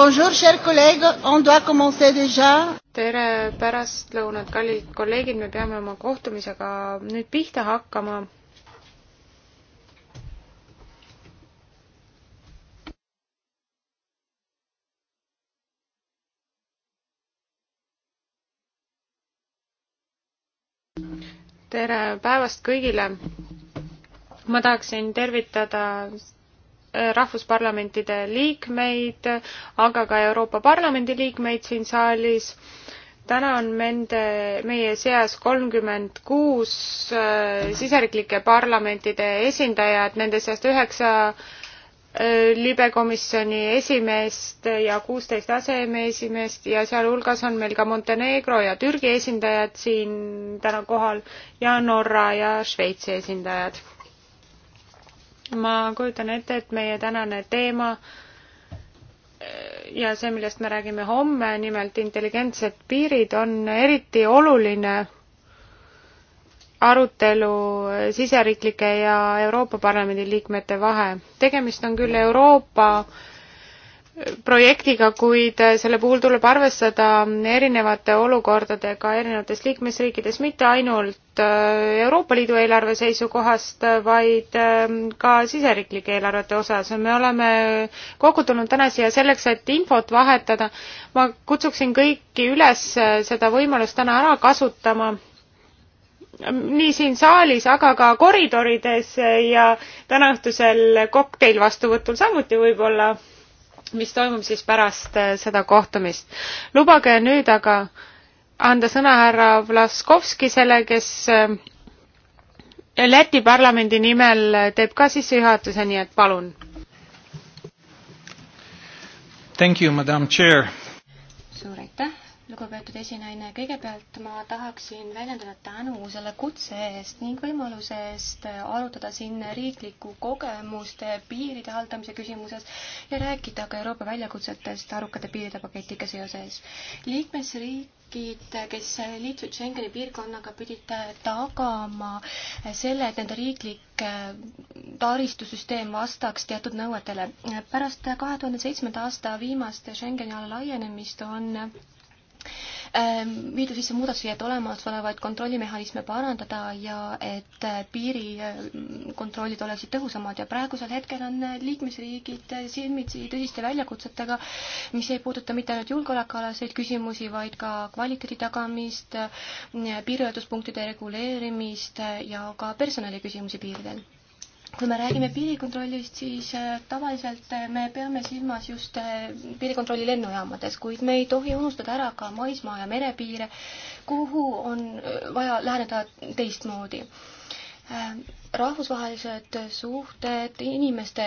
Bonjour, chers collègues, on doit commencer déjà. tere pärastlõunat, kallid kolleegid, me peame oma kohtumisega nüüd pihta hakkama. tere päevast kõigile. ma tahaksin tervitada rahvusparlamentide liikmeid, aga ka Euroopa Parlamendi liikmeid siin saalis. täna on nende, meie seas kolmkümmend kuus äh, siseriiklike parlamentide esindajad, nende seast üheksa äh, libekomisjoni esimeest ja kuusteist aseesimeest ja sealhulgas on meil ka Montenegro ja Türgi esindajad siin täna kohal ja Norra ja Šveitsi esindajad ma kujutan ette, et meie tänane teema eh, ja see, millest me räägime homme, nimelt intelligentsed piirid, on eriti oluline arutelu siseriiklike ja Euroopa Parlamendi liikmete vahe. tegemist on küll Euroopa äh, projektiga, kuid selle puhul tuleb arvestada erinevate olukordadega erinevates liikmesriikides, mitte ainult äh, Euroopa Liidu eelarve seisukohast, vaid ähm, ka siseriiklike eelarvete osas. me oleme kokku tulnud täna siia selleks, et infot vahetada. ma kutsuksin kõiki üles äh, seda võimalust täna ära kasutama ähm, nii siin saalis, aga ka koridorides äh, ja tänaõhtusel kokteilvastuvõtul samuti võib-olla mis toimub siis pärast äh, seda kohtumist. lubage nüüd aga anda sõna härra Vlaskovskisele, kes äh, Läti parlamendi nimel äh, teeb ka sissejuhatuse, nii et palun. Thank you, madam chair. suur aitäh, lugupeetud esinaine, kõigepealt ma tahaksin väljendada tänu selle kutse eest ning võimaluse eest arutada siin riiklikku kogemuste piiride haldamise küsimuses ja rääkida ka Euroopa väljakutsetest arukate piiride paketiga seoses. liikmesriigid, kes liitusid Schengeni piirkonnaga, pidid tagama selle, et nende riiklik äh, taristusüsteem vastaks teatud nõuetele. pärast kahe tuhande seitsmenda aasta viimast Schengeni ala laienemist on viidud ehm, sisse muudatusi, et olemasolevaid kontrollimehhanisme parandada ja et äh, piirikontrollid äh, oleksid tõhusamad ja praegusel hetkel on äh, liikmesriigid silmitsi tõsiste väljakutsetega, mis ei puuduta mitte ainult julgeolekualaseid küsimusi, vaid ka kvaliteedi tagamist, piiriületuspunktide reguleerimist ja ka personaliküsimusi piiridel kui me räägime piirikontrollist, siis äh, tavaliselt äh, me peame silmas just äh, piirikontrolli lennujaamades, kuid me ei tohi unustada ära ka maismaa ja merepiire, kuhu on vaja läheneda teistmoodi rahvusvahelised suhted, inimeste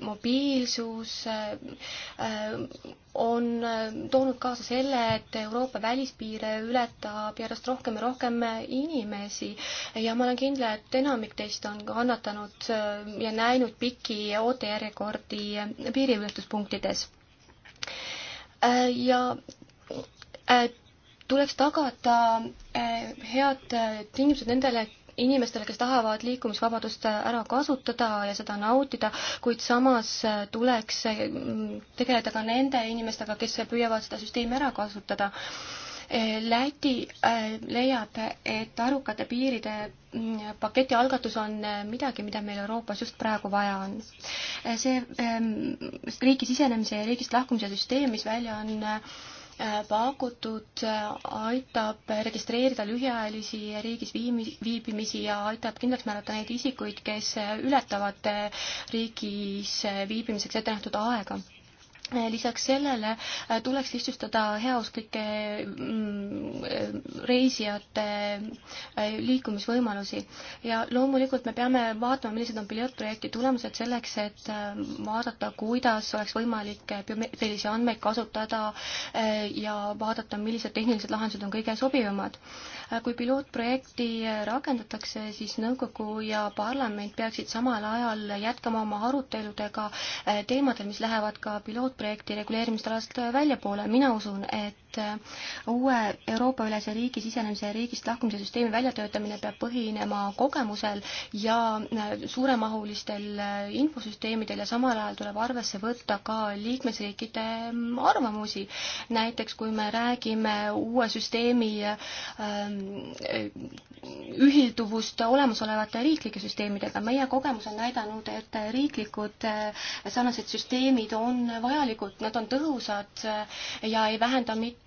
mobiilsus äh, äh, on äh, toonud kaasa selle, et Euroopa välispiire ületab järjest rohkem ja rohkem inimesi ja ma olen kindel, et enamik teist on kannatanud ja näinud pikki ootejärjekordi piiriületuspunktides. ja tuleks tagada head tingimused nendele, inimestele, kes tahavad liikumisvabadust ära kasutada ja seda nautida, kuid samas tuleks tegeleda ka nende inimestega, kes püüavad seda süsteemi ära kasutada. Läti äh, leiab, et arukate piiride mm, paketi algatus on midagi, mida meil Euroopas just praegu vaja on. see ähm, riigi sisenemise ja riigist lahkumise süsteem, mis välja on äh, Äh, pakutud äh, aitab registreerida lühiajalisi riigis viibimisi ja aitab kindlaks määrata neid isikuid, kes ületavad äh, riigis viibimiseks ette nähtud aega. Eh, lisaks sellele eh, tuleks lihtsustada heausklike mm, reisijate eh, liikumisvõimalusi ja loomulikult me peame vaatama, millised on pilootprojekti tulemused selleks, et vaadata, kuidas oleks võimalik biomeetrilisi andmeid kasutada ja vaadata, millised tehnilised lahendused on kõige sobivamad. kui pilootprojekti rakendatakse, siis nõukogu ja parlament peaksid samal ajal jätkama oma aruteludega teemadel, mis lähevad ka pilootprojekti projekti reguleerimisalast väljapoole. mina usun, et uue Euroopa-ülese riigi sisenemise ja riigist lahkumise süsteemi väljatöötamine peab põhinema kogemusel ja äh, suuremahulistel äh, infosüsteemidel ja samal ajal tuleb arvesse võtta ka liikmesriikide mm, arvamusi. näiteks kui me räägime uue süsteemi ähm, äh, ühilduvust olemasolevate riiklike süsteemidega. meie kogemus on näidanud, et riiklikud sarnased süsteemid on vajalikud tegelikult nad on tõhusad eh, ja ei vähenda mit,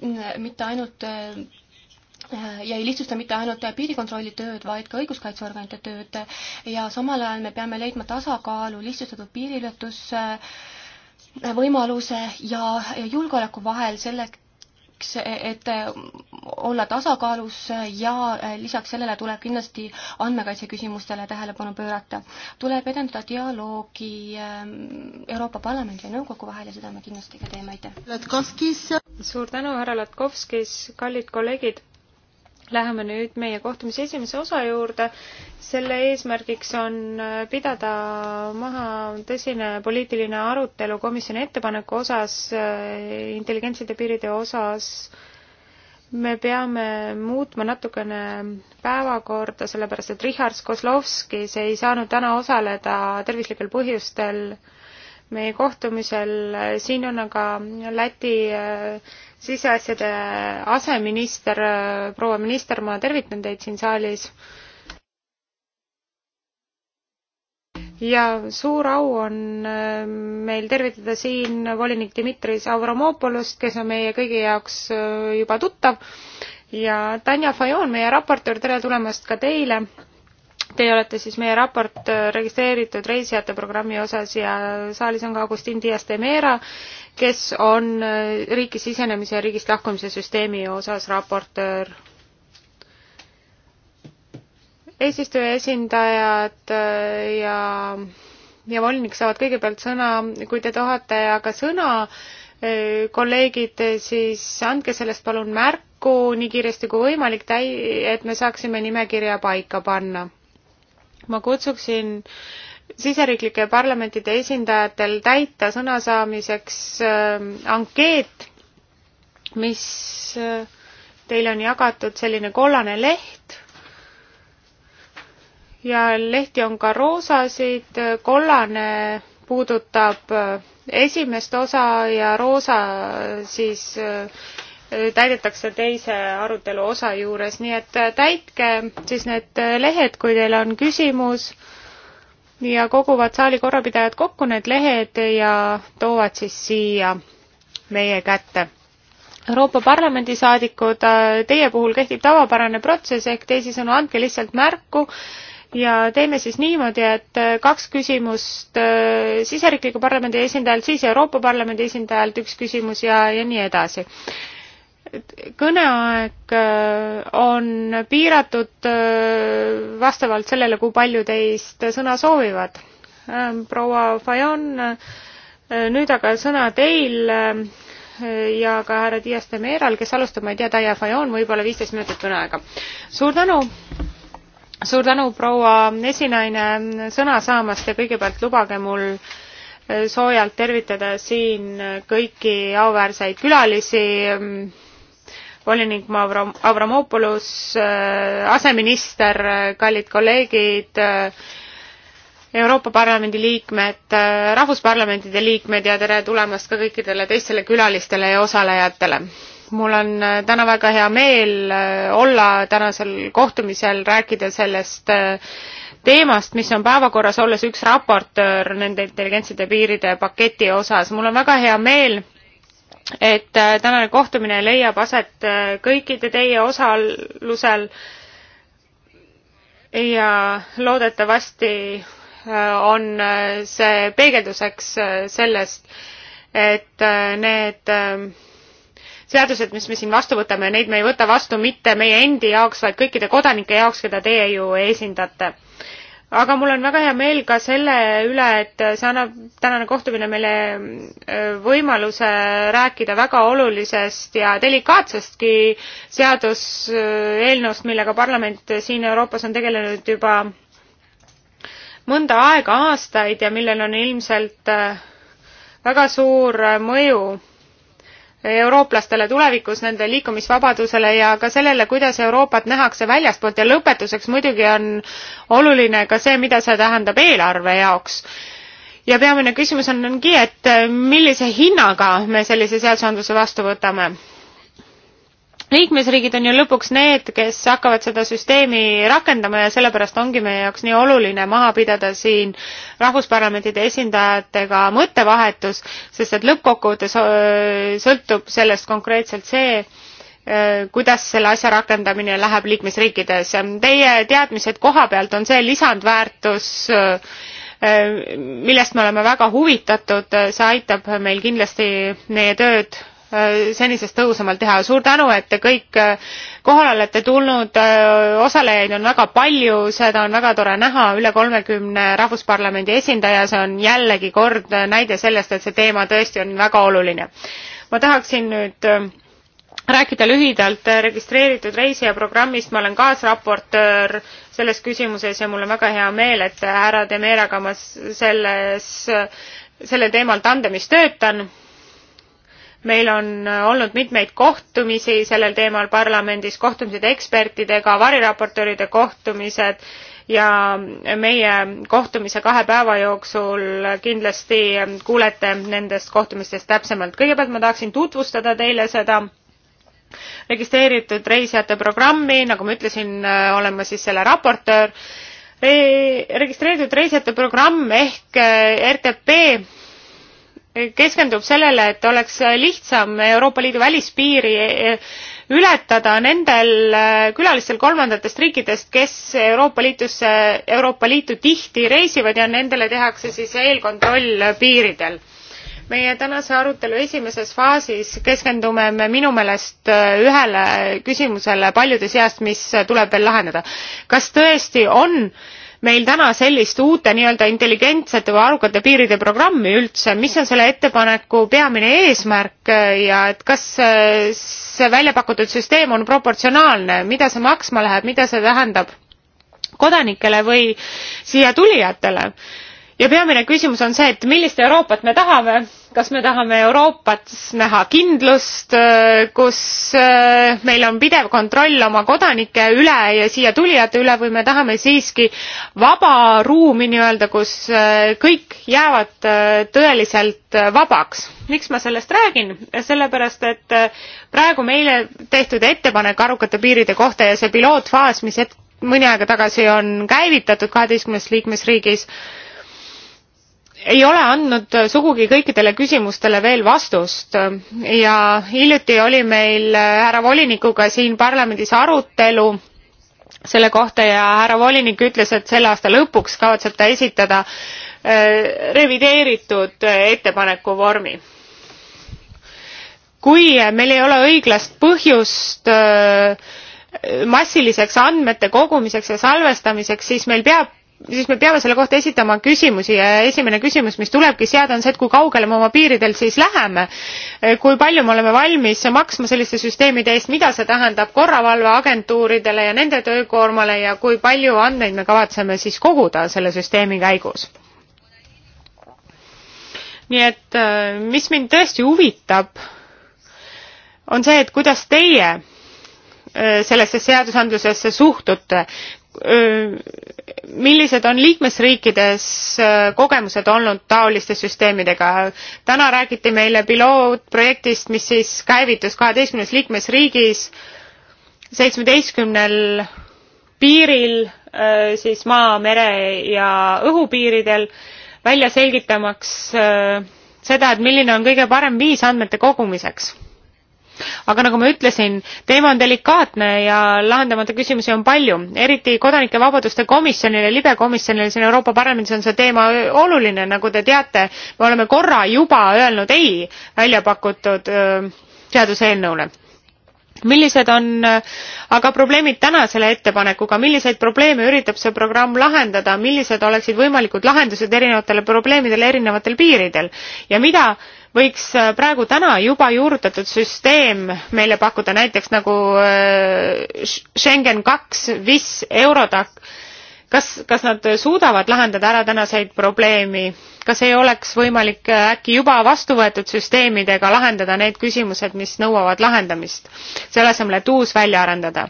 mm, mitte ainult eh, ja ei lihtsusta mitte ainult piirikontrolli tööd, vaid ka õiguskaitseorganite tööd ja samal ajal me peame leidma tasakaalu lihtsustatud piiriületus eh, võimaluse ja julgeoleku vahel selleks, selleks, et olla tasakaalus ja lisaks sellele tuleb kindlasti andmekaitse küsimustele tähelepanu pöörata. tuleb edendada dialoogi ähm, Euroopa Parlamendi ja Nõukogu vahel ja seda me kindlasti ka teeme, aitäh! suur tänu, härra Latkovskis, kallid kolleegid! Läheme nüüd meie kohtumise esimese osa juurde. selle eesmärgiks on äh, pidada maha tõsine poliitiline arutelu komisjoni ettepaneku osas, äh, intelligentsete piiride osas. me peame muutma natukene päevakorda, sellepärast et Richard Kozlovski, see ei saanud täna osaleda tervislikel põhjustel meie kohtumisel, siin on aga Läti äh, siseasjade aseminister, äh, proua minister, ma tervitan teid siin saalis. ja suur au on äh, meil tervitada siin volinik Dimitris Avramopolust, kes on meie kõigi jaoks juba tuttav ja Tanja Fajon, meie raportöör, tere tulemast ka teile Teie olete siis meie raport äh, registreeritud reisijate programmi osas ja saalis on ka Agustin Dias de Meera, kes on äh, riiki sisenemise ja riigist lahkumise süsteemi osas raportöör. eesistuja esindajad äh, ja, ja volinik saavad kõigepealt sõna, kui te tahate, aga sõna kolleegid, siis andke sellest palun märku nii kiiresti kui võimalik, täi-, et me saaksime nimekirja paika panna ma kutsuksin siseriiklike parlamentide esindajatel täita sõnasaamiseks äh, ankeet, mis äh, teile on jagatud selline kollane leht ja lehti on ka roosasid, äh, kollane puudutab äh, esimest osa ja roosa siis äh, täidetakse teise arutelu osa juures, nii et täitke siis need lehed, kui teil on küsimus ja koguvad saali korrapidajad kokku need lehed ja toovad siis siia meie kätte. Euroopa Parlamendi saadikud, teie puhul kehtib tavapärane protsess ehk teisisõnu, andke lihtsalt märku ja teeme siis niimoodi, et kaks küsimust siseriikliku parlamendi esindajalt, siis Euroopa Parlamendi esindajalt üks küsimus ja, ja nii edasi kõneaeg äh, on piiratud äh, vastavalt sellele, kui palju teist sõna soovivad. Ähm, proua Fajon, äh, nüüd aga sõna teil ja ka härra Dias de Meral, kes alustab, ma ei tea, Daia Fajon, võib-olla viisteist minutit kõneaega. suur tänu! suur tänu, proua esinaine, sõna saamast ja kõigepealt lubage mul soojalt tervitada siin kõiki auväärseid külalisi ähm, volinik Mavram-, Avramopoulos, äh, aseminister, äh, kallid kolleegid, äh, Euroopa Parlamendi liikmed, rahvusparlamentide liikmed ja tere tulemast ka kõikidele teistele külalistele ja osalejatele. mul on täna väga hea meel olla tänasel kohtumisel, rääkida sellest teemast, mis on päevakorras, olles üks raportöör nende intelligentsete piiride paketi osas. mul on väga hea meel et äh, tänane kohtumine leiab aset äh, kõikide teie osalusel ja loodetavasti äh, on see peegelduseks sellest, et need seadused, mis me siin vastu võtame, neid me ei võta vastu mitte meie endi jaoks, vaid kõikide kodanike jaoks, keda teie ju esindate aga mul on väga hea meel ka selle üle, et see annab tänane kohtumine meile äh, võimaluse rääkida väga olulisest ja delikaatsestki seaduseelnõust, millega parlament siin Euroopas on tegelenud juba mõnda aega, aastaid ja millel on ilmselt äh, väga suur mõju eurooplastele tulevikus, nende liikumisvabadusele ja ka sellele, kuidas Euroopat nähakse väljastpoolt ja lõpetuseks muidugi on oluline ka see, mida see tähendab eelarve jaoks. ja peamine küsimus ongi, et millise hinnaga me sellise seadusandluse vastu võtame liikmesriigid on ju lõpuks need, kes hakkavad seda süsteemi rakendama ja sellepärast ongi meie jaoks nii oluline maha pidada siin rahvusparlamentide esindajatega mõttevahetus, sest et lõppkokkuvõttes sõltub sellest konkreetselt see, kuidas selle asja rakendamine läheb liikmesriikides. Teie teadmised koha pealt on see lisandväärtus, millest me oleme väga huvitatud, see aitab meil kindlasti meie tööd Äh, senisest tõhusamalt teha. suur tänu, et te kõik äh, kohale olete tulnud, äh, osalejaid on väga palju, seda on väga tore näha, üle kolmekümne Rahvusparlamendi esindaja, see on jällegi kord näide sellest, et see teema tõesti on väga oluline. ma tahaksin nüüd rääkida lühidalt registreeritud reisija programmist, ma olen kaasraportöör selles küsimuses ja mul on väga hea meel, et härra Demeraga ma selles, sellel teemal tandemis töötan meil on olnud mitmeid kohtumisi sellel teemal parlamendis, kohtumised ekspertidega, variraportööride kohtumised ja meie kohtumise kahe päeva jooksul kindlasti kuulete nendest kohtumistest täpsemalt. kõigepealt ma tahaksin tutvustada teile seda registreeritud reisijate programmi, nagu ma ütlesin, olen ma siis selle raportöör Re. registreeritud reisijate programm ehk eh, RTP keskendub sellele, et oleks lihtsam Euroopa Liidu välispiiri eh, ületada nendel eh, külalistel kolmandatest riikidest, kes Euroopa Liidusse, Euroopa Liitu tihti reisivad ja nendele tehakse siis eelkontroll piiridel. meie tänase arutelu esimeses faasis keskendume me minu meelest eh, ühele küsimusele paljude seast, mis tuleb veel lahendada. kas tõesti on äh, meil täna sellist uute nii-öelda intelligentsete või arukate piiride programmi üldse, mis on selle ettepaneku peamine eesmärk äh, ja et kas äh, see välja pakutud süsteem on proportsionaalne, mida see maksma läheb, mida see tähendab kodanikele või siia tulijatele? ja peamine küsimus on see, et millist Euroopat me tahame, kas me tahame Euroopas näha kindlust, kus eh, meil on pidev kontroll oma kodanike üle ja siia tulijate üle või me tahame siiski vaba ruumi nii-öelda, kus eh, kõik jäävad eh, tõeliselt vabaks. miks ma sellest räägin? sellepärast, et praegu meile tehtud ettepanek arukate piiride kohta ja see pilootfaas, mis hetk mõni aeg tagasi on käivitatud kaheteistkümnes liikmesriigis, ei ole andnud sugugi kõikidele küsimustele veel vastust ja hiljuti oli meil härra volinikuga siin parlamendis arutelu selle kohta ja härra volinik ütles, et selle aasta lõpuks kavatseb ta esitada äh, revideeritud ettepaneku vormi. kui meil ei ole õiglast põhjust äh, massiliseks andmete kogumiseks ja salvestamiseks, siis meil peab siis me peame selle kohta esitama küsimusi ja esimene küsimus, mis tulebki seada, on see, et kui kaugele me oma piiridel siis läheme. kui palju me oleme valmis maksma selliste süsteemide eest, mida see tähendab korravalveagentuuridele ja nende töökoormale ja kui palju andmeid me kavatseme siis koguda selle süsteemi käigus? nii et äh, mis mind tõesti huvitab, on see, et kuidas teie äh, sellesse seadusandlusesse suhtute millised on liikmesriikides kogemused olnud taoliste süsteemidega? täna räägiti meile pilootprojektist, mis siis käivitus kaheteistkümnes liikmesriigis, seitsmeteistkümnel piiril, siis maa, mere ja õhupiiridel, välja selgitamaks seda, et milline on kõige parem viis andmete kogumiseks aga nagu ma ütlesin, teema on delikaatne ja lahendamata küsimusi on palju, eriti kodanike vabaduste komisjonile, libe komisjonile siin Euroopa Parlamendis on see teema oluline, nagu te teate, me oleme korra juba öelnud ei välja pakutud seaduseelnõule millised on aga probleemid täna selle ettepanekuga, milliseid probleeme üritab see programm lahendada, millised oleksid võimalikud lahendused erinevatele probleemidele erinevatel piiridel ja mida võiks äh, praegu täna juba juurutatud süsteem meile pakkuda, näiteks nagu äh, Schengen kaks, WIS, Eurodac, kas, kas nad suudavad lahendada ära tänaseid probleemi, kas ei oleks võimalik äh, äkki juba vastu võetud süsteemidega lahendada need küsimused, mis nõuavad lahendamist, selle asemel, et uus välja arendada?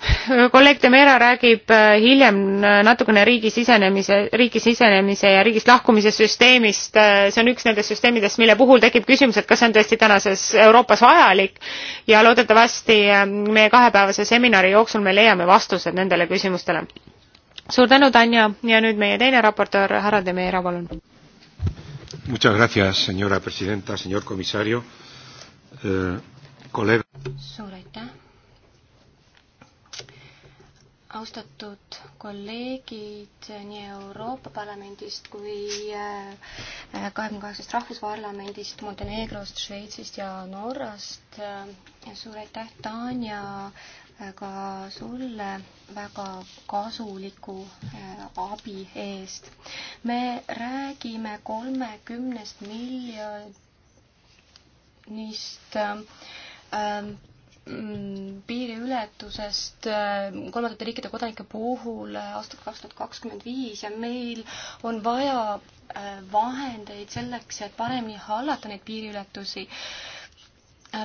kolleeg Demera räägib äh, hiljem äh, natukene riigi sisenemise, riigi sisenemise ja riigist lahkumise süsteemist. Äh, see on üks nendest süsteemidest, mille puhul tekib küsimus, et kas see on tõesti tänases Euroopas vajalik ja loodetavasti meie kahepäevase seminari jooksul me leiame vastused nendele küsimustele. suur tänu, Tanja, ja nüüd meie teine raportöör, härra Demera, palun. Muchas gracias, señora presidenta, señor comisario eh,, kolleeg. suur aitäh austatud kolleegid nii Euroopa Parlamendist kui äh, kahekümne kaheksast Rahvusparlamendist, Montenegrost, Šveitsist ja Norrast. suur aitäh, Tanja, äh, ka sulle väga kasuliku äh, abi eest. me räägime kolmekümnest miljonist Mm, piiriületusest äh, kolmandate riikide kodanike puhul äh, aastat kaks tuhat kakskümmend viis ja meil on vaja äh, vahendeid selleks, et paremini hallata neid piiriületusi.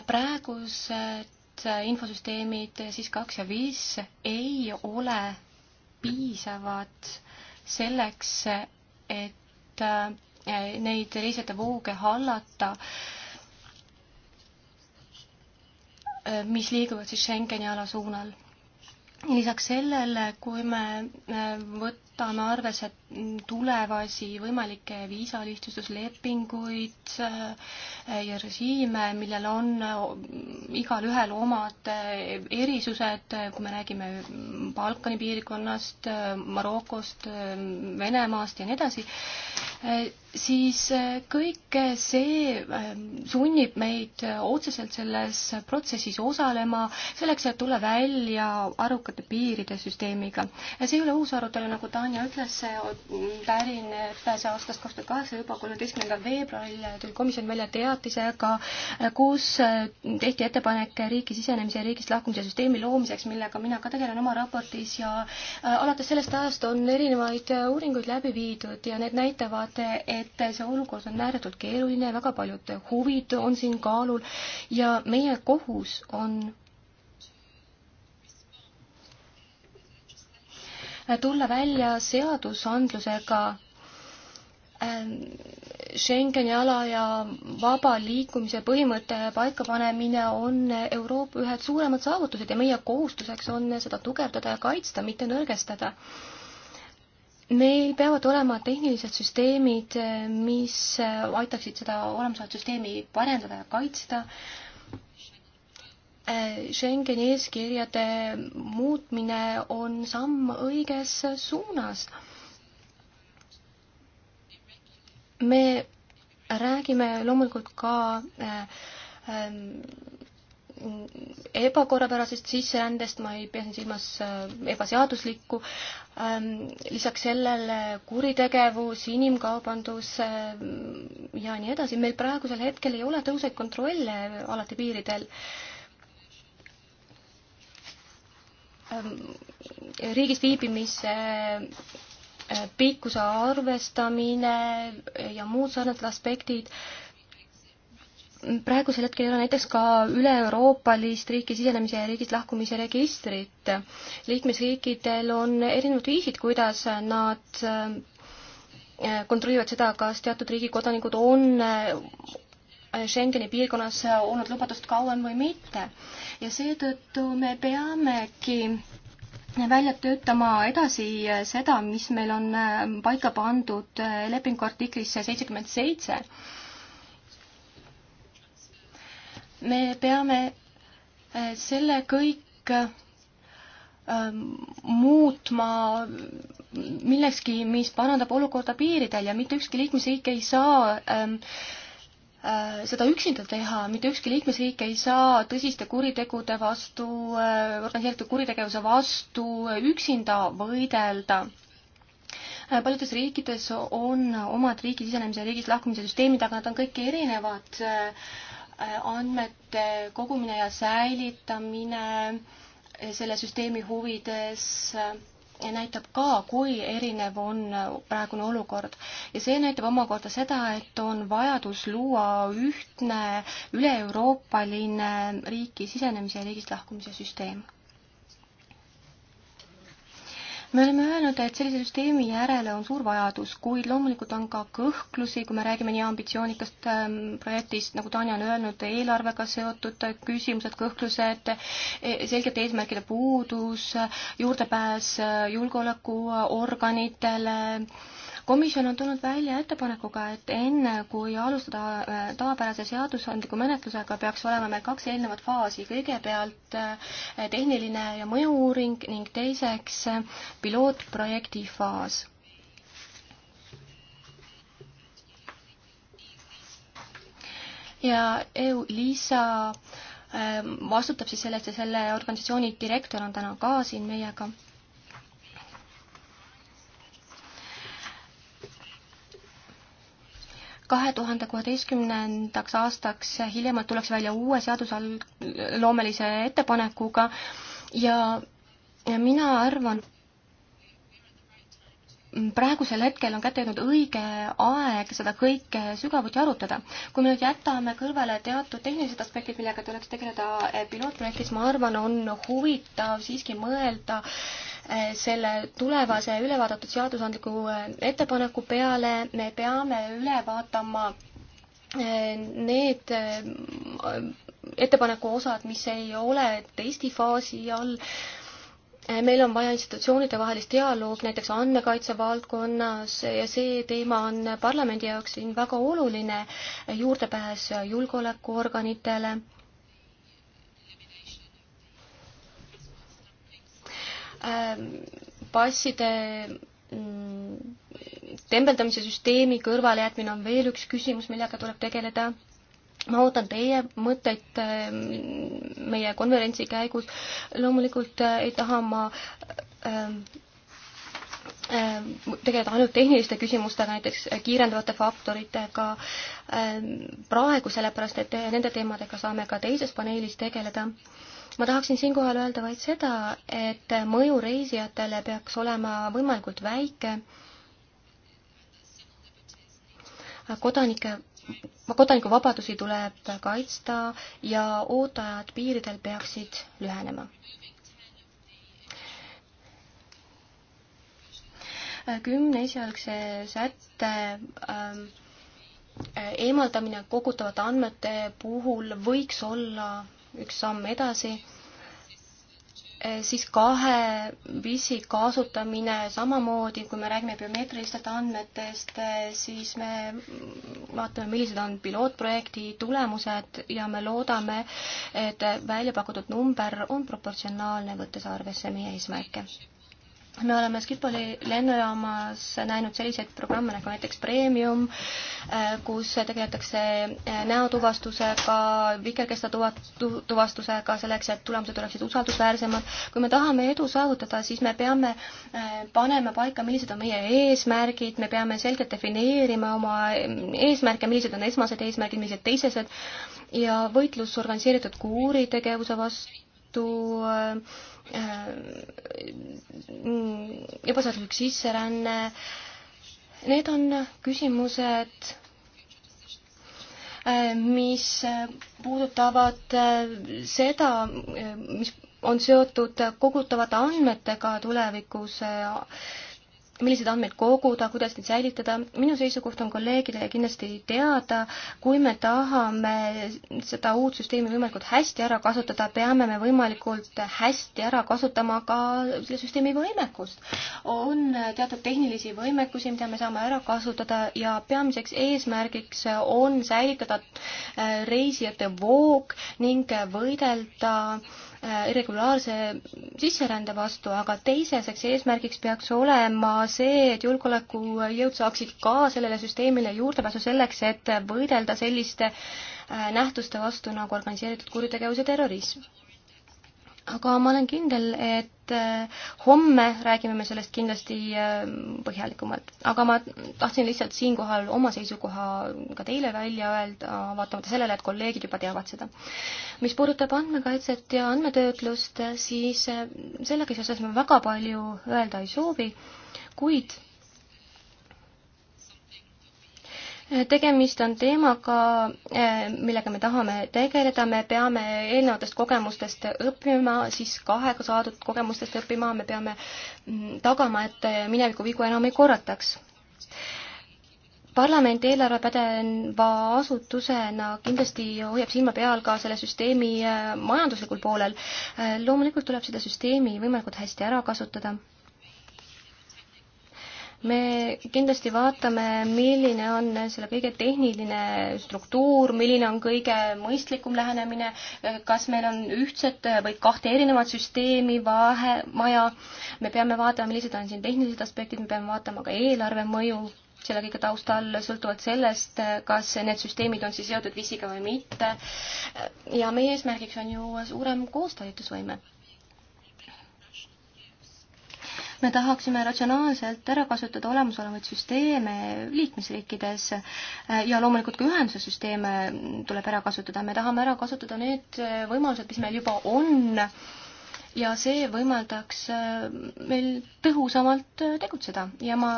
praegused infosüsteemid siis kaks ja viis ei ole piisavad selleks, et neid reisijate vooge hallata äh, Äh, mis liiguvad siis Schengeni ala suunal. lisaks sellele, kui me äh, võtame arvesse tulevasi võimalikke viisalihtsustuslepinguid äh, ja režiime, millel on igalühel omad erisused, kui me räägime Balkani piirkonnast, Marokost, Venemaast ja nii edasi, siis äh, kõik see ähm, sunnib meid äh, otseselt selles protsessis osalema, selleks, et tulla välja arukate piiride süsteemiga. see ei ole uus arutelu, nagu Tanja ütles, pärineb see mm, äh, aastast kaks tuhat kaheksa juba kolmeteistkümnendal veebruaril tuli komisjon välja teatisega, kus tehti ettepanek riiki sisenemise ja riigist lahkumise süsteemi loomiseks, millega mina ka tegelen oma raportis ja alates sellest ajast on erinevaid uuringuid läbi viidud ja need näitavad, et et see olukord on ääretult keeruline, väga paljud huvid on siin kaalul ja meie kohus on tulla välja seadusandlusega ähm, Schengeni ala ja vaba liikumise põhimõtte paikapanemine on Euroopa ühed suuremad saavutused ja meie kohustuseks on seda tugevdada ja kaitsta, mitte nõrgestada meil peavad olema tehnilised süsteemid, mis aitaksid seda olemasolevat süsteemi parendada ja kaitsta. Schengeni eeskirjade muutmine on samm õiges suunas. me räägime loomulikult ka äh, ähm, ebakorrapärasest sisserändest, ma ei pea siin silmas äh, ebaseaduslikku, ähm, lisaks sellele kuritegevus, inimkaubandus äh, ja nii edasi, meil praegusel hetkel ei ole tõuseid kontrolle alati piiridel ähm, riigis viibimise äh, pikkuse arvestamine ja muud sarnased aspektid äh, praegusel hetkel ei ole näiteks ka üle-euroopalist riiki sisenemise ja riigist lahkumise registrit. liikmesriikidel on erinevad viisid, kuidas nad äh, kontrollivad seda, kas teatud riigi kodanikud on äh, Schengeni piirkonnas olnud lubadust kauem või mitte. ja seetõttu me peamegi välja töötama edasi seda, mis meil on äh, paika pandud lepingu artiklis seitsekümmend seitse me peame äh, selle kõik äh, muutma millekski, mis parandab olukorda piiridel ja mitte ükski liikmesriik ei saa ähm, äh, seda üksinda teha, mitte ükski liikmesriik ei saa tõsiste kuritegude vastu äh,, organiseeritud kuritegevuse vastu üksinda võidelda äh,. paljudes riikides on omad riigi sisenemise ja riigist lahkumise süsteemid, aga nad on kõik erinevad äh, Äh, andmete kogumine ja säilitamine äh, selle süsteemi huvides äh, näitab ka, kui erinev on praegune olukord. ja see näitab omakorda seda, et on vajadus luua ühtne üle-euroopaline riiki sisenemise ja riigist lahkumise süsteem me oleme öelnud, et sellise süsteemi järele on suur vajadus, kuid loomulikult on ka kõhklusi, kui me räägime nii ambitsioonikast ähm, projektist, nagu Tanja on öelnud, eelarvega seotud küsimused, kõhklused, e, selgete eesmärkide puudus, juurdepääs äh, julgeolekuorganitele, komisjon on tulnud välja ettepanekuga, et enne kui alustada äh, tavapärase seadusandliku menetlusega, peaks olema meil kaks eelnevat faasi. kõigepealt äh, tehniline ja mõju-uuring ning teiseks äh, pilootprojekti faas ja EU-LISA vastutab siis sellest ja selle organisatsiooni direktor on täna ka siin meiega. kahe tuhande kuueteistkümnendaks aastaks hiljemalt tuleks välja uue seadusloomelise ettepanekuga ja mina arvan, praegusel hetkel on kätte jõudnud õige aeg seda kõike sügavuti arutada. kui me nüüd jätame kõrvale teatud tehnilised aspektid, millega tuleks tegeleda eh, pilootprojektis, ma arvan, on huvitav siiski mõelda eh, selle tulevase ülevaadatud seadusandliku eh, ettepaneku peale, me peame üle vaatama need ettepaneku osad, mis ei ole testifaasi all Äh, meil on vaja institutsioonide vahelist dialoog näiteks andmekaitse valdkonnas ja see teema on parlamendi jaoks siin väga oluline, äh, juurdepääs julgeolekuorganitele ähm, passide mm, tembeldamise süsteemi kõrvalejätmine on veel üks küsimus, millega tuleb tegeleda ma ootan teie mõtteid äh, meie konverentsi käigus. loomulikult äh, ei taha ma ähm, ähm, tegeleda ainult tehniliste küsimustega, näiteks äh, kiirendavate faktoritega ähm, praegu, sellepärast et nende teemadega saame ka teises paneelis tegeleda. ma tahaksin siinkohal öelda vaid seda, et mõju reisijatele peaks olema võimalikult väike. kodanike kodanikuvabadusi tuleb kaitsta ja ooteajad piiridel peaksid lühenema. kümne esialgse sätte ähm, eemaldamine kogutavate andmete puhul võiks olla üks samm edasi Eh, siis kahe VIS-i kasutamine samamoodi, kui me räägime biomeetrilistest andmetest, eh, siis me vaatame, millised on pilootprojekti tulemused ja me loodame, et välja pakutud number on proportsionaalne, võttes arvesse meie eesmärke me oleme Skipoli lennujaamas näinud selliseid programme nagu näiteks Premium, äh, kus tegeletakse äh, näotuvastusega, vikerkesta tuvastusega selleks, et tulemused oleksid usaldusväärsemad. kui me tahame edu saavutada, siis me peame äh, panema paika, millised on meie eesmärgid, me peame selgelt defineerima oma mm, eesmärke, millised on esmased eesmärgid, millised teisesed ja võitlus organiseeritud kuuritegevuse vastu vastu Äh, ebaseaduslik sisseränne. Need on küsimused, äh, mis puudutavad äh, seda, mis on seotud kogutavate andmetega tulevikus milliseid andmeid koguda, kuidas neid säilitada, minu seisukoht on kolleegidele kindlasti teada, kui me tahame seda uut süsteemi võimalikult hästi ära kasutada, peame me võimalikult hästi ära kasutama ka selle süsteemi võimekust. on teatud tehnilisi võimekusi, mida me saame ära kasutada ja peamiseks eesmärgiks on säilitada äh, reisijate voog ning võidelda äh, Äh, irregulaarse sisserände vastu, aga teiseseks eesmärgiks peaks olema see, et julgeolekujõud saaksid ka sellele süsteemile juurdepääsu selleks, et võidelda selliste äh, nähtuste vastu nagu organiseeritud kuritegevus ja terrorism aga ma olen kindel, et äh, homme räägime me sellest kindlasti äh, põhjalikumalt, aga ma tahtsin lihtsalt siinkohal oma seisukoha ka teile välja öelda, vaatamata sellele, et kolleegid juba teavad seda. mis puudutab andmekaitset ja andmetöötlust, siis äh, sellega seoses ma väga palju öelda ei soovi, kuid tegemist on teemaga, eh, millega me tahame tegeleda, me peame eelnevatest kogemustest õppima, siis kahega saadud kogemustest õppima, me peame mm, tagama, et mineviku vigu enam ei korrataks parlamendi eelarvepädeva asutusena kindlasti hoiab silma peal ka selle süsteemi eh, majanduslikul poolel. Eh, loomulikult tuleb seda süsteemi võimalikult hästi ära kasutada me kindlasti vaatame, milline on selle kõige tehniline struktuur, milline on kõige mõistlikum lähenemine, kas meil on ühtset või kahte erinevat süsteemi vahe, maja. me peame vaatama, millised on siin tehnilised aspektid, me peame vaatama ka eelarve mõju selle kõige taustal, sõltuvalt sellest, kas need süsteemid on siis seotud VIS-iga või mitte. ja meie eesmärgiks on ju suurem koostalitusvõime me tahaksime ratsionaalselt ära kasutada olemasolevaid süsteeme liikmesriikides äh, ja loomulikult ka ühenduse süsteeme tuleb ära kasutada. me tahame ära kasutada need äh, võimalused, mis meil juba on ja see võimaldaks äh, meil tõhusamalt tegutseda ja ma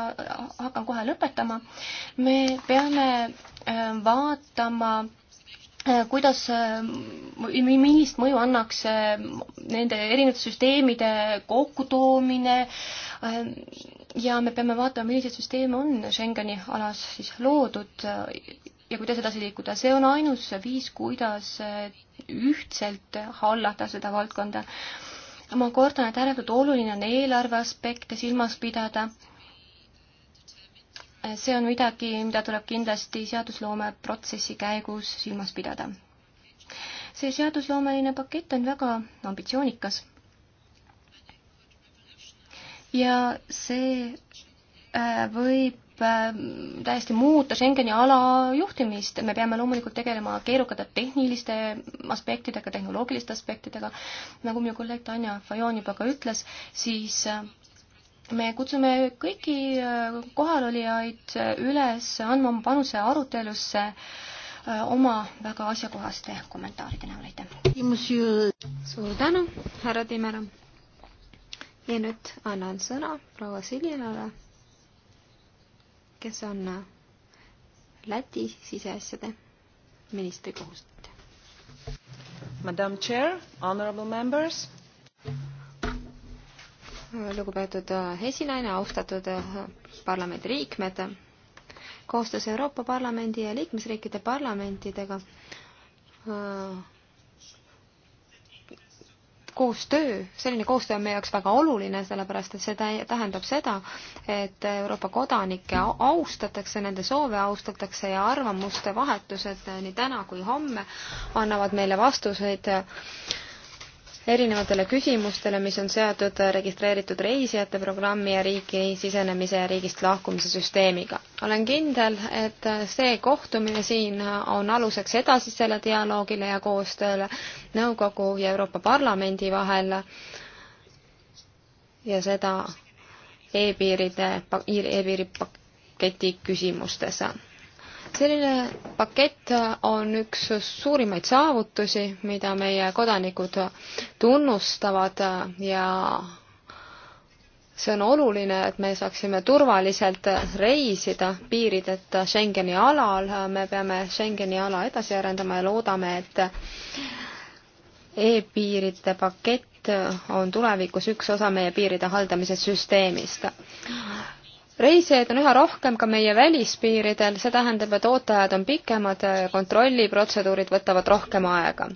hakkan kohe lõpetama. me peame vaatama Äh, kuidas, äh, millist mõju annaks äh, nende erinevate süsteemide kokkutoomine ja me peame vaatama, milliseid süsteeme on Schengeni alas siis loodud ja kuidas edasi liikuda. see on ainus viis, kuidas ühtselt hallata seda valdkonda. ma kordan, et ääretult oluline on eelarve aspekte silmas pidada see on midagi, mida tuleb kindlasti seadusloome protsessi käigus silmas pidada. see seadusloomeline pakett on väga ambitsioonikas. ja see äh, võib äh, täiesti muuta Schengeni ala juhtimist, me peame loomulikult tegelema keerukate tehniliste aspektidega, tehnoloogiliste aspektidega, nagu minu kolleeg Tanja Fajon juba ka ütles, siis äh, me kutsume kõiki äh, kohalolijaid üles andma oma panuse arutelusse äh, oma väga asjakohaste kommentaaride näol, aitäh! suur tänu, härra Timmer! ja nüüd annan sõna proua Siljale, kes on äh, Läti siseasjade ministri kohustaja. Madam Chair, honorable members! lugupeetud äh, esinaine, austatud äh, parlamendi liikmed. koostöös Euroopa Parlamendi ja liikmesriikide parlamentidega äh, koostöö, selline koostöö on meie jaoks väga oluline, sellepärast et see tähendab seda, et Euroopa kodanikke austatakse, nende soove austatakse ja arvamuste vahetused nii täna kui homme annavad meile vastuseid äh, erinevatele küsimustele, mis on seotud registreeritud reisijate programmi ja riiki sisenemise ja riigist lahkumise süsteemiga. olen kindel, et see kohtumine siin on aluseks edasisele dialoogile ja koostööle Nõukogu ja Euroopa Parlamendi vahel ja seda e-piiride e, e-piiri paketi küsimustes selline pakett on üks suurimaid saavutusi, mida meie kodanikud tunnustavad ja see on oluline, et me saaksime turvaliselt reisida piirideta Schengeni alal, me peame Schengeni ala edasi arendama ja loodame, et e-piiride pakett on tulevikus üks osa meie piiride haldamise süsteemist reisijaid on üha rohkem ka meie välispiiridel, see tähendab, et ooteajad on pikemad, kontrolliprotseduurid võtavad rohkem aega.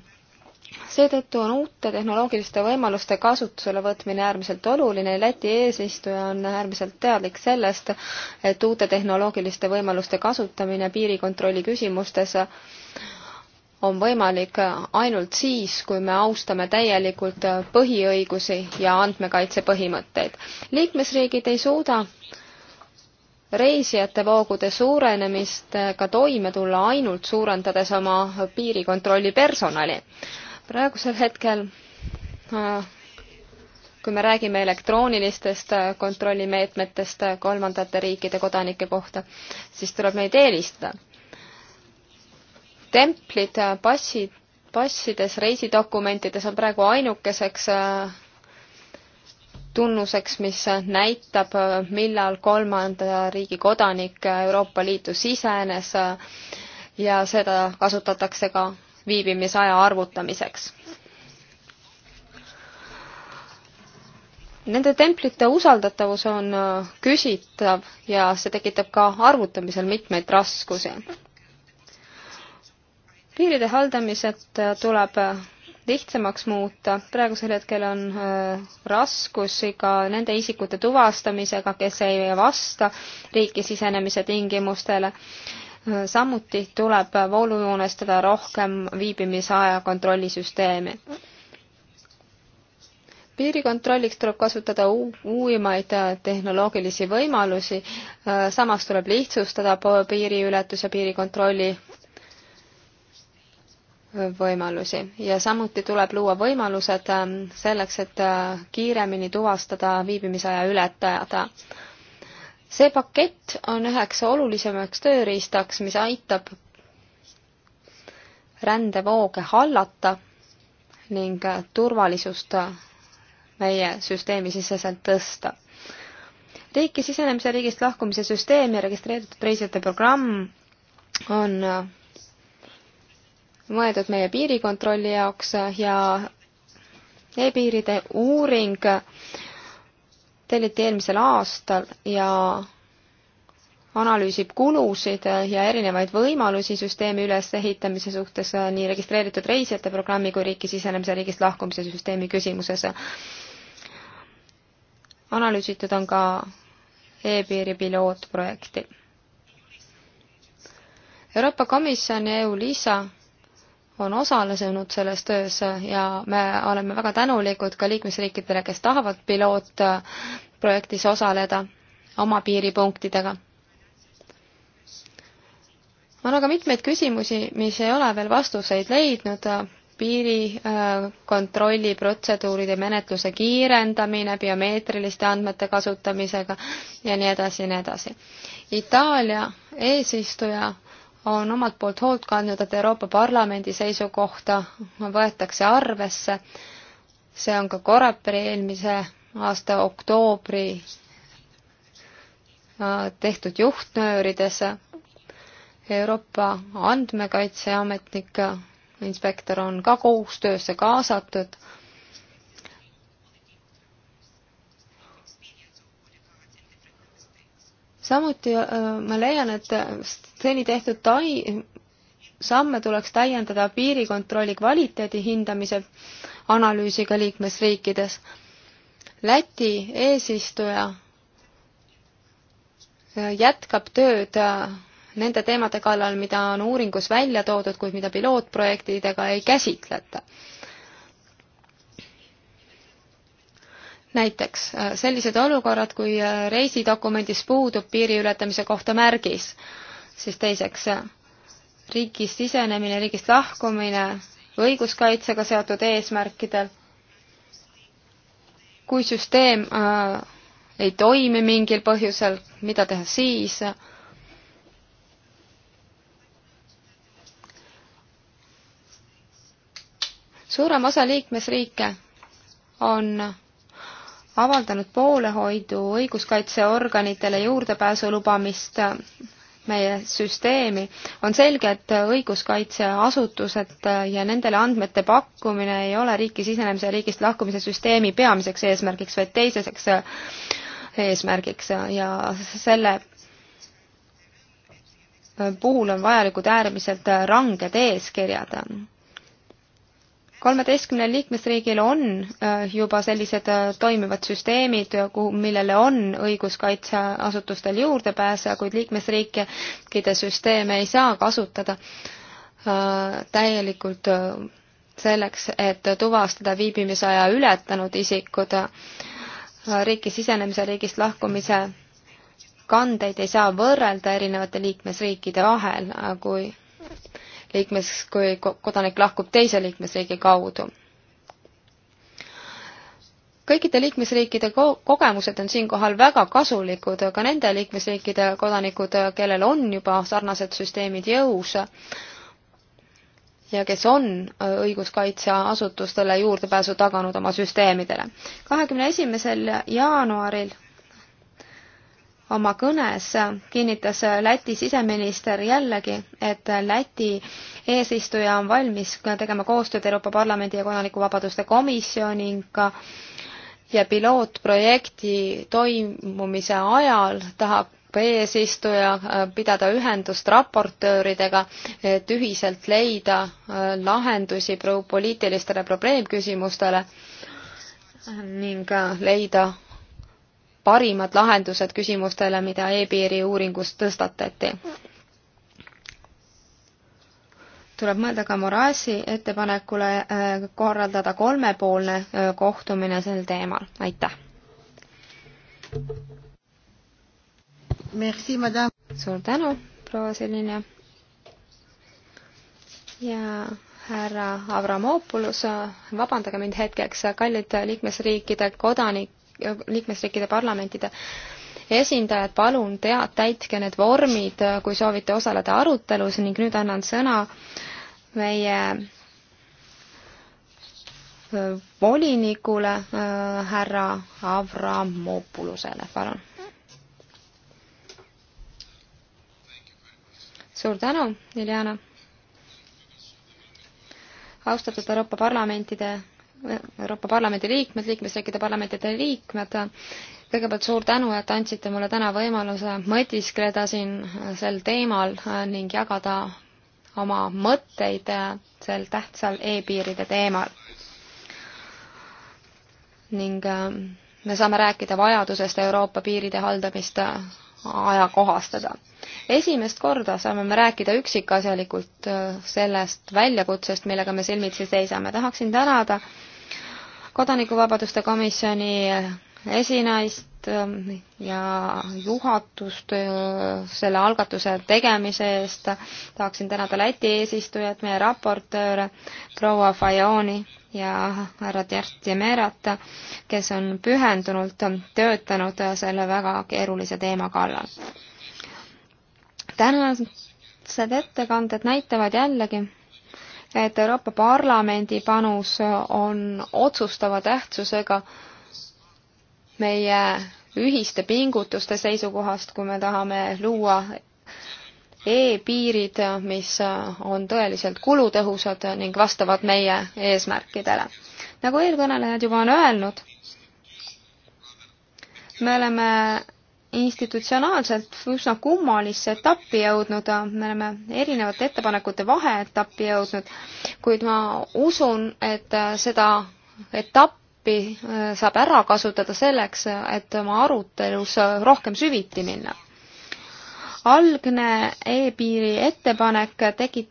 seetõttu on uute tehnoloogiliste võimaluste kasutusele võtmine äärmiselt oluline. Läti eesistuja on äärmiselt teadlik sellest, et uute tehnoloogiliste võimaluste kasutamine piirikontrolli küsimustes on võimalik ainult siis, kui me austame täielikult põhiõigusi ja andmekaitse põhimõtteid. liikmesriigid ei suuda reisijate voogude suurenemistega toime tulla ainult suurendades oma piirikontrolli personali. praegusel hetkel äh, kui me räägime elektroonilistest äh, kontrollimeetmetest äh, kolmandate riikide kodanike kohta, siis tuleb neid eelistada. templid, passid, passides, reisidokumentides on praegu ainukeseks tunnuseks, mis näitab, millal kolmanda riigi kodanik Euroopa Liitu sisenes ja seda kasutatakse ka viibimisaja arvutamiseks. Nende templite usaldatavus on küsitav ja see tekitab ka arvutamisel mitmeid raskusi. piiride haldamiselt tuleb lihtsamaks muuta. praegusel hetkel on äh, raskusi ka nende isikute tuvastamisega, kes ei vasta riiki sisenemise tingimustele. Äh, samuti tuleb voolujoonestada rohkem viibimisaja kontrollisüsteemi piirikontrolliks tuleb kasutada uuimaid äh, tehnoloogilisi võimalusi, samas tuleb lihtsustada piiriületus- ja piirikontrolli võimalusi ja samuti tuleb luua võimalused ähm, selleks, et äh, kiiremini tuvastada viibimisaja ületajada. see pakett on üheks olulisemaks tööriistaks, mis aitab rändevooge hallata ning äh, turvalisust äh, meie süsteemisiseselt tõsta. riiki sisenemise riigist lahkumise süsteem ja registreeritud reisijate programm on mõeldud meie piirikontrolli jaoks ja e-piiride uuring telliti eelmisel aastal ja analüüsib kulusid ja erinevaid võimalusi süsteemi ülesehitamise suhtes nii registreeritud reisijate programmi kui riiki sisenemise, riigist lahkumise süsteemi küsimuses. analüüsitud on ka e-piiri pilootprojekti. Euroopa Komisjon ja EU-LISA on osalenud selles töös ja me oleme väga tänulikud ka liikmesriikidele, kes tahavad pilootprojektis osaleda oma piiripunktidega. on aga mitmeid küsimusi, mis ei ole veel vastuseid leidnud, piirikontrolli äh, protseduuride menetluse kiirendamine biomeetriliste andmete kasutamisega ja nii edasi ja nii edasi. Itaalia eesistuja äh, on omalt poolt hoolt kandnud, et Euroopa Parlamendi seisukohta võetakse arvesse. see on ka Coreperi eelmise aasta oktoobri äh, tehtud juhtnöörides. Euroopa andmekaitseametnik, inspektor on ka koostöösse kaasatud samuti äh, ma leian, et seni tehtud tai-, samme tuleks täiendada piirikontrolli kvaliteedi hindamise analüüsiga liikmesriikides. Läti eesistuja äh, jätkab tööd äh, nende teemade kallal, mida on uuringus välja toodud, kuid mida pilootprojektidega ei käsitleta näiteks äh, sellised olukorrad, kui äh, reisidokumendis puudub piiriületamise kohta märgis, siis teiseks äh, riigist sisenemine, riigist lahkumine õiguskaitsega seotud eesmärkidel. kui süsteem äh, ei toimi mingil põhjusel, mida teha siis? suurem osa liikmesriike on avaldanud poolehoidu õiguskaitseorganitele juurdepääsu lubamist meie süsteemi, on selge, et õiguskaitseasutused ja nendele andmete pakkumine ei ole riiki sisenemise ja riigist lahkumise süsteemi peamiseks eesmärgiks, vaid teiseseks eesmärgiks ja selle puhul on vajalikud äärmiselt ranged eeskirjad kolmeteistkümnel liikmesriigil on äh, juba sellised äh, toimivad süsteemid, kuhu, millele on õiguskaitseasutustel juurdepääs, kuid liikmesriikide süsteeme ei saa kasutada äh, täielikult selleks, et tuvastada viibimisaja ületanud isikud riiki sisenemise, riigist lahkumise kandeid ei saa võrrelda erinevate liikmesriikide vahel, kui liikmes, kui kodanik lahkub teise liikmesriigi kaudu. kõikide liikmesriikide ko-, kogemused on siinkohal väga kasulikud ka nende liikmesriikide kodanikud, kellel on juba sarnased süsteemid jõus ja kes on äh, õiguskaitseasutustele juurdepääsu taganud oma süsteemidele. kahekümne esimesel jaanuaril oma kõnes kinnitas Läti siseminister jällegi, et Läti eesistuja on valmis tegema koostööd Euroopa Parlamendi ja kodanikuvabaduste komisjoniga ja pilootprojekti toimumise ajal tahab eesistuja äh, pidada ühendust raportööridega, et ühiselt leida äh, lahendusi poliitilistele probleemküsimustele ning äh, leida parimad lahendused küsimustele, mida e-piiri uuringus tõstatati. tuleb mõelda ka Morasi ettepanekule äh, korraldada kolmepoolne äh, kohtumine sel teemal, aitäh! Merci, madame! suur tänu, proua Selline! ja härra Avramopoulos, vabandage mind hetkeks, kallid liikmesriikide kodanik, liikmesriikide parlamentide esindajad, palun tea-, täitke need vormid, kui soovite osaleda arutelus ning nüüd annan sõna meie äh, volinikule äh, härra Avramopulusele, palun. suur tänu, Iljana. austatud Euroopa Parlamentide Euroopa Parlamendi liikmed, liikmesriikide parlamentide liikmed, kõigepealt suur tänu, et andsite mulle täna võimaluse mõtiskleda siin sel teemal äh, ning jagada oma mõtteid äh, sel tähtsal e-piiride teemal. ning äh, me saame rääkida vajadusest Euroopa piiride haldamist ajakohastada. esimest korda saame me rääkida üksikasjalikult sellest väljakutsest, millega me silmitsi seisame. tahaksin tänada kodanikuvabaduste komisjoni esinaist ähm, ja juhatust äh, selle algatuse tegemise eest. tahaksin tänada Läti eesistujat, meie raportööre proua Fajoni ja härra Tjertjemerat, kes on pühendunult töötanud selle väga keerulise teema kallal. tänased ettekanded näitavad jällegi, et Euroopa Parlamendi panus on otsustava tähtsusega meie ühiste pingutuste seisukohast, kui me tahame luua e-piirid, mis on tõeliselt kulutõhusad ning vastavad meie eesmärkidele. nagu eelkõnelejad juba on öelnud, me oleme institutsionaalselt üsna kummalisse etappi jõudnud, me oleme erinevate ettepanekute vaheetappi jõudnud, kuid ma usun, et seda etappi äh, saab ära kasutada selleks, et oma arutelus rohkem süviti minna. algne e-piiri ettepanek tekit-,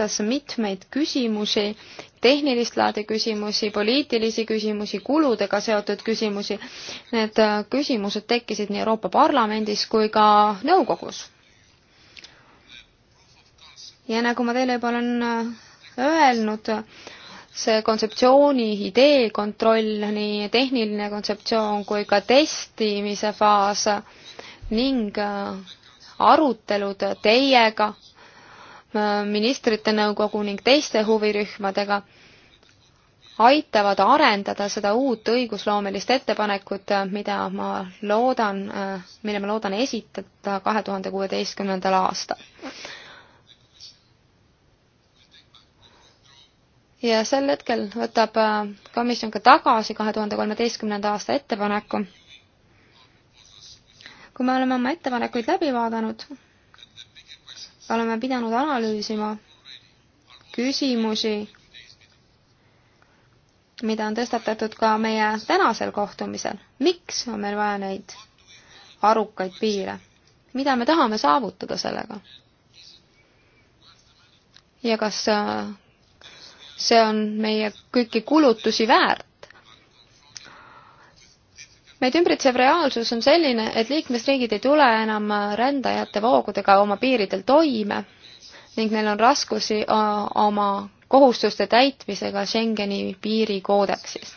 tõstatas mitmeid küsimusi, tehnilist laadi küsimusi, poliitilisi küsimusi, kuludega seotud küsimusi. Need äh, küsimused tekkisid nii Euroopa Parlamendis kui ka nõukogus. ja nagu ma teile juba olen äh, öelnud, see kontseptsiooni idee kontroll, nii tehniline kontseptsioon kui ka testimise faas ning äh, arutelud teiega ministrite nõukogu ning teiste huvirühmadega aitavad arendada seda uut õigusloomelist ettepanekut, mida ma loodan, mille ma loodan esitada kahe tuhande kuueteistkümnendal aastal. ja sel hetkel võtab äh, komisjon ka tagasi kahe tuhande kolmeteistkümnenda aasta ettepaneku. kui me oleme oma ettepanekuid läbi vaadanud, oleme pidanud analüüsima küsimusi, mida on tõstatatud ka meie tänasel kohtumisel. miks on meil vaja neid arukaid piire? mida me tahame saavutada sellega? ja kas äh, see on meie kõiki kulutusi väärt? meid ümbritsev reaalsus on selline, et liikmesriigid ei tule enam rändajate voogudega oma piiridel toime ning neil on raskusi oma kohustuste täitmisega Schengeni piirikoodeksis.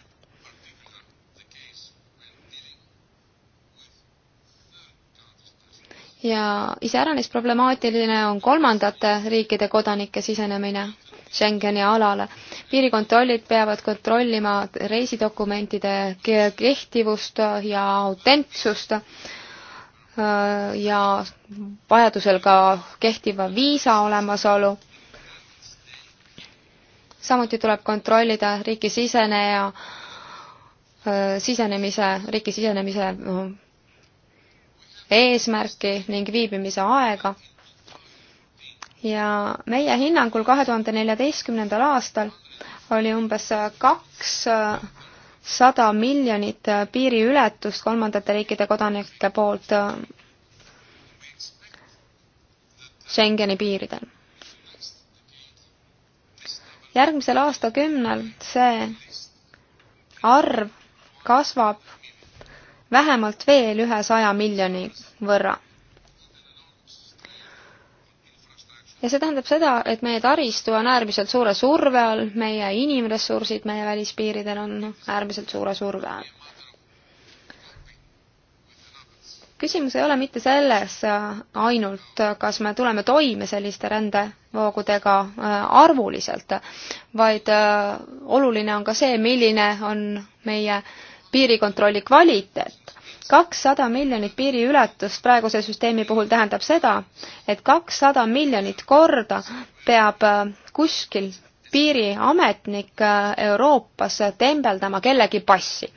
ja iseäranis problemaatiline on kolmandate riikide kodanike sisenemine Schengeni alale piirikontrollid peavad kontrollima reisidokumentide kehtivust ja autentsust äh, ja vajadusel ka kehtiva viisa olemasolu. samuti tuleb kontrollida riiki siseneja, äh, sisenemise, riiki sisenemise äh, eesmärki ning viibimise aega. ja meie hinnangul kahe tuhande neljateistkümnendal aastal oli umbes kakssada miljonit piiriületust kolmandate riikide kodanike poolt äh, Schengeni piiridel. järgmisel aastakümnel see arv kasvab vähemalt veel ühe saja miljoni võrra ja see tähendab seda, et meie taristu on äärmiselt suure surve all, meie inimressursid meie välispiiridel on äärmiselt suure surve all. küsimus ei ole mitte selles ainult, kas me tuleme toime selliste rändevoogudega äh, arvuliselt, vaid äh, oluline on ka see, milline on meie piirikontrolli kvaliteet kakssada miljonit piiriületust praeguse süsteemi puhul tähendab seda, et kakssada miljonit korda peab äh, kuskil piiriametnik äh, Euroopas tembeldama kellegi passi.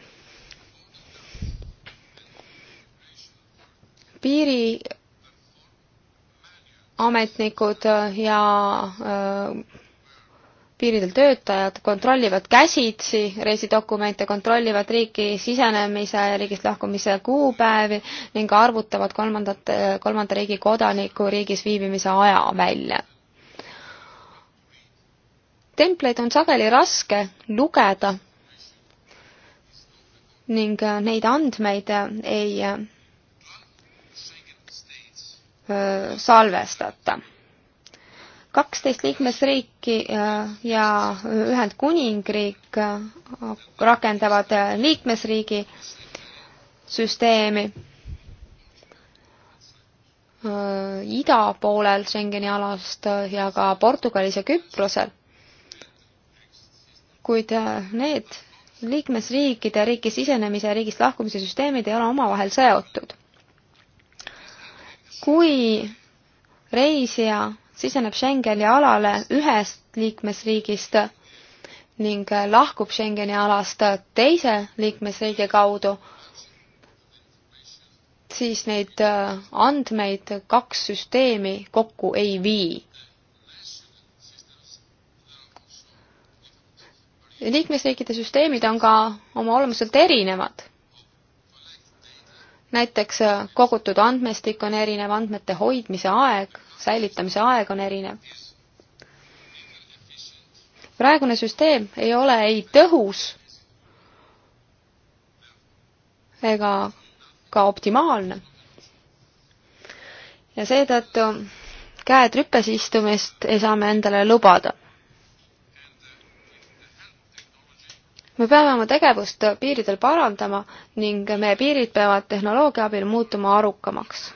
piiriametnikud äh, ja öö, piiridel töötajad kontrollivad käsitsi reisidokumente, kontrollivad riiki sisenemise, riigist lahkumise kuupäevi ning arvutavad kolmandate, kolmanda riigi kodaniku riigis viibimise aja välja. templeid on sageli raske lugeda ning neid andmeid ei äh, salvestata kaksteist liikmesriiki ja Ühendkuningriik rakendavad liikmesriigi süsteemi ida poolel Schengeni alast ja ka Portugalis ja Küprosel. kuid need liikmesriikide riiki sisenemise ja riigist lahkumise süsteemid ei ole omavahel seotud. kui reisija siseneb Schengeni alale ühest liikmesriigist ning lahkub Schengeni alast teise liikmesriigi kaudu, siis neid äh, andmeid kaks süsteemi kokku ei vii. liikmesriikide süsteemid on ka oma olemuselt erinevad. näiteks äh, kogutud andmestik on erinev, andmete hoidmise aeg säilitamise aeg on erinev. praegune süsteem ei ole ei tõhus ega ka optimaalne. ja seetõttu käed rüpes istumist ei saa me endale lubada. me peame oma tegevust piiridel parandama ning meie piirid peavad tehnoloogia abil muutuma arukamaks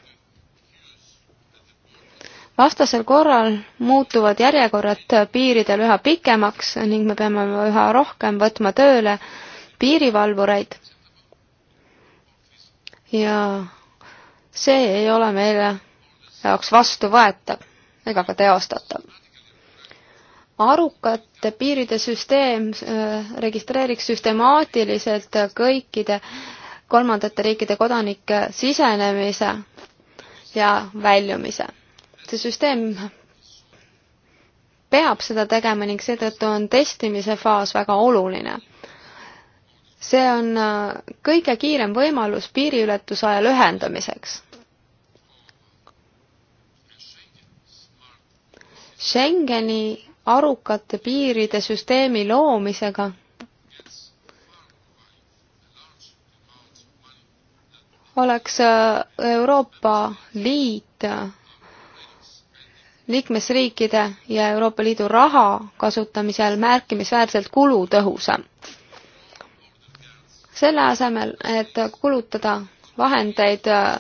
vastasel korral muutuvad järjekorrad piiridel üha pikemaks ning me peame üha rohkem võtma tööle piirivalvureid. ja see ei ole meile jaoks vastuvõetav ega ka teostatav. arukate piiride süsteem äh, registreeriks süstemaatiliselt kõikide kolmandate riikide kodanike sisenemise ja väljumise süsteem peab seda tegema ning seetõttu on testimise faas väga oluline. see on äh, kõige kiirem võimalus piiriületusaja lühendamiseks. Schengeni arukate piiride süsteemi loomisega oleks äh, Euroopa Liit äh, liikmesriikide ja Euroopa Liidu raha kasutamisel märkimisväärselt kulutõhusam. selle asemel, et kulutada vahendeid äh,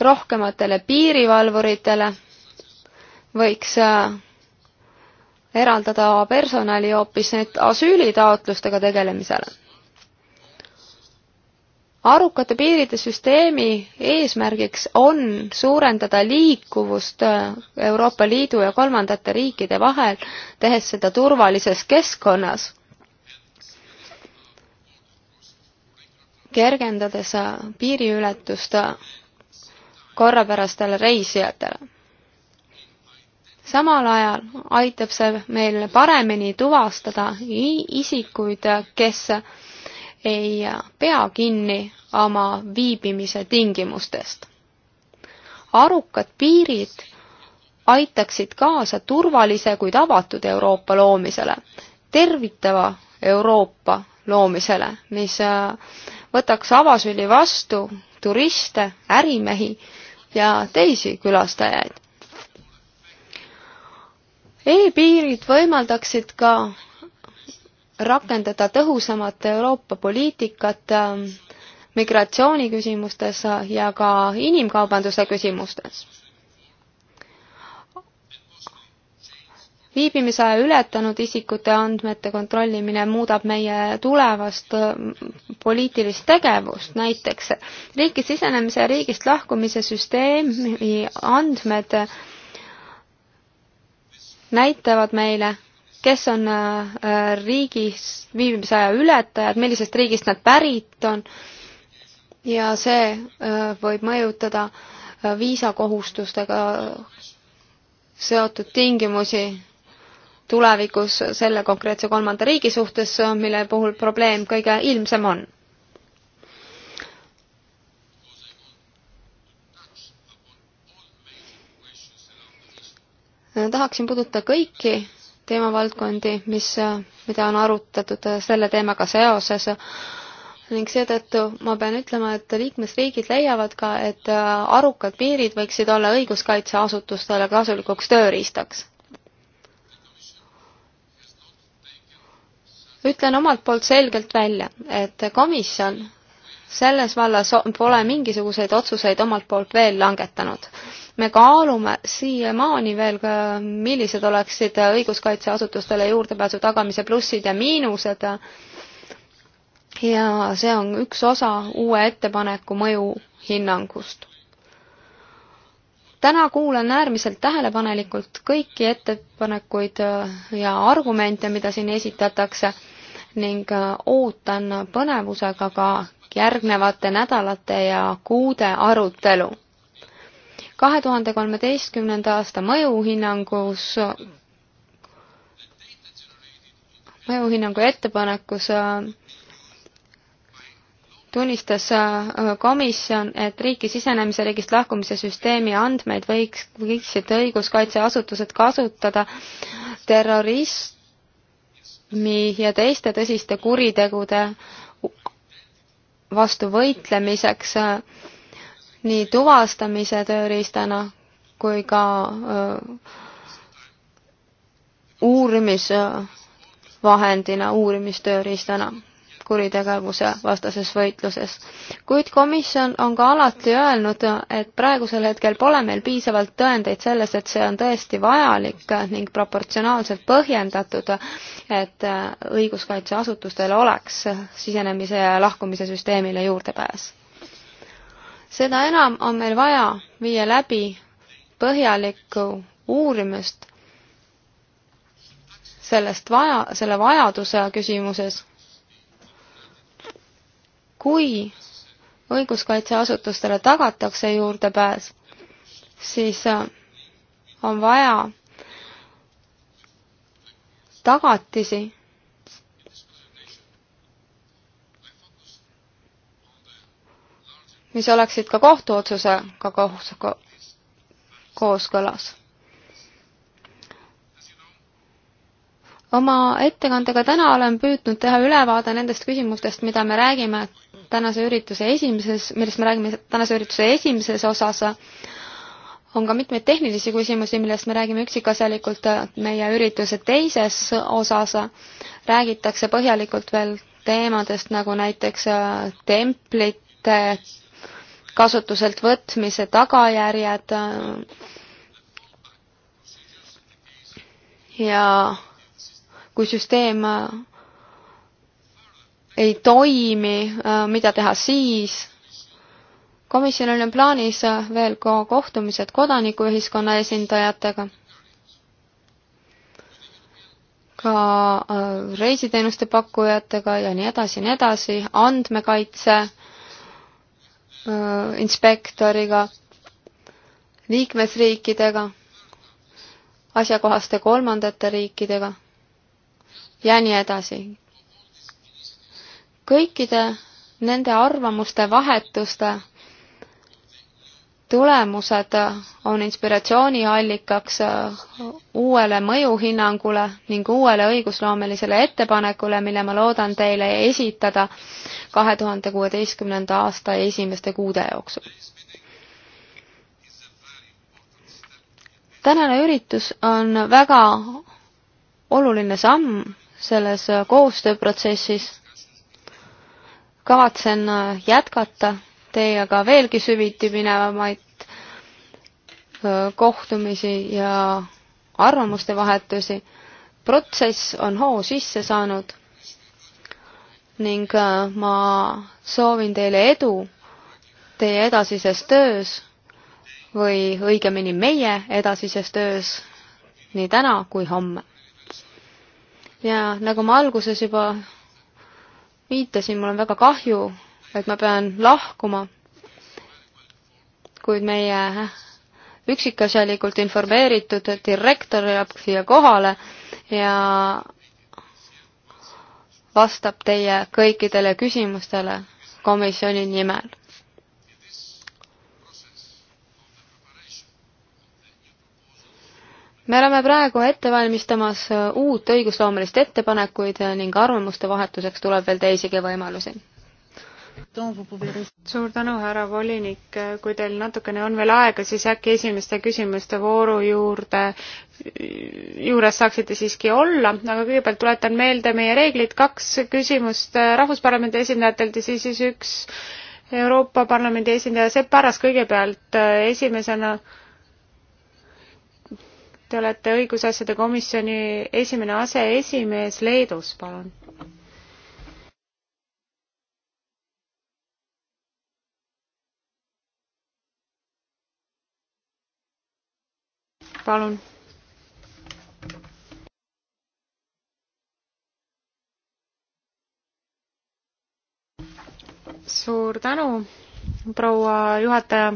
rohkematele piirivalvuritele, võiks äh, eraldada personali hoopis need asüülitaotlustega tegelemisele arukate piiride süsteemi eesmärgiks on suurendada liikuvust äh, Euroopa Liidu ja kolmandate riikide vahel, tehes seda turvalises keskkonnas, kergendades äh, piiriületust äh, korrapärastele reisijatele. samal ajal aitab see meil paremini tuvastada isikuid, kes ei pea kinni oma viibimise tingimustest. arukad piirid aitaksid kaasa turvalise, kuid avatud Euroopa loomisele, tervitava Euroopa loomisele, mis äh, võtaks avasüli vastu turiste, ärimehi ja teisi külastajaid e. e-piirid võimaldaksid ka rakendada tõhusamat Euroopa poliitikat ähm, migratsiooniküsimustes ja ka inimkaubanduse küsimustes. viibimisaja ületanud isikute andmete kontrollimine muudab meie tulevast ähm, poliitilist tegevust, näiteks riiki sisenemise ja riigist lahkumise süsteemi andmed näitavad meile, kes on äh, riigis viibimise aja ületajad, millisest riigist nad pärit on ja see äh, võib mõjutada äh, viisakohustustega seotud tingimusi tulevikus selle konkreetse kolmanda riigi suhtes, mille puhul probleem kõige ilmsem on. tahaksin puudutada kõiki teemavaldkondi, mis, mida on arutatud selle teemaga seoses ning seetõttu ma pean ütlema, et liikmesriigid leiavad ka, et arukad piirid võiksid olla õiguskaitseasutustele kasulikuks tööriistaks. ütlen omalt poolt selgelt välja, et komisjon selles vallas pole mingisuguseid otsuseid omalt poolt veel langetanud. me kaalume siiamaani veel, millised oleksid õiguskaitseasutustele juurdepääsu tagamise plussid ja miinused ja see on üks osa uue ettepaneku mõjuhinnangust täna kuulan äärmiselt tähelepanelikult kõiki ettepanekuid ja argumente, mida siin esitatakse ning äh, ootan põnevusega ka järgnevate nädalate ja kuude arutelu. kahe tuhande kolmeteistkümnenda aasta mõjuhinnangus, mõjuhinnangu ettepanekus äh, tunnistas äh, komisjon, et riiki sisenemise riigist lahkumise süsteemi andmeid võiks, võiksid õiguskaitseasutused kasutada terrorist, terrorismi ja teiste tõsiste kuritegude vastu võitlemiseks äh, nii tuvastamise tööriistana kui ka äh, uurimisvahendina, uurimistööriistana kuritegevuse vastases võitluses. kuid komisjon on ka alati öelnud, et praegusel hetkel pole meil piisavalt tõendeid selles, et see on tõesti vajalik ning proportsionaalselt põhjendatud, et õiguskaitseasutustel oleks sisenemise ja lahkumise süsteemile juurdepääs. seda enam on meil vaja viia läbi põhjalikku uurimist sellest vaja, selle vajaduse küsimuses kui õiguskaitseasutustele tagatakse juurdepääs, siis äh, on vaja tagatisi. mis oleksid ka kohtuotsusega koos, kooskõlas. oma ettekandega täna olen püüdnud teha ülevaade nendest küsimustest, mida me räägime tänase ürituse esimeses, millest me räägime tänase ürituse esimeses osas, on ka mitmeid tehnilisi küsimusi, millest me räägime üksikasjalikult meie ürituse teises osas. räägitakse põhjalikult veel teemadest nagu näiteks äh, templite kasutuselt võtmise tagajärjed äh, ja kui süsteem äh, ei toimi, äh, mida teha siis. komisjonil on plaanis äh, veel ka kohtumised kodanikuühiskonna esindajatega. ka äh, reisiteenuste pakkujatega ja nii edasi ja nii edasi, andmekaitse inspektoriga, liikmesriikidega, asjakohaste kolmandate riikidega ja nii edasi kõikide nende arvamuste vahetuste tulemused on inspiratsiooniallikaks äh, uuele mõjuhinnangule ning uuele õigusloomelisele ettepanekule, mille ma loodan teile esitada kahe tuhande kuueteistkümnenda aasta esimeste kuude jooksul. tänane üritus on väga oluline samm selles koostööprotsessis kavatsen äh, jätkata teiega veelgi süviti minevamaid äh, kohtumisi ja arvamuste vahetusi. protsess on hoo sisse saanud ning äh, ma soovin teile edu teie edasises töös või õigemini meie edasises töös nii täna kui homme. ja nagu ma alguses juba viitasin, mul on väga kahju, et ma pean lahkuma, kuid meie üksikasjalikult informeeritud direktor jääb siia kohale ja vastab teie kõikidele küsimustele komisjoni nimel. me oleme praegu ette valmistamas äh, uut õigusloomelist ettepanekuid äh, ning arvamuste vahetuseks tuleb veel teisigi võimalusi. suur tänu, härra volinik, äh, kui teil natukene on veel aega, siis äkki esimeste küsimuste vooru juurde, juures saaksite siiski olla, aga kõigepealt tuletan meelde meie reeglid, kaks küsimust Rahvusparlamendi esindajatelt ja siis, siis üks Euroopa Parlamendi esindaja Sepp Aras kõigepealt esimesena Te olete õigusasjade komisjoni esimene aseesimees Leedus, palun. palun. suur tänu, proua juhataja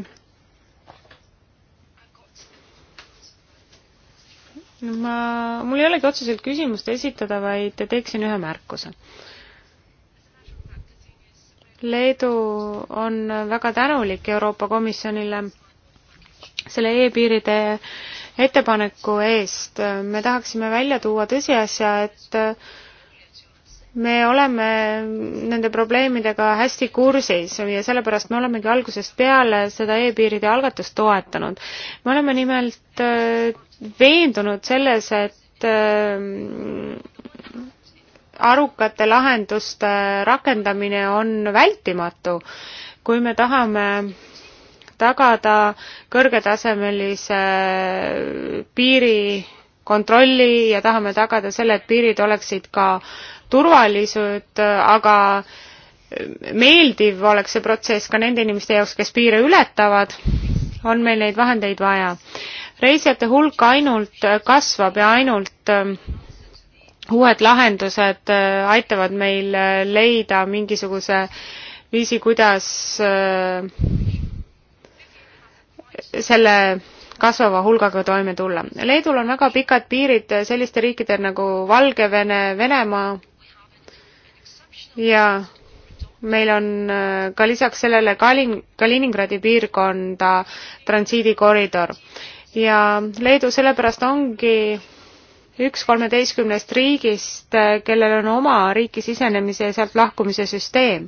ma, mul ei olegi otseselt küsimust esitada, vaid teeksin ühe märkuse. Leedu on väga tänulik Euroopa Komisjonile selle e-piiride ettepaneku eest. me tahaksime välja tuua tõsiasja, et me oleme nende probleemidega hästi kursis ja sellepärast me olemegi algusest peale seda e-piiride algatust toetanud. me oleme nimelt äh, veendunud selles, et äh, arukate lahenduste rakendamine on vältimatu, kui me tahame tagada kõrgetasemelise piiri kontrolli ja tahame tagada selle, et piirid oleksid ka turvalised, aga meeldiv oleks see protsess ka nende inimeste jaoks, kes piire ületavad, on meil neid vahendeid vaja. reisijate hulk ainult kasvab ja ainult ähm, uued lahendused äh, aitavad meil äh, leida mingisuguse viisi, kuidas äh, selle kasvava hulgaga toime tulla. Leedul on väga pikad piirid selliste riikide nagu Valgevene, Venemaa ja meil on äh, ka lisaks sellele Kalin-, Kaliningradi piirkonda transiidikoridor. ja Leedu sellepärast ongi üks kolmeteistkümnest riigist, äh, kellel on oma riiki sisenemise ja sealt lahkumise süsteem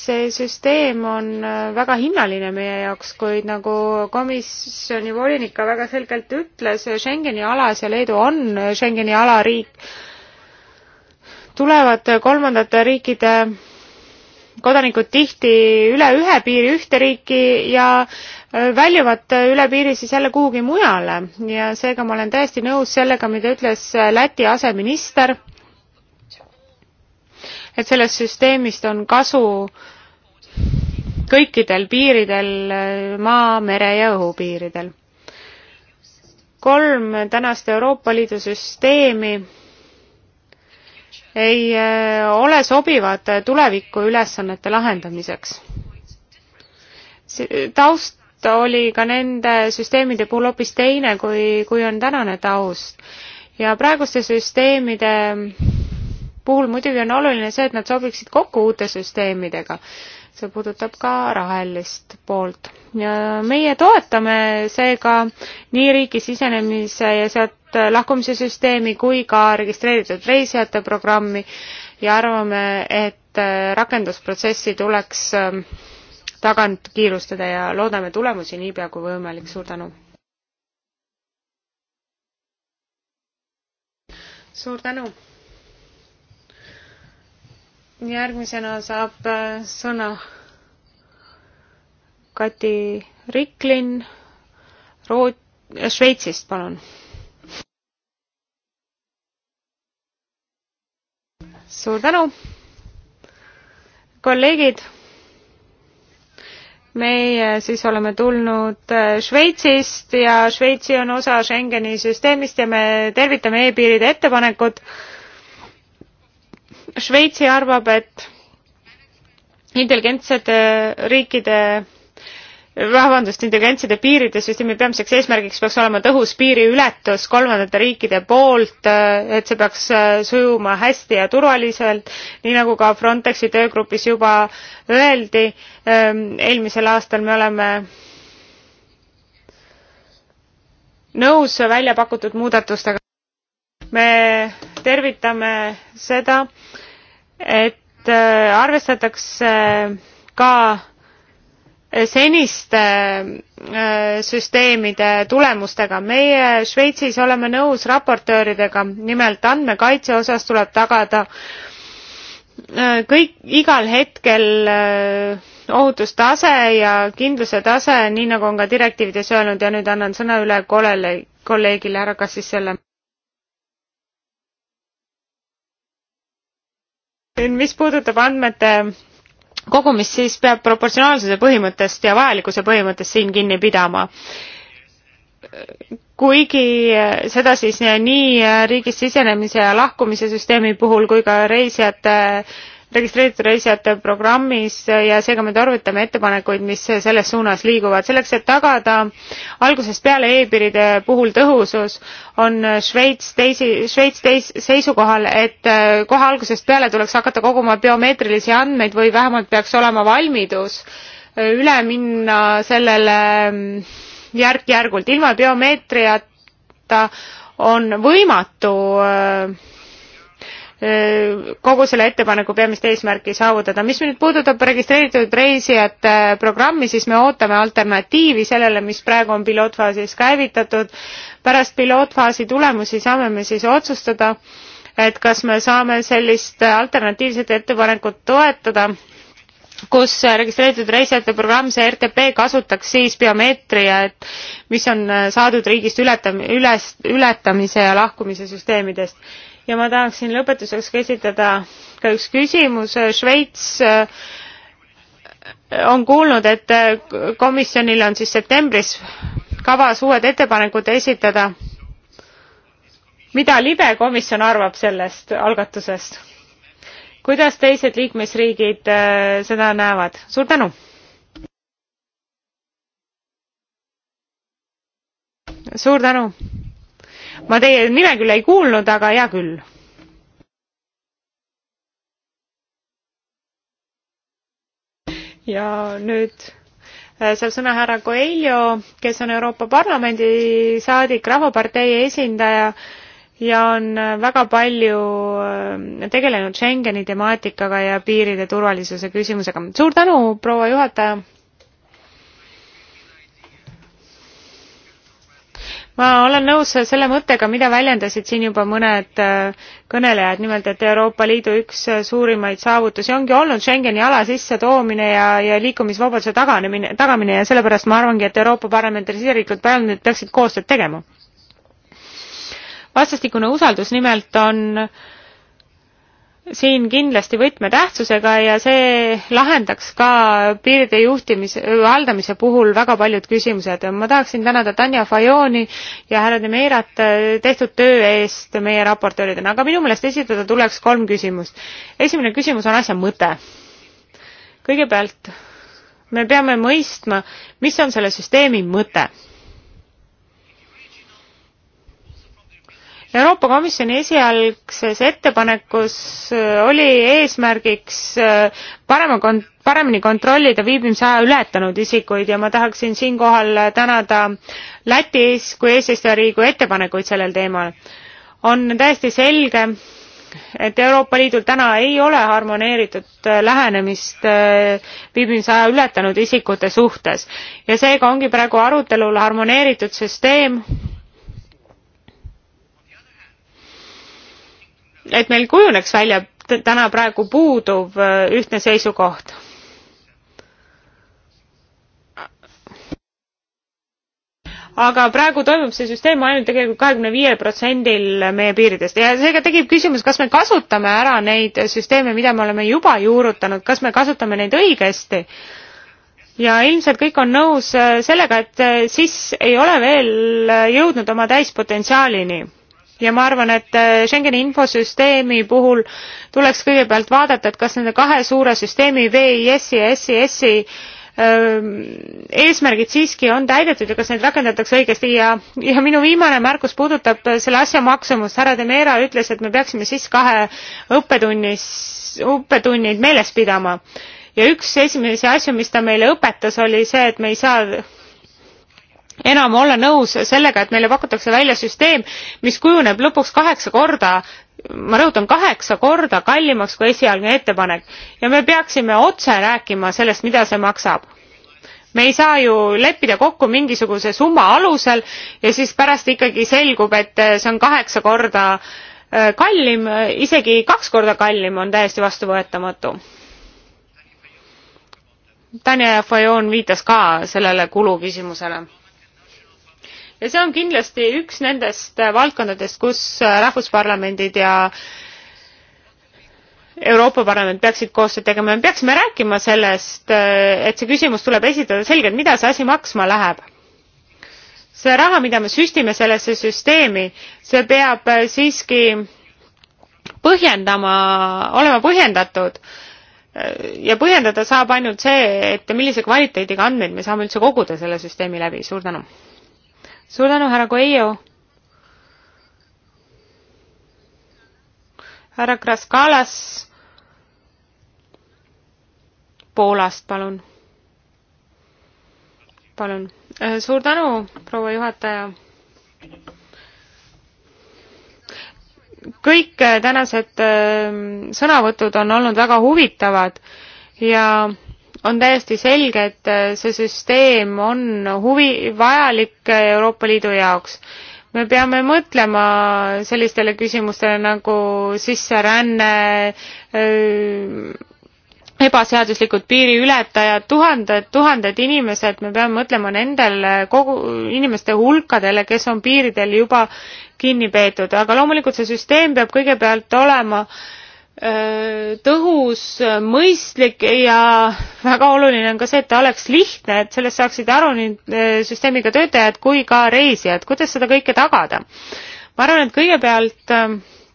see süsteem on äh, väga hinnaline meie jaoks, kuid nagu komisjoni volinik ka väga selgelt ütles, Schengeni alas ja Leedu on Schengeni alariik, tulevad kolmandate riikide kodanikud tihti üle ühe piiri ühte riiki ja äh, väljuvad üle piiri siis jälle kuhugi mujale ja seega ma olen täiesti nõus sellega, mida ütles Läti aseminister, et sellest süsteemist on kasu äh, kõikidel piiridel, maa, mere ja õhupiiridel. kolm tänast Euroopa Liidu süsteemi ei äh, ole sobivad tuleviku ülesannete lahendamiseks. taust oli ka nende süsteemide puhul hoopis teine, kui, kui on tänane taust. ja praeguste süsteemide puhul muidugi on oluline see, et nad sobiksid kokku uute süsteemidega see puudutab ka rahalist poolt. meie toetame seega nii riigi sisenemise ja sealt lahkumise süsteemi kui ka registreeritud reisijate programmi ja arvame, et äh, rakendusprotsessi tuleks ähm, tagant kiirustada ja loodame tulemusi niipea kui võimalik. suur tänu! suur tänu! järgmisena saab äh, sõna Kati Riklin Root-, Šveitsist, palun. suur tänu, kolleegid. meie siis oleme tulnud äh, Šveitsist ja Šveitsi on osa Schengeni süsteemist ja me tervitame e-piiride ettepanekut Šveitsi arvab, et intelligentsete äh, riikide vabandust, intelligentside piiride süsteemi peamiseks eesmärgiks peaks olema tõhus piiriületus kolmandate riikide poolt, äh, et see peaks äh, sujuma hästi ja turvaliselt, nii nagu ka Frontexi töögrupis juba öeldi. Ähm, eelmisel aastal me oleme nõus välja pakutud muudatustega me tervitame seda, et äh, arvestatakse äh, ka seniste äh, süsteemide tulemustega. meie Šveitsis oleme nõus raportööridega, nimelt andmekaitse osas tuleb tagada kõik, igal hetkel ohutustase ja kindluse tase, nii nagu on ka direktiivides öelnud ja nüüd annan sõna üle kolele, kolleegile härra Kassissele. mis puudutab andmete kogumist, siis peab proportsionaalsuse põhimõttest ja vajalikkuse põhimõttest siin kinni pidama. kuigi seda siis nii riigist sisenemise ja lahkumise süsteemi puhul kui ka reisijate registreeritud reisijate programmis ja seega me tarvitame ettepanekuid, mis selles suunas liiguvad. selleks, et tagada algusest peale e-piiride puhul tõhusus, on Šveits teisi, Šveits teis, seisukohal, et äh, kohe algusest peale tuleks hakata koguma biomeetrilisi andmeid või vähemalt peaks olema valmidus äh, üle minna sellele mm, järk-järgult. ilma biomeetriata on võimatu äh, kogu selle ettepaneku peamist eesmärki saavutada. mis nüüd puudutab registreeritud reisijate programmi, siis me ootame alternatiivi sellele, mis praegu on pilootfaasis käivitatud. pärast pilootfaasi tulemusi saame me siis otsustada, et kas me saame sellist alternatiivset ettepanekut toetada, kus registreeritud reisijate programm, see RTP, kasutaks siis biomeetria, et mis on saadud riigist ületam-, üles, ületamise ja lahkumise süsteemidest ja ma tahaksin lõpetuseks ka esitada ka üks küsimus, Šveits äh, on kuulnud, et äh, komisjonil on siis septembris kavas uued ettepanekud esitada. mida libe komisjon arvab sellest algatusest? kuidas teised liikmesriigid äh, seda näevad? suur tänu! suur tänu! ma teie nime küll ei kuulnud, aga hea küll. ja nüüd äh, saab sõna härra Coelho, kes on Euroopa Parlamendi saadik, Rahvapartei esindaja ja on äh, väga palju äh, tegelenud Schengeni temaatikaga ja piiride turvalisuse küsimusega. suur tänu, proua juhataja! ma olen nõus selle mõttega, mida väljendasid siin juba mõned äh, kõnelejad, nimelt et Euroopa Liidu üks äh, suurimaid saavutusi ongi olnud Schengeni ala sissetoomine ja, ja liikumisvabaduse taganemine, tagamine ja sellepärast ma arvangi, et Euroopa Parlamendi siseriiklikud parlamendid peaksid koostööd tegema. vastastikune usaldus nimelt on äh, siin kindlasti võtmetähtsusega ja see lahendaks ka piiride juhtimise, haldamise puhul väga paljud küsimused. ma tahaksin tänada Tanja Fajoni ja härra Demeirat äh, tehtud töö eest meie raportööridena, aga minu meelest esitada tuleks kolm küsimust. esimene küsimus on asja mõte. kõigepealt me peame mõistma, mis on selle süsteemi mõte Euroopa Komisjoni esialgses ettepanekus äh, oli eesmärgiks äh, parema kont-, paremini kontrollida viibimisaja ületanud isikuid ja ma tahaksin siinkohal tänada Lätis kui eesistujariigi ettepanekuid sellel teemal. on täiesti selge, et Euroopa Liidul täna ei ole harmoneeritud äh, lähenemist viibimisaja ületanud isikute suhtes ja seega ongi praegu arutelul harmoneeritud süsteem, et meil kujuneks välja täna praegu puuduv äh, ühtne seisukoht. aga praegu toimub see süsteem ainult tegelikult kahekümne viiel protsendil meie piiridest ja seega tekib küsimus, kas me kasutame ära neid süsteeme, mida me oleme juba juurutanud, kas me kasutame neid õigesti ja ilmselt kõik on nõus äh, sellega, et äh, siis ei ole veel jõudnud oma täispotentsiaalini ja ma arvan, et äh, Schengeni infosüsteemi puhul tuleks kõigepealt vaadata, et kas nende kahe suure süsteemi, VIS-i ja SIS-i äh, eesmärgid siiski on täidetud ja kas neid rakendatakse õigesti ja, ja minu viimane märkus puudutab äh, selle asja maksumust. härra Demera ütles, et me peaksime siis kahe õppetunnis, õppetunnid meeles pidama ja üks esimesi asju, mis ta meile õpetas, oli see, et me ei saa enam olla nõus sellega, et meile pakutakse välja süsteem, mis kujuneb lõpuks kaheksa korda ma rõhutan kaheksa korda kallimaks kui esialgne ettepanek ja me peaksime otse rääkima sellest mida see maksab me ei saa ju leppida kokku mingisuguse summa alusel ja siis pärast ikkagi selgub et see on kaheksa korda äh, kallim isegi kaks korda kallim on täiesti vastuvõetamatu tanja fajon viitas ka sellele kuluküsimusele ja see on kindlasti üks nendest äh, valdkondadest, kus äh, rahvusparlamendid ja Euroopa Parlament peaksid koostööd tegema ja me peaksime rääkima sellest, äh, et see küsimus tuleb esitada selgelt, mida see asi maksma läheb see raha, mida me süstime sellesse süsteemi, see peab siiski põhjendama, olema põhjendatud. ja põhjendada saab ainult see, et millise kvaliteediga andmeid me saame üldse koguda selle süsteemi läbi, suur tänu suur tänu, härra Coelho. härra Kraskalas Poolast, palun. palun. Äh, suur tänu, proua juhataja kõik äh, tänased äh, sõnavõtud on olnud väga huvitavad ja on täiesti selge, et äh, see süsteem on huvi, vajalik äh, Euroopa Liidu jaoks. me peame mõtlema sellistele küsimustele nagu sisseränne, äh, ebaseaduslikud piiriületajad, tuhanded, tuhanded inimesed, me peame mõtlema nendele kogu, inimeste hulkadele, kes on piiridel juba kinni peetud, aga loomulikult see süsteem peab kõigepealt olema äh, Äh, tõhus, äh, mõistlik ja väga oluline on ka see, et ta oleks lihtne, et sellest saaksid aru nii äh, süsteemiga töötajad kui ka reisijad. kuidas seda kõike tagada? ma arvan, et kõigepealt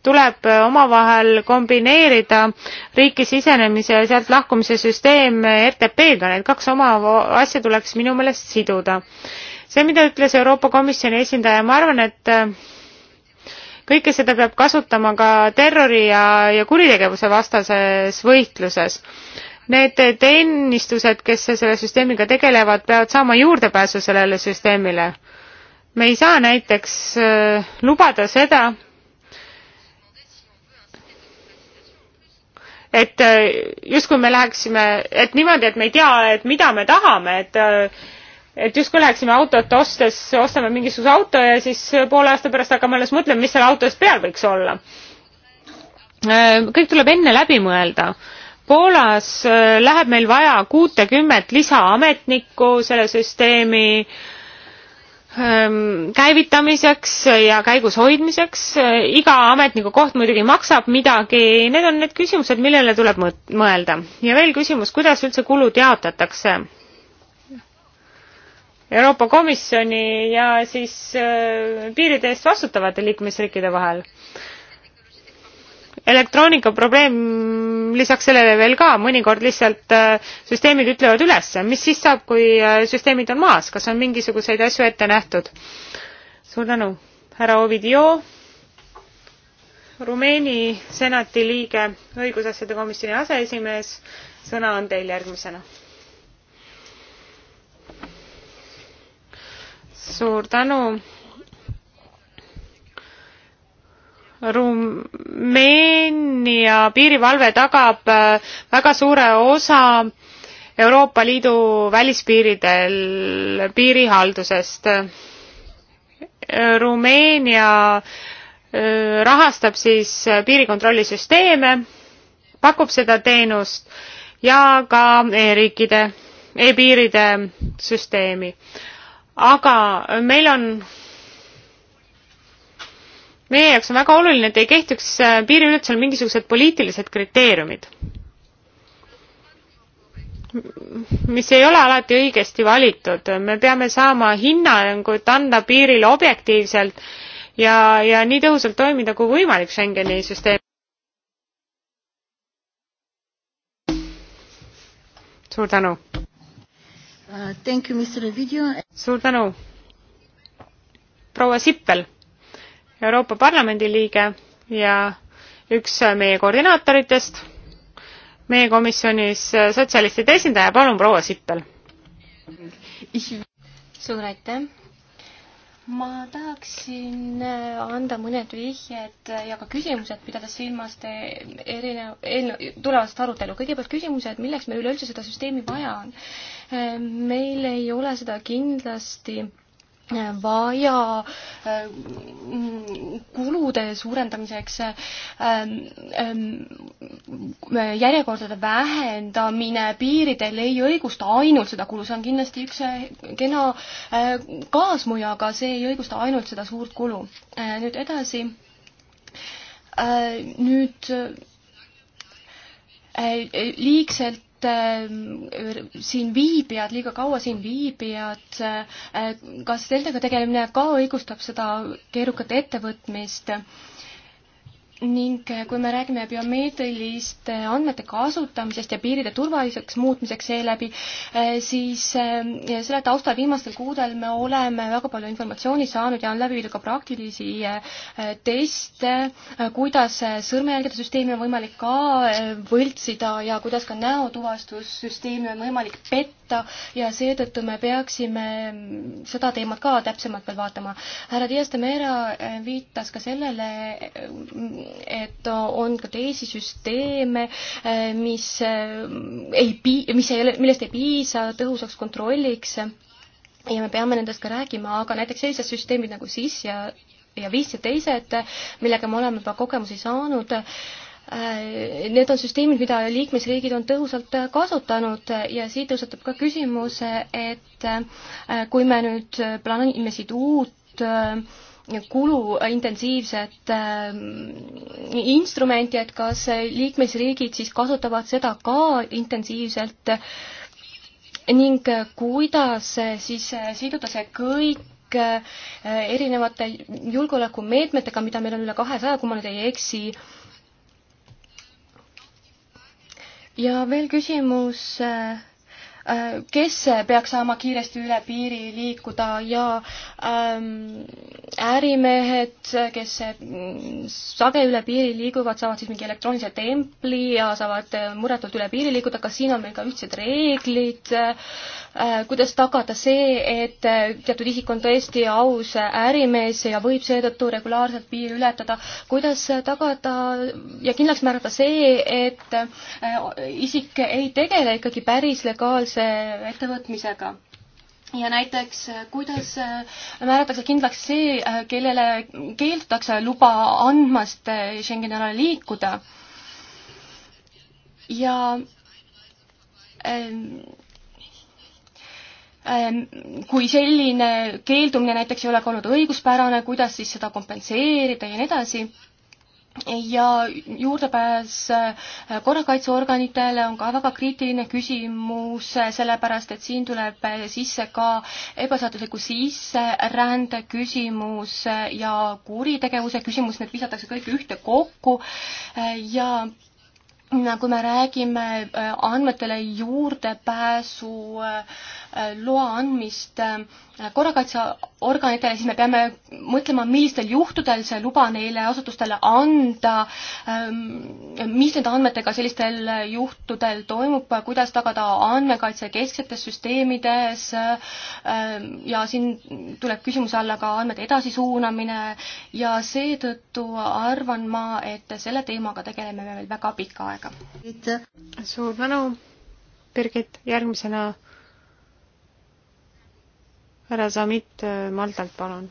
tuleb omavahel kombineerida riiki sisenemise ja sealt lahkumise süsteem RTP-ga, need kaks oma asja tuleks minu meelest siduda. see, mida ütles Euroopa Komisjoni esindaja, ma arvan, et kõike seda peab kasutama ka terrori ja, ja kuritegevuse vastases võitluses. Need teenistused, kes selle süsteemiga tegelevad, peavad saama juurdepääsu sellele süsteemile. me ei saa näiteks äh, lubada seda, et äh, justkui me läheksime, et niimoodi, et me ei tea, et mida me tahame, et äh, et justkui läheksime autot ostes, ostame mingisuguse auto ja siis poole aasta pärast hakkame alles mõtlema, mis seal autos peal võiks olla. Äh, kõik tuleb enne läbi mõelda. Poolas äh, läheb meil vaja kuutekümmet lisaametnikku selle süsteemi ähm, käivitamiseks ja käigus hoidmiseks. Äh, iga ametniku koht muidugi maksab midagi, need on need küsimused, millele tuleb mõelda. ja veel küsimus, kuidas üldse kulud jaotatakse Euroopa Komisjoni ja siis äh, piiride eest vastutavate liikmesriikide vahel. elektroonika probleem lisaks sellele veel ka, mõnikord lihtsalt äh, süsteemid ütlevad üles, mis siis saab, kui äh, süsteemid on maas, kas on mingisuguseid asju ette nähtud? suur tänu, härra Ovidio, Rumeeni senati liige, õigusasjade komisjoni aseesimees, sõna on teil järgmisena suur tänu. Rumeenia piirivalve tagab äh, väga suure osa Euroopa Liidu välispiiridel piirihaldusest. Rumeenia äh, rahastab siis äh, piirikontrollisüsteeme, pakub seda teenust ja ka e-riikide e, e-piiride süsteemi aga meil on meie jaoks on väga oluline, et ei kehtiks äh, piiriületusel mingisugused poliitilised kriteeriumid, mis ei ole alati õigesti valitud. me peame saama hinnangut anda piiril objektiivselt ja, ja nii tõhusalt toimida kui võimalik Schengeni süsteem. suur tänu! Uh, suur tänu. proua Sippel, Euroopa Parlamendi liige ja üks meie koordinaatoritest meie komisjonis sotsialistide esindaja, palun proua Sippel. suur aitäh ma tahaksin äh, anda mõned vihjed ja ka küsimused, pidades silmas te erinev, eelnõu, tulevast arutelu. kõigepealt küsimused, milleks meil üleüldse seda süsteemi vaja on. Äh, meil ei ole seda kindlasti vaja äh, kulude suurendamiseks äh, ähm, äh, järjekordade vähendamine piiridel ei õigusta ainult seda kulu, see on kindlasti üks kena kaasmõju, aga see ei õigusta ainult seda suurt kulu. nüüd edasi, nüüd liigselt Äh, siin viibijad, liiga kaua siin viibijad, äh, kas nendega tegelemine ka õigustab seda keerukat ettevõtmist? ning eh, kui me räägime biomeetriliste andmete kasutamisest ja piiride turvaliseks muutmiseks seeläbi, eh, siis eh, selle taustal viimastel kuudel me oleme väga palju informatsiooni saanud ja on läbi viidud ka praktilisi teste, kuidas sõrmejälgede süsteemi on võimalik ka võltsida ja kuidas ka näotuvastussüsteemi on võimalik petta võtta ja seetõttu me peaksime seda teemat ka täpsemalt veel vaatama. härra Dias de Mera äh, viitas ka sellele, äh, et on ka teisi süsteeme, äh, mis ei pii-, mis ei, millest ei piisa tõhusaks kontrolliks ja me peame nendest ka rääkima, aga näiteks sellised süsteemid nagu SIS ja ja viis ja teised, millega me oleme juba kogemusi saanud äh,, Äh, need on süsteemid, mida liikmesriigid on tõhusalt äh, kasutanud äh, ja siit tõusetub ka küsimus, et kui me nüüd plaanime siit uut kuluintensiivset instrumenti, et kas liikmesriigid siis kasutavad seda ka intensiivselt ning kuidas siis siduda see kõik erinevate julgeolekumeetmetega, mida meil on üle kahesaja, kui ma nüüd ei eksi, ja veel küsimus äh, kes peaks saama kiiresti üle piiri liikuda ja ähm, ärimehed, kes mm, sage üle piiri liiguvad, saavad siis mingi elektroonilise templi ja saavad äh, murretult üle piiri liikuda, kas siin on meil ka ühtsed reeglid äh,, kuidas tagada see, et äh, teatud isik on tõesti aus ärimees ja võib seetõttu regulaarselt piiri ületada, kuidas tagada ja kindlaks määrata see, et äh, isik ei tegele ikkagi päris legaalselt tegeldakse ettevõtmisega ja näiteks, kuidas äh, määratakse kindlaks see, äh, kellele keeldutakse luba andmast äh, Schengeni alal liikuda. ja ähm, ähm, kui selline keeldumine näiteks ei ole ka olnud õiguspärane, kuidas siis seda kompenseerida ja nii edasi ja juurdepääs äh, korrakaitseorganitele on ka väga kriitiline küsimus, äh, sellepärast et siin tuleb äh, sisse ka ebaseadusliku sisserände küsimus ja kuritegevuse küsimus, need visatakse kõik ühte kokku ja kui nagu me räägime andmetele juurdepääsu loa andmist äh, korrakaitseorganitele, siis me peame mõtlema, millistel juhtudel see luba neile asutustele anda, ähm, mis nende andmetega sellistel juhtudel toimub, kuidas tagada andmekaitse kesksetes süsteemides ähm, ja siin tuleb küsimuse alla ka andmete edasisuunamine ja seetõttu arvan ma, et selle teemaga tegeleme me veel väga pikka aega. suur tänu, Birgit, järgmisena härra Zamit äh, Maltalt, palun.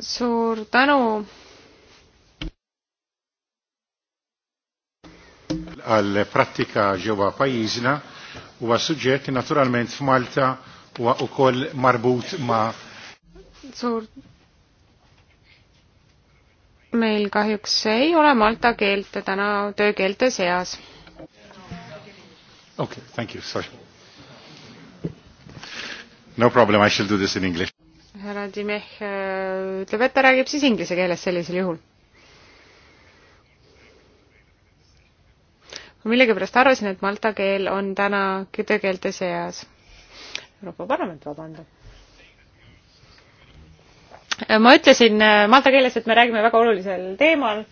suur tänu. għal pratika ġewwa pajjiżna huwa suġġett naturalment f'Malta huwa wkoll marbut ma' suur meil kahjuks ei ole malta keelt täna töökeelte seas Okay, thank you, sorry. No problem, I shall do this in english. härra Timeh äh, ütleb, et ta räägib siis inglise keeles sellisel juhul. ma millegipärast arvasin, et malta keel on täna töökeelte seas. Euroopa Parlament vabandab. Äh, ma ütlesin äh, malta keeles, et me räägime väga olulisel teemal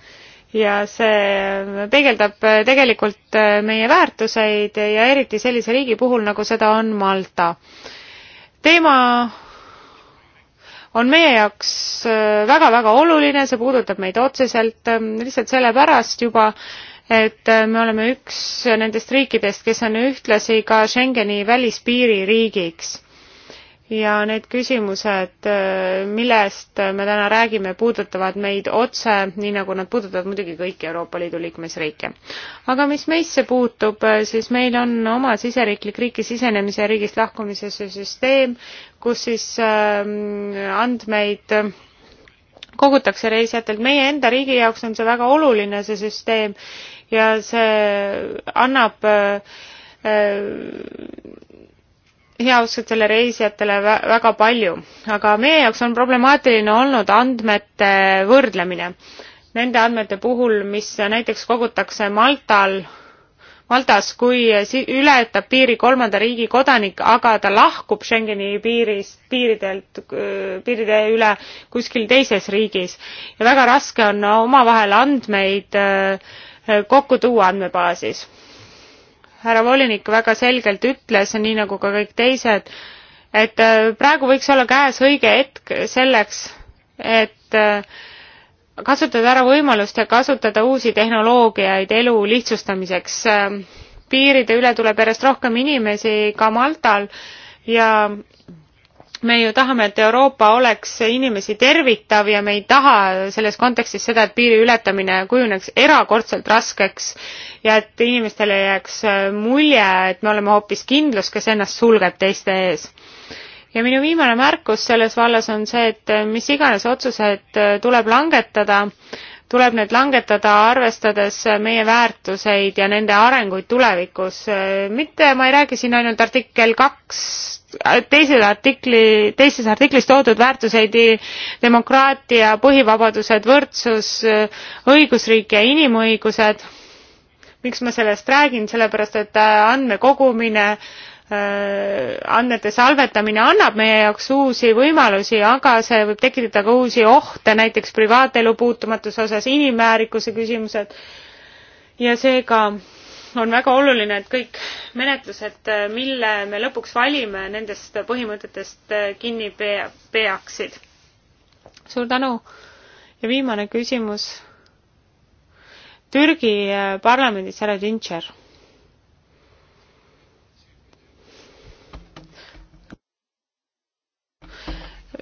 ja see peegeldab äh, tegelikult äh, meie väärtuseid ja eriti sellise riigi puhul, nagu seda on Malta. teema on meie jaoks väga-väga äh, oluline, see puudutab meid otseselt ähm, lihtsalt sellepärast juba, et me oleme üks nendest riikidest, kes on ühtlasi ka Schengeni välispiiri riigiks ja need küsimused, äh, millest me täna räägime, puudutavad meid otse, nii nagu nad puudutavad muidugi kõiki Euroopa Liidu liikmesriike. aga mis meisse puutub, äh, siis meil on oma siseriiklik riiki sisenemise ja riigist lahkumise süsteem, kus siis ähm, andmeid äh, kogutakse reisijatelt, meie enda riigi jaoks on see väga oluline, see süsteem, ja see annab heausksetele reisijatele väga palju, aga meie jaoks on problemaatiline olnud andmete võrdlemine. Nende andmete puhul, mis näiteks kogutakse Maltal, Maltas, kui ületab piiri kolmanda riigi kodanik, aga ta lahkub Schengeni piirist, piiridelt, piiride üle kuskil teises riigis ja väga raske on omavahel andmeid äh, kokku tuua andmebaasis härra volinik väga selgelt ütles, nii nagu ka kõik teised, et äh, praegu võiks olla käes õige hetk selleks, et äh, kasutada ära võimalust ja kasutada uusi tehnoloogiaid elu lihtsustamiseks. Äh, piiride üle tuleb järjest rohkem inimesi ka Maltal ja me ju tahame, et Euroopa oleks inimesi tervitav ja me ei taha selles kontekstis seda, et piiri ületamine kujuneks erakordselt raskeks ja et inimestele jääks äh, mulje, et me oleme hoopis kindlus, kes ennast sulgeb teiste ees. ja minu viimane märkus selles vallas on see, et äh, mis iganes otsused äh, tuleb langetada, tuleb need langetada arvestades meie väärtuseid ja nende arenguid tulevikus. mitte ma ei räägi siin ainult artikkel kaks teises artikli, teises artiklis toodud väärtuseid, demokraatia, põhivabadused, võrdsus, õigusriik ja inimõigused. miks ma sellest räägin, sellepärast et äh, andmekogumine, äh, andmete salvetamine annab meie jaoks uusi võimalusi, aga see võib tekitada ka uusi ohte, näiteks privaatelu puutumatuse osas, inimväärikuse küsimused ja seega ka on väga oluline, et kõik menetlused, äh, mille me lõpuks valime, nendest põhimõtetest äh, kinni pea-, peaksid. suur tänu ja viimane küsimus. Türgi äh, parlamendis härra Tintšer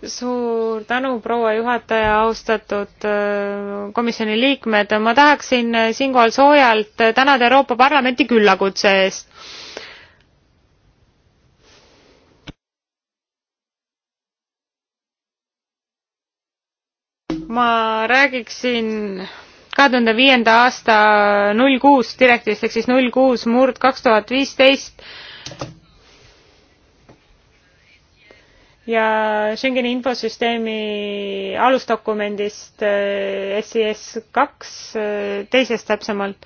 suur tänu, proua juhataja, austatud äh, komisjoni liikmed, ma tahaksin äh, siinkohal soojalt tänada Euroopa Parlamenti küllakutse eest. ma räägiksin kahe tuhande viienda aasta null kuus direktiivist ehk siis null kuus murd kaks tuhat viisteist ja Schengeni infosüsteemi alusdokumendist SIS äh, kaks, äh, teisest täpsemalt.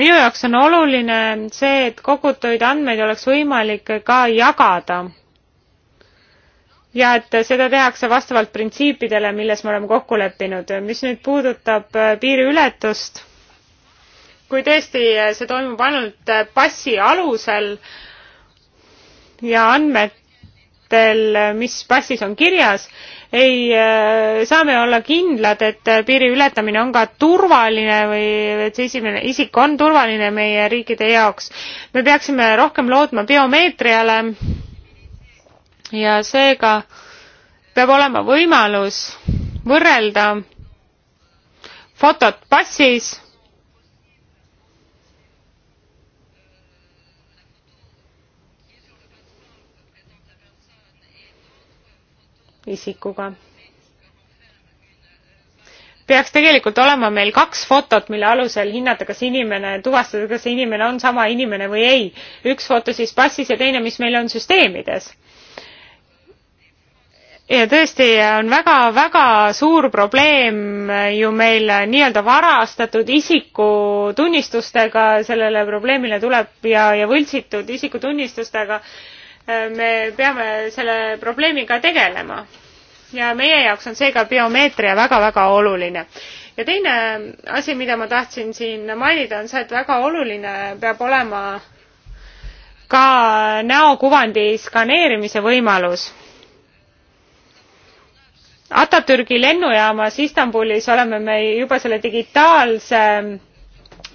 minu jaoks on oluline see, et kogutuid andmeid oleks võimalik ka jagada ja et seda tehakse vastavalt printsiipidele milles me oleme kokku leppinud mis nüüd puudutab äh, piiriületust kui tõesti eh, see toimub ainult eh, passi alusel ja andmetel, eh, mis passis on kirjas, ei saa me olla kindlad, et piiri ületamine on ka turvaline või et see esimene isik on turvaline meie riikide jaoks. me peaksime rohkem lootma biomeetriale ja seega peab olema võimalus võrrelda fotot passis isikuga. peaks tegelikult olema meil kaks fotot, mille alusel hinnata, kas inimene, tuvastada, kas see inimene on sama inimene või ei. üks foto siis passis ja teine, mis meil on süsteemides ja tõesti on väga-väga suur probleem ju meil nii-öelda varastatud isikutunnistustega, sellele probleemile tuleb ja, ja võltsitud isikutunnistustega Äh, me peame selle probleemiga tegelema. ja meie jaoks on seega biomeetria väga-väga oluline. ja teine asi, mida ma tahtsin siin mainida, on see, et väga oluline peab olema ka näokuvandi skaneerimise võimalus. Atatürgi lennujaamas Istanbulis oleme me juba selle digitaalse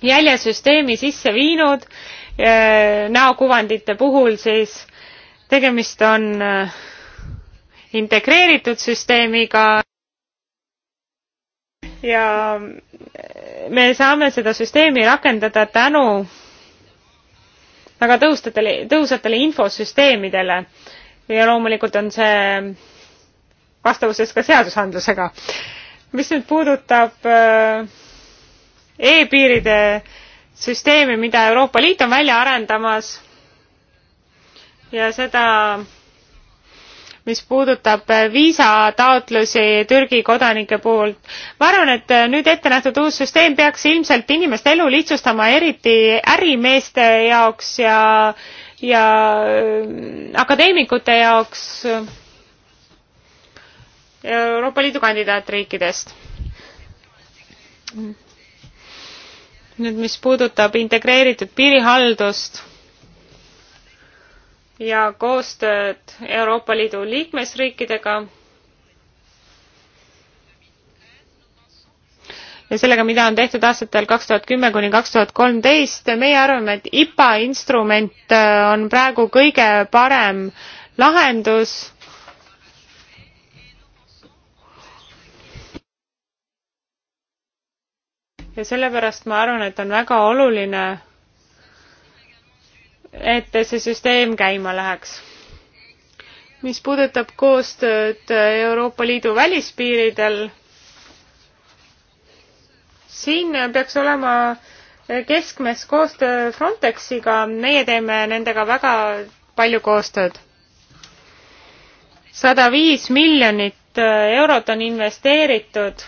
jäljesüsteemi sisse viinud äh, näokuvandite puhul siis tegemist on äh, integreeritud süsteemiga ja äh, me saame seda süsteemi rakendada tänu väga tõhusatele, tõhusatele infosüsteemidele ja loomulikult on see vastavuses ka seadusandlusega. mis nüüd puudutab äh, e-piiride süsteemi, mida Euroopa Liit on välja arendamas, ja seda, mis puudutab äh, viisataotlusi Türgi kodanike poolt. ma arvan, et äh, nüüd ette nähtud uus süsteem peaks ilmselt inimeste elu lihtsustama, eriti ärimeeste jaoks ja, ja äh, akadeemikute jaoks Euroopa Liidu kandidaatriikidest nüüd mis puudutab integreeritud piirihaldust ja koostööd Euroopa Liidu liikmesriikidega ja sellega, mida on tehtud aastatel kaks tuhat kümme kuni kaks tuhat kolmteist. meie arvame, et IPA instrument äh, on praegu kõige parem lahendus. ja sellepärast ma arvan, et on väga oluline et see süsteem käima läheks. mis puudutab koostööd Euroopa Liidu välispiiridel, siin peaks olema keskmes koostöö Frontexiga, meie teeme nendega väga palju koostööd. sada viis miljonit eurot on investeeritud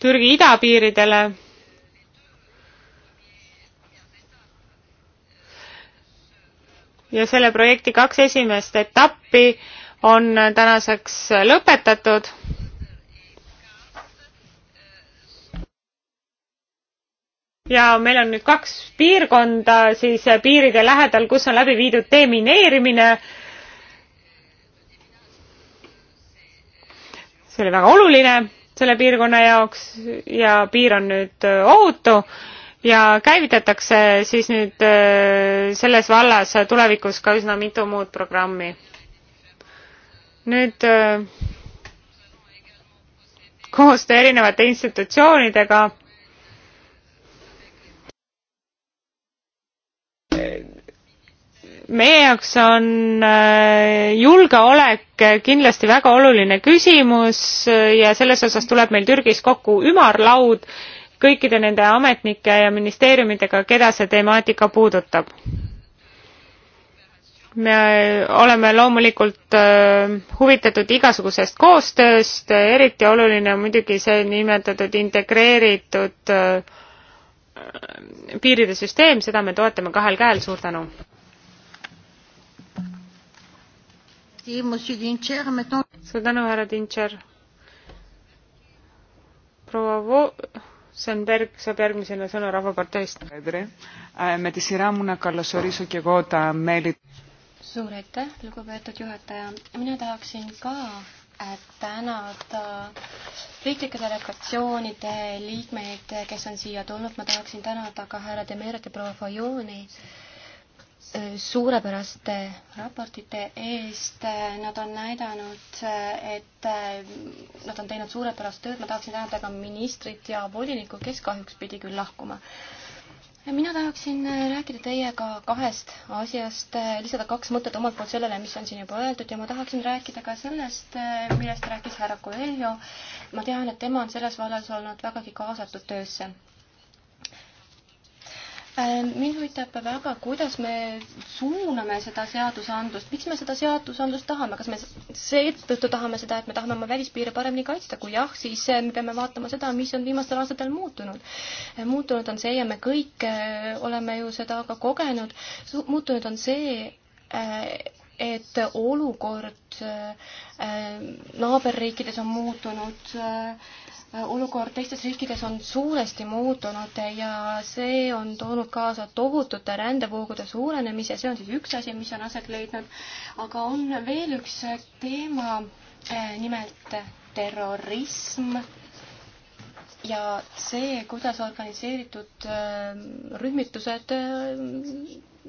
Türgi idapiiridele ja selle projekti kaks esimest etappi on tänaseks lõpetatud. ja meil on nüüd kaks piirkonda siis piiride lähedal, kus on läbi viidud demineerimine. see oli väga oluline selle piirkonna jaoks ja piir on nüüd ohutu ja käivitatakse siis nüüd äh, selles vallas tulevikus ka üsna mitu muud programmi. nüüd äh, koostöö erinevate institutsioonidega meie jaoks on äh, julgeolek kindlasti väga oluline küsimus ja selles osas tuleb meil Türgis kokku ümarlaud kõikide nende ametnike ja ministeeriumidega, keda see temaatika puudutab. me oleme loomulikult äh, huvitatud igasugusest koostööst, eriti oluline on muidugi see niinimetatud integreeritud äh, piiride süsteem, seda me toetame kahel käel, suur tänu. suur tänu, härra Tintšer. proua Vo-, Σενμπέργκ saab järgmisena sõna Rahvaparteist. Äh, me tisiraamuna kallosoorisu kegota meeli. suur aitäh, lugupeetud juhataja. mina tahaksin ka äh, tänada riiklike delegatsioonide liikmeid, kes on siia tulnud. ma tahaksin tänada ka härra Demeerat ja proua Fajuni äh, suurepäraste raportite eest, nad on näidanud, et nad on teinud suurepärast tööd, ma tahaksin tänada ka ministrit ja volinikku, kes kahjuks pidi küll lahkuma mina tahaksin rääkida teiega kahest asjast, lisada kaks mõtet omalt poolt sellele, mis on siin juba öeldud ja ma tahaksin rääkida ka sellest, millest rääkis härra Coelho. ma tean, et tema on selles vallas olnud vägagi kaasatud töösse. Äh, mind huvitab väga, kuidas me suuname seda seadusandlust, miks me seda seadusandlust tahame, kas me seetõttu tahame seda, et me tahame oma välispiire paremini kaitsta, kui jah, siis äh, me peame vaatama seda, mis on viimastel aastatel muutunud. Äh, muutunud on see ja me kõik oleme ju seda ka kogenud, muutunud on see, et olukord naaberriikides on muutunud Äh, olukord teistes riikides on suuresti muutunud ja see on toonud kaasa tohutute rändevoogude suurenemise, see on siis üks asi, mis on aset leidnud, aga on veel üks teema, äh, nimelt terrorism ja see, kuidas organiseeritud äh, rühmitused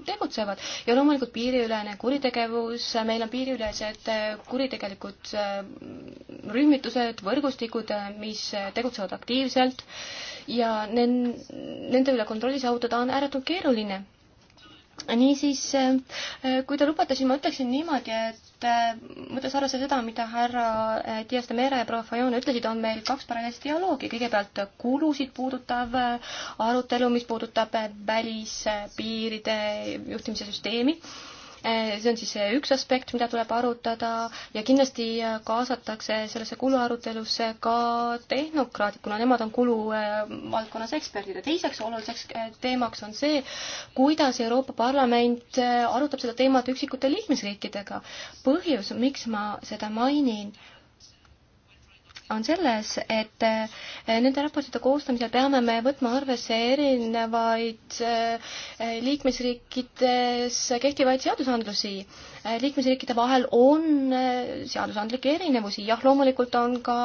tegutsevad. ja loomulikult piiriülene kuritegevus, meil on piiriülesed äh, kuritegelikud äh, rühmitused, võrgustikud, äh, mis tegutsevad aktiivselt ja nende üle kontrolli saavutada on ääretult keeruline niisiis, kui te lubate, siis ma ütleksin niimoodi, et et äh, võttes arvesse seda, mida härra äh, Dias de Mere ja proua Fajon ütlesid, on meil kaks paralleelset dialoogi, kõigepealt kulusid puudutav äh, arutelu, mis puudutab välispiiride juhtimise süsteemi Eh, see on siis üks aspekt, mida tuleb arutada ja kindlasti kaasatakse sellesse kuluarutelusse ka tehnokraadid, kuna nemad on kuluvaldkonnas eh, eksperdid ja teiseks oluliseks eh, teemaks on see, kuidas Euroopa Parlament arutab seda teemat üksikute liikmesriikidega. põhjus, miks ma seda mainin, on selles, et eh, nende raportite koostamisel peame me võtma arvesse erinevaid eh, liikmesriikides kehtivaid seadusandlusi. Eh, liikmesriikide vahel on seadusandlikke erinevusi, jah, loomulikult on ka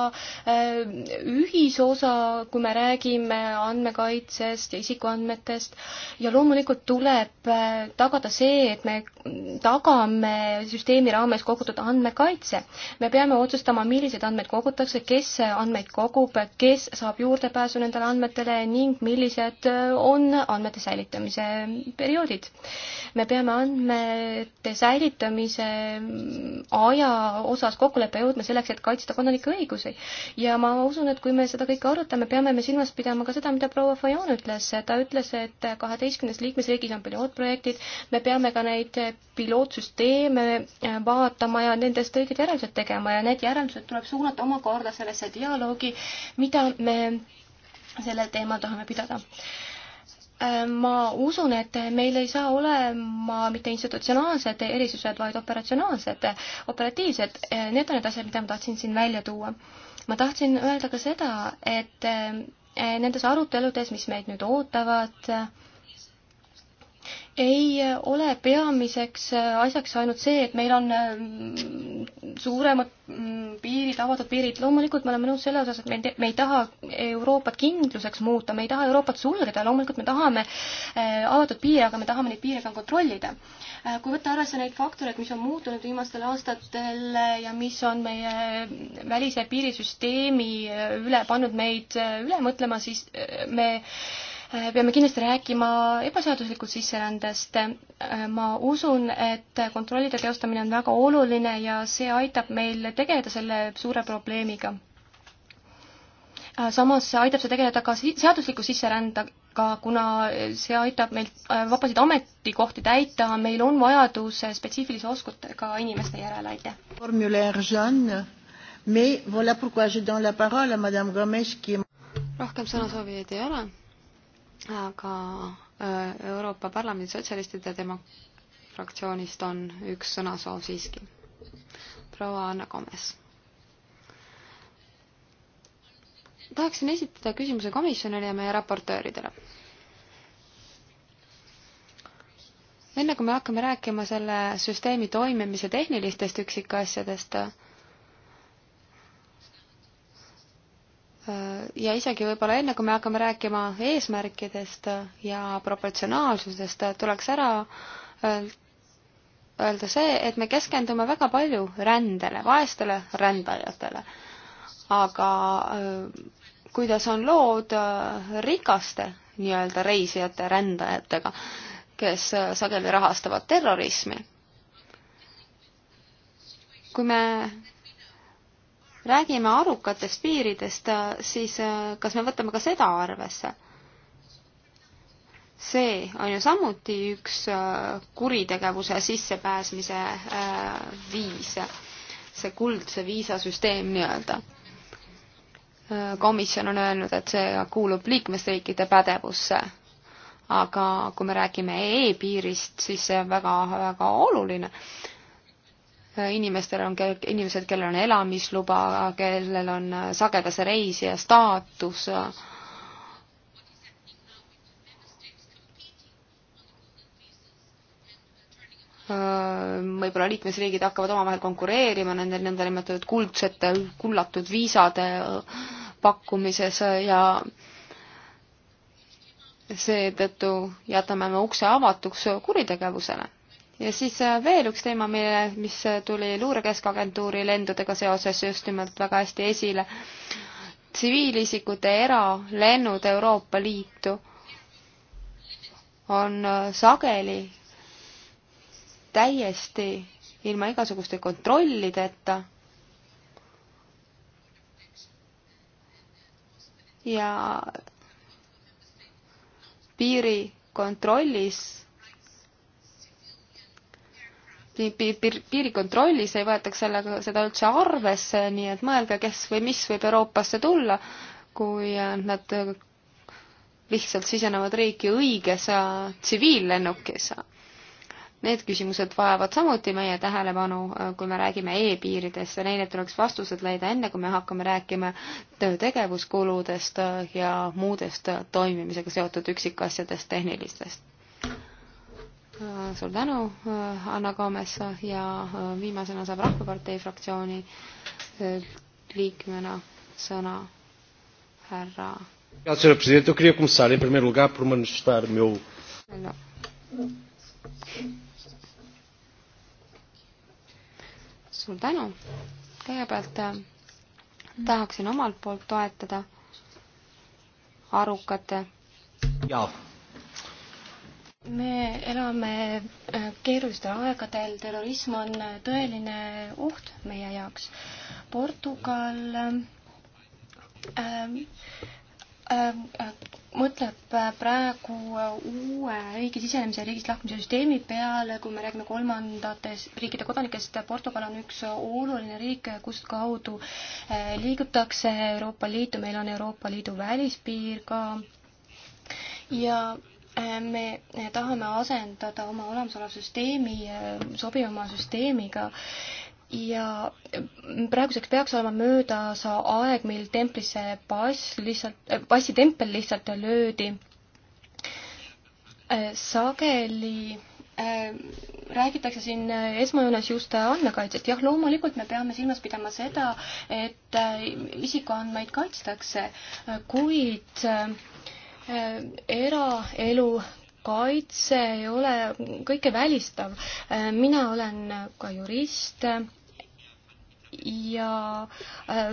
ühisosa, kui me räägime andmekaitsest ja isikuandmetest ja loomulikult tuleb tagada see, et me tagame süsteemi raames kogutud andmekaitse. me peame otsustama, milliseid andmeid kogutakse, kes andmeid kogub, kes saab juurdepääsu nendele andmetele ning millised on andmete säilitamise perioodid. me peame andmete säilitamise aja osas kokkuleppe jõudma selleks, et kaitsta kodanike õigusi. ja ma usun, et kui me seda kõike arutame, peame me silmas pidama ka seda, mida proua Fajon ütles. ta ütles, et kaheteistkümnes liikmesriigis on pilootprojektid, me peame ka neid pilootsüsteeme vaatama ja nendest õiged järeldused tegema ja need järeldused tuleb suunata omakorda selle sellesse dialoogi, mida me sellel teemal tahame pidada äh, ma usun, et meil ei saa olema mitte institutsionaalsed erisused, vaid operatsionaalsed, operatiivsed, äh, need on need asjad, mida ma tahtsin siin välja tuua. ma tahtsin öelda ka seda, et äh, nendes aruteludes, mis meid nüüd ootavad, ei äh, ole peamiseks äh, asjaks ainult see, et meil on äh, suuremad mm, piirid, avatud piirid, loomulikult me oleme nõus selle osas, et me ei, me ei taha Euroopat kindluseks muuta, me ei taha Euroopat sulgeda, loomulikult me tahame avatud piire, aga me tahame neid piire ka kontrollida. kui võtta arvesse neid faktoreid, mis on muutunud viimastel aastatel ja mis on meie välise piirisüsteemi üle pannud meid üle mõtlema, siis me Äh, peame kindlasti rääkima ebaseaduslikult sisserändest. Äh, ma usun, et kontrollide teostamine on väga oluline ja see aitab meil tegeleda selle suure probleemiga. Äh, samas aitab see tegeleda ka seadusliku sisserändaga, kuna see aitab meil vabasid ametikohti täita, meil on vajadus spetsiifilise oskustega inimeste järele, aitäh. Mais voilà pourquoi je donne la parole à Madame Gomes qui... rohkem sõnasoovijaid ei ole aga äh, Euroopa Parlamendi sotsialistide demo-, fraktsioonist on üks sõnasoov siiski. proua Anna Komes. tahaksin esitada küsimuse komisjonile ja meie raportööridele. enne kui me hakkame rääkima selle süsteemi toimimise tehnilistest üksikasjadest, Äh, ja isegi võib-olla enne, kui me hakkame rääkima eesmärkidest ja proportsionaalsusest, tuleks ära äh, öelda see, et me keskendume väga palju rändele, vaestele rändajatele. aga äh, kuidas on lood rikaste nii-öelda reisijate rändajatega, kes sageli rahastavad terrorismi? kui me räägime arukatest piiridest, äh, siis äh, kas me võtame ka seda arvesse? see on ju samuti üks äh, kuritegevuse sissepääsmise viis, see kuldse viisasüsteem nii-öelda. komisjon on öelnud, et see kuulub liikmesriikide pädevusse aga kui me räägime e-piirist, siis see on väga-väga oluline inimestel on, inimesed, kellel on elamisluba, kellel on sagedase reisija staatus. võib-olla liikmesriigid hakkavad omavahel konkureerima nendel nõndanimetatud kuldsete, kullatud viisade pakkumises ja seetõttu jätame me ukse avatuks kuritegevusele ja siis äh, veel üks teema, mille, mis äh, tuli Luurekeskagentuuri lendudega seoses just nimelt väga hästi esile. tsiviilisikute eralennud Euroopa Liitu on äh, sageli täiesti ilma igasuguste kontrollideta ja piirikontrollis piir, piir, piirikontrollis ei võetaks sellega, seda üldse arvesse, nii et mõelge, kes või mis võib Euroopasse tulla, kui äh, nad lihtsalt sisenevad riiki õiges tsiviillennukis. Need küsimused vajavad samuti meie tähelepanu, äh, kui me räägime e-piiridest ja neile tuleks vastused leida enne, kui me hakkame rääkima tegevuskuludest äh, ja muudest toimimisega seotud üksikasjadest, tehnilistest Äh, suur tänu, äh, Anna Koomes ja äh, viimasena saab Rahvapartei fraktsiooni liikmena sõna härra. Senhora Presidente, eu queria começar em primeiro lugar por manifestar o meu. suur tänu. kõigepealt tahaksin omalt poolt toetada arukate. jaa me elame äh, keerulistel aegadel, terrorism on äh, tõeline oht meie jaoks. Portugal ähm, ähm, äh, mõtleb praegu uue riigi sisenemise ja riigist lahkumise süsteemi peale, kui me räägime kolmandates riikide kodanikest. Portugal on üks oluline riik, kust kaudu liigutakse Euroopa Liitu, meil on Euroopa Liidu välispiir ka ja Äh, me tahame asendada oma olemasoleva süsteemi äh, sobivama süsteemiga ja äh, praeguseks peaks olema möödas aeg, mil templisse pass lihtsalt, passitempel lihtsalt löödi. sageli räägitakse siin esmajoones just andmekaitset. jah, loomulikult me peame silmas pidama seda, et isikuandmeid kaitstakse, kuid Äh, eraelu kaitse ei ole kõike välistav. Äh, mina olen ka jurist ja äh,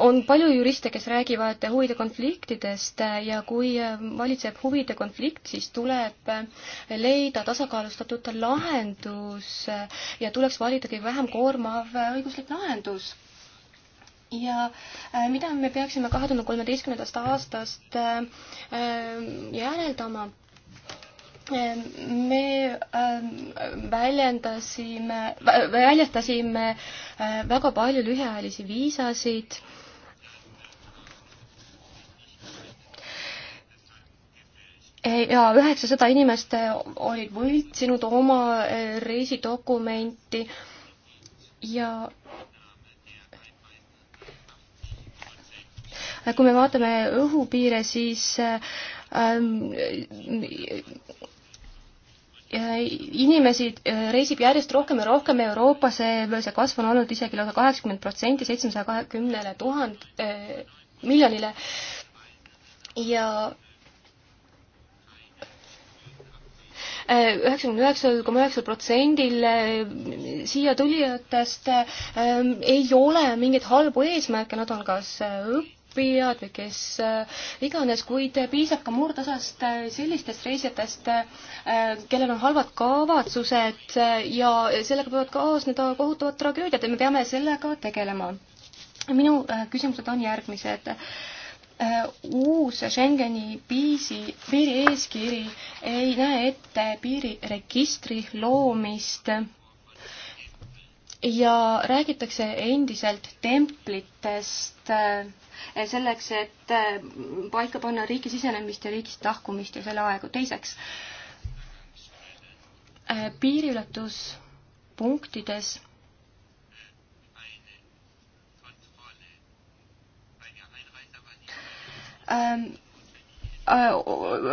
on palju juriste, kes räägivad huvide konfliktidest ja kui valitseb huvide konflikt, siis tuleb leida tasakaalustatud lahendus ja tuleks valida kõige vähem koormav õiguslik lahendus ja äh, mida me peaksime kahe tuhande kolmeteistkümnendast aastast äh, äh, järeldama me väljendasime, väljastasime väga palju lühiajalisi viisasid. ja üheksasada inimest olid võltsinud oma reisidokumenti ja kui me vaatame õhupiire, siis ähm, inimesi äh, reisib järjest rohkem ja rohkem Euroopasse, see kasv on olnud isegi lausa kaheksakümmend protsenti, seitsmesaja kahekümnele tuhand-, äh, miljonile ja äh, üheksakümne üheksal koma üheksal protsendil siia tulijatest ei ole mingeid halbu eesmärke, nad on kas õpp-, õppijad või kes äh, iganes, kuid piisab ka murdosast äh, sellistest reisijatest, äh, kellel on halvad kavatsused ja sellega võivad kaasneda kohutavad tragöödiad ja me peame sellega tegelema. minu küsimused on järgmised uus Schengeni piisi, piirieeskiri ei näe ette piiriregistri loomist ja räägitakse endiselt templitest äh, Eh, selleks, et eh, paika panna riigi sisenemist ja riigist lahkumist ja selle aegu. teiseks, eh, piiriületuspunktides ähm, Äh,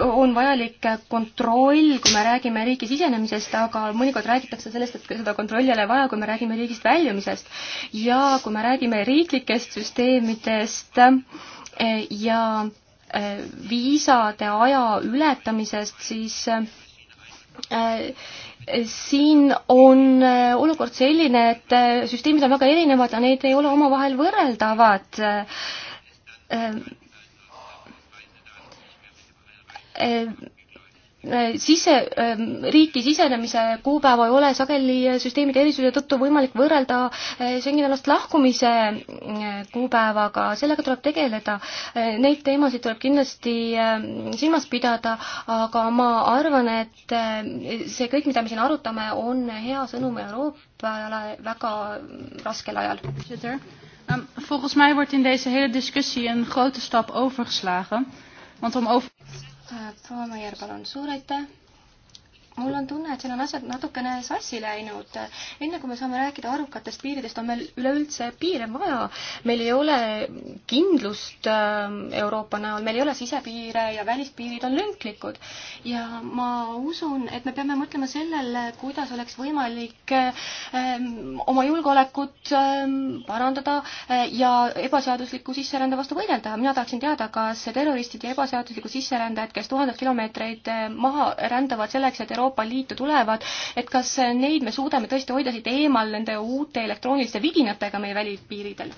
on vajalik kontroll, kui me räägime riigi sisenemisest, aga mõnikord räägitakse sellest, et seda kontrolli ei ole vaja, kui me räägime riigist väljumisest. ja kui me räägime riiklikest süsteemidest äh, ja äh, viisade aja ületamisest, siis siin on olukord selline, et süsteemid on väga erinevad ja need ei ole omavahel võrreldavad Äh, äh, sise, ähm, riiki sisenemise kuupäeva ei ole sageli äh, süsteemide erisuse tõttu võimalik võrrelda Schengeni alast lahkumise kuupäevaga, sellega tuleb tegeleda. Neid teemasid tuleb kindlasti ähm, silmas pidada, aga ma arvan, et see kõik, mida me siin arutame, on hea sõnum Euroopale väga raskel ajal. Ehm, volgens mij wordt in deze hele discussie een grote stap overgeslagen. Want om over... Äh, proua Maier, palun, suur aitäh! mul on tunne, et siin on asjad natukene sassi läinud. enne kui me saame rääkida arukatest piiridest, on meil üleüldse piire vaja. meil ei ole kindlust ähm, Euroopa näol, meil ei ole sisepiire ja välispiirid on lünklikud. ja ma usun, et me peame mõtlema sellele, kuidas oleks võimalik ähm, oma julgeolekut ähm, parandada äh, ja ebaseadusliku sisserände vastu võidelda. mina tahaksin teada, kas terroristid ja ebaseaduslikud sisserändajad, kes tuhandeid kilomeetreid äh, maha rändavad selleks, et Euroopa Euroopa Liitu tulevad, et kas neid me suudame tõesti hoida siit eemal nende uute elektrooniliste vidinatega meie välipiiridel?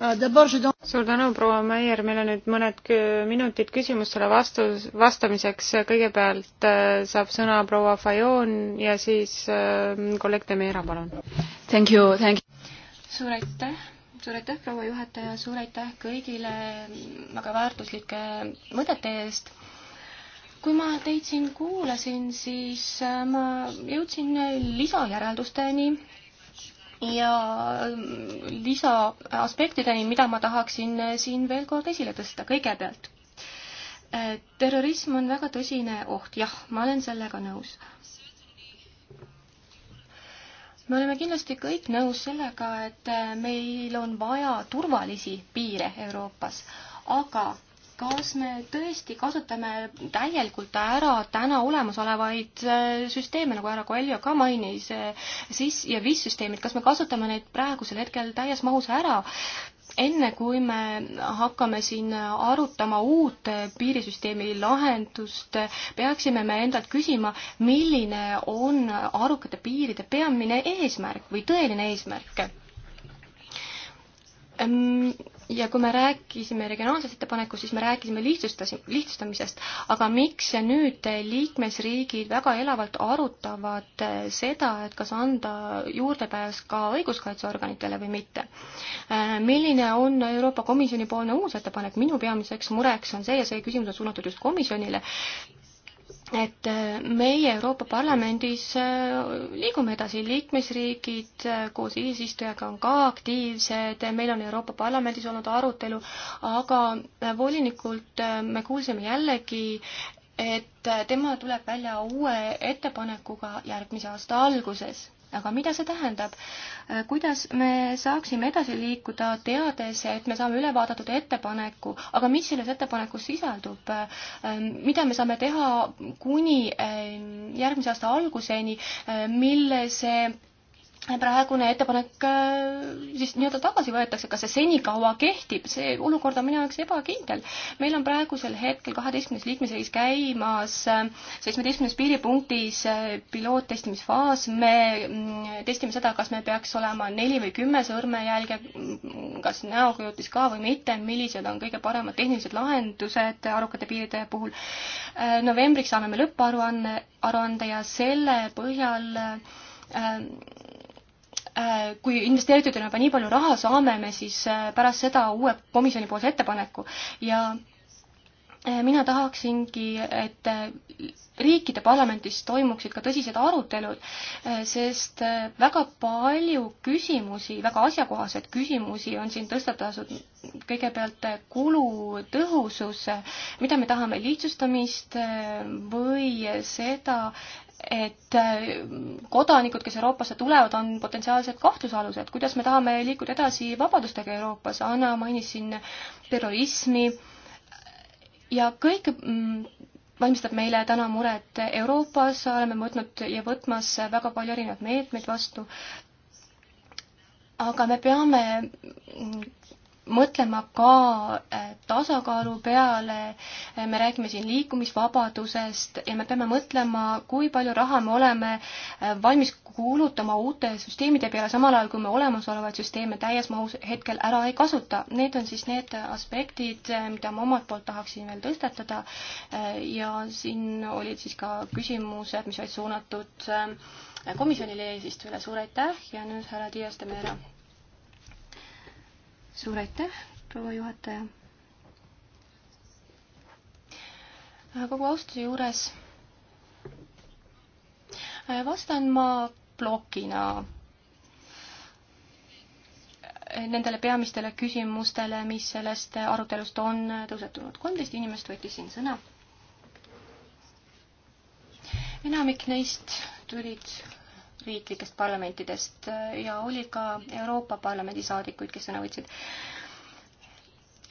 Euh, suur tänu, proua Meier, meil on nüüd mõned minutid küsimustele vastus, vastamiseks. kõigepealt äh, saab sõna proua Fajon ja siis ähm, kolleeg Demira, palun. Thank you, thank you. suur aitäh, suur aitäh, proua juhataja, suur aitäh kõigile väga väärtuslike mõtete eest kui ma teid siin kuulasin, siis äh, ma jõudsin lisajäreldusteni ja äh, lisaaspektideni, mida ma tahaksin äh, siin veel kord esile tõsta. kõigepealt, terrorism on väga tõsine oht, jah, ma olen sellega nõus. me oleme kindlasti kõik nõus sellega, et meil on vaja turvalisi piire Euroopas, aga kas me tõesti kasutame täielikult ära täna olemasolevaid äh, süsteeme, nagu härra Coelho ka mainis, äh, siis ja viis süsteemid, kas me kasutame neid praegusel hetkel täies mahus ära? enne kui me hakkame siin arutama uut piirisüsteemi lahendust, peaksime me endalt küsima, milline on arukate piiride peamine eesmärk või tõeline eesmärk ehm, ja kui me rääkisime regionaalsest ettepanekust, siis me rääkisime lihtsustas-, lihtsustamisest, aga miks nüüd liikmesriigid väga elavalt arutavad eh, seda, et kas anda juurdepääs ka õiguskaitseorganitele või mitte? Eh, milline on Euroopa Komisjoni poolne uus ettepanek, minu peamiseks mureks on see ja see küsimus on suunatud just komisjonile, et äh, meie Euroopa Parlamendis äh, liigume edasi, liikmesriigid äh, koos eesistujaga on ka aktiivsed, meil on Euroopa Parlamendis olnud arutelu, aga volinikult me kuulsime jällegi, et tema tuleb välja uue ettepanekuga järgmise aasta alguses aga mida see tähendab? Äh, kuidas me saaksime edasi liikuda, teades, et me saame üle vaadatud ettepaneku, aga mis selles ettepanekus sisaldub? Äh, mida me saame teha kuni äh, järgmise aasta alguseni, mil see praegune ettepanek äh, siis nii-öelda tagasi võetakse, kas see senikaua kehtib, see olukord on minu jaoks ebakindel. meil on praegusel hetkel kaheteistkümnes liikmesriigis käimas äh, seitsmeteistkümnes piiripunktis äh, piloottestimisfaas, me mm, testime seda, kas me peaks olema neli või kümme sõrmejälge, mm, kas näokujutis ka või mitte, millised on kõige paremad tehnilised lahendused arukate piiride puhul. novembriks saame me lõpparuanne, aruande ja selle põhjal Äh, kui investeeritudena juba nii palju raha saame me siis äh, pärast seda uue komisjonipoolse ettepaneku ja äh, mina tahaksingi, et riikide parlamentis toimuksid ka tõsised arutelud, sest väga palju küsimusi, väga asjakohaseid küsimusi on siin tõstatatud. kõigepealt kulutõhusus, mida me tahame, lihtsustamist või seda, et äh, kodanikud, kes Euroopasse tulevad, on potentsiaalsed kahtlusalused, kuidas me tahame liikuda edasi vabadustega Euroopas, Anna mainis siin terrorismi ja kõik mm, valmistab meile täna muret. Euroopas oleme võtnud ja võtmas väga palju erinevaid meetmeid vastu, aga me peame mm, mõtlema ka äh, tasakaalu peale, äh, me räägime siin liikumisvabadusest ja me peame mõtlema, kui palju raha me oleme äh, valmis kulutama uute süsteemide peale, samal ajal kui me olemasolevaid süsteeme täies mahus hetkel ära ei kasuta. Need on siis need aspektid, mida ma omalt poolt tahaksin veel tõstatada ja siin olid siis ka küsimused, mis olid suunatud komisjonile eesistujale, suur aitäh ja nüüd härra Dias de Mera suur aitäh, proua juhataja. kogu austuse juures vastan ma plokina nendele peamistele küsimustele, mis sellest arutelust on tõusetunud. kolmteist inimest võttis siin sõna. enamik neist tulid riiklikest parlamentidest äh, ja oli ka Euroopa Parlamendi saadikuid, kes sõna võtsid.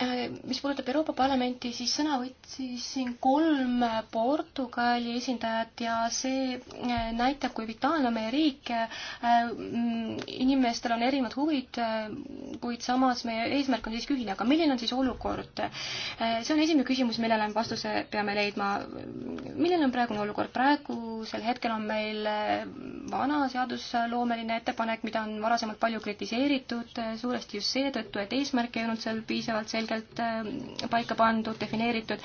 Äh, mis puudutab Euroopa Parlamenti, siis sõna võttis siin kolm Portugali esindajat ja see äh, näitab, kui vitaalne on meie riik. Äh, mm, inimestel on erinevad huvid, kuid samas meie eesmärk on siiski ühine, aga milline on siis olukord? see on esimene küsimus, millele me vastuse peame leidma. milline on praegune olukord? praegusel hetkel on meil vana seadusloomeline ettepanek, mida on varasemalt palju kritiseeritud, suuresti just seetõttu, et eesmärk ei olnud seal piisavalt selge selgelt äh, paika pandud, defineeritud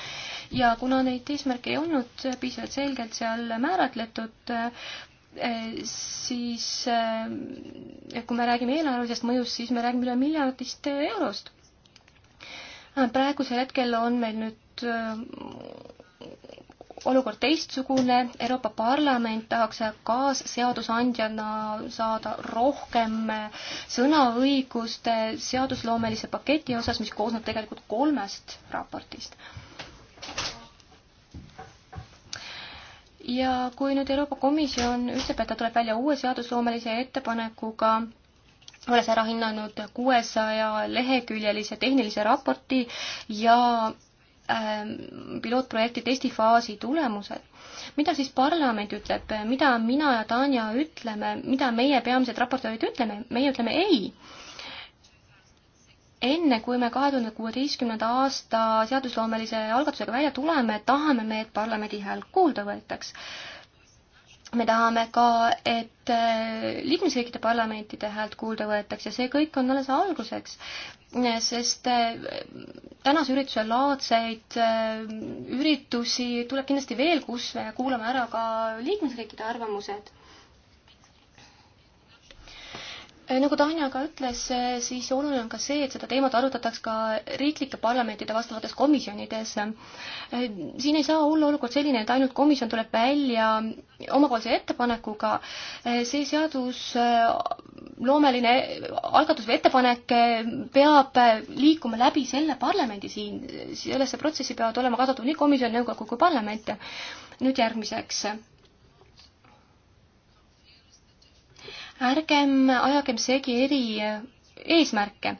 ja kuna neid eesmärke ei olnud piisavalt selgelt seal määratletud, äh, siis äh, kui me räägime eelarvelisest mõjust, siis me räägime üle miljardist eurost. praegusel hetkel on meil nüüd olukord teistsugune, Euroopa Parlament tahaks kaasseadusandjana saada rohkem sõnaõigust seadusloomelise paketi osas, mis koosneb tegelikult kolmest raportist. ja kui nüüd Euroopa Komisjon ütleb, et ta tuleb välja uue seadusloomelise ettepanekuga, olles ära hinnanud kuuesaja leheküljelise tehnilise raporti ja Ähm, pilootprojekti testifaasi tulemused. mida siis parlament ütleb, mida mina ja Tanja ütleme, mida meie peamised raportöörid ütleme, meie ütleme ei. enne, kui me kahe tuhande kuueteistkümnenda aasta seadusloomelise algatusega välja tuleme, tahame me, et parlamendi hääl kuulda võetaks me tahame ka, et äh, liikmesriikide parlamentide häält kuulda võetakse, see kõik on alles alguseks sest eh, tänase ürituse laadseid eh, üritusi tuleb kindlasti veel, kus me kuulame ära ka liikmesriikide arvamused Äh, nagu Tanja ka ütles, äh, siis oluline on ka see, et seda teemat arutataks ka riiklike parlamentide vastavates komisjonides. Äh, siin ei saa olla olukord selline, et ainult komisjon tuleb välja omapoolse ettepanekuga. see seadusloomeline algatus või ettepanek peab liikuma läbi selle parlamendi siin, sellesse protsessi peavad olema kaasatud nii komisjon, nõukogu kui parlament. nüüd järgmiseks ärgem ajagem segi eri äh, eesmärke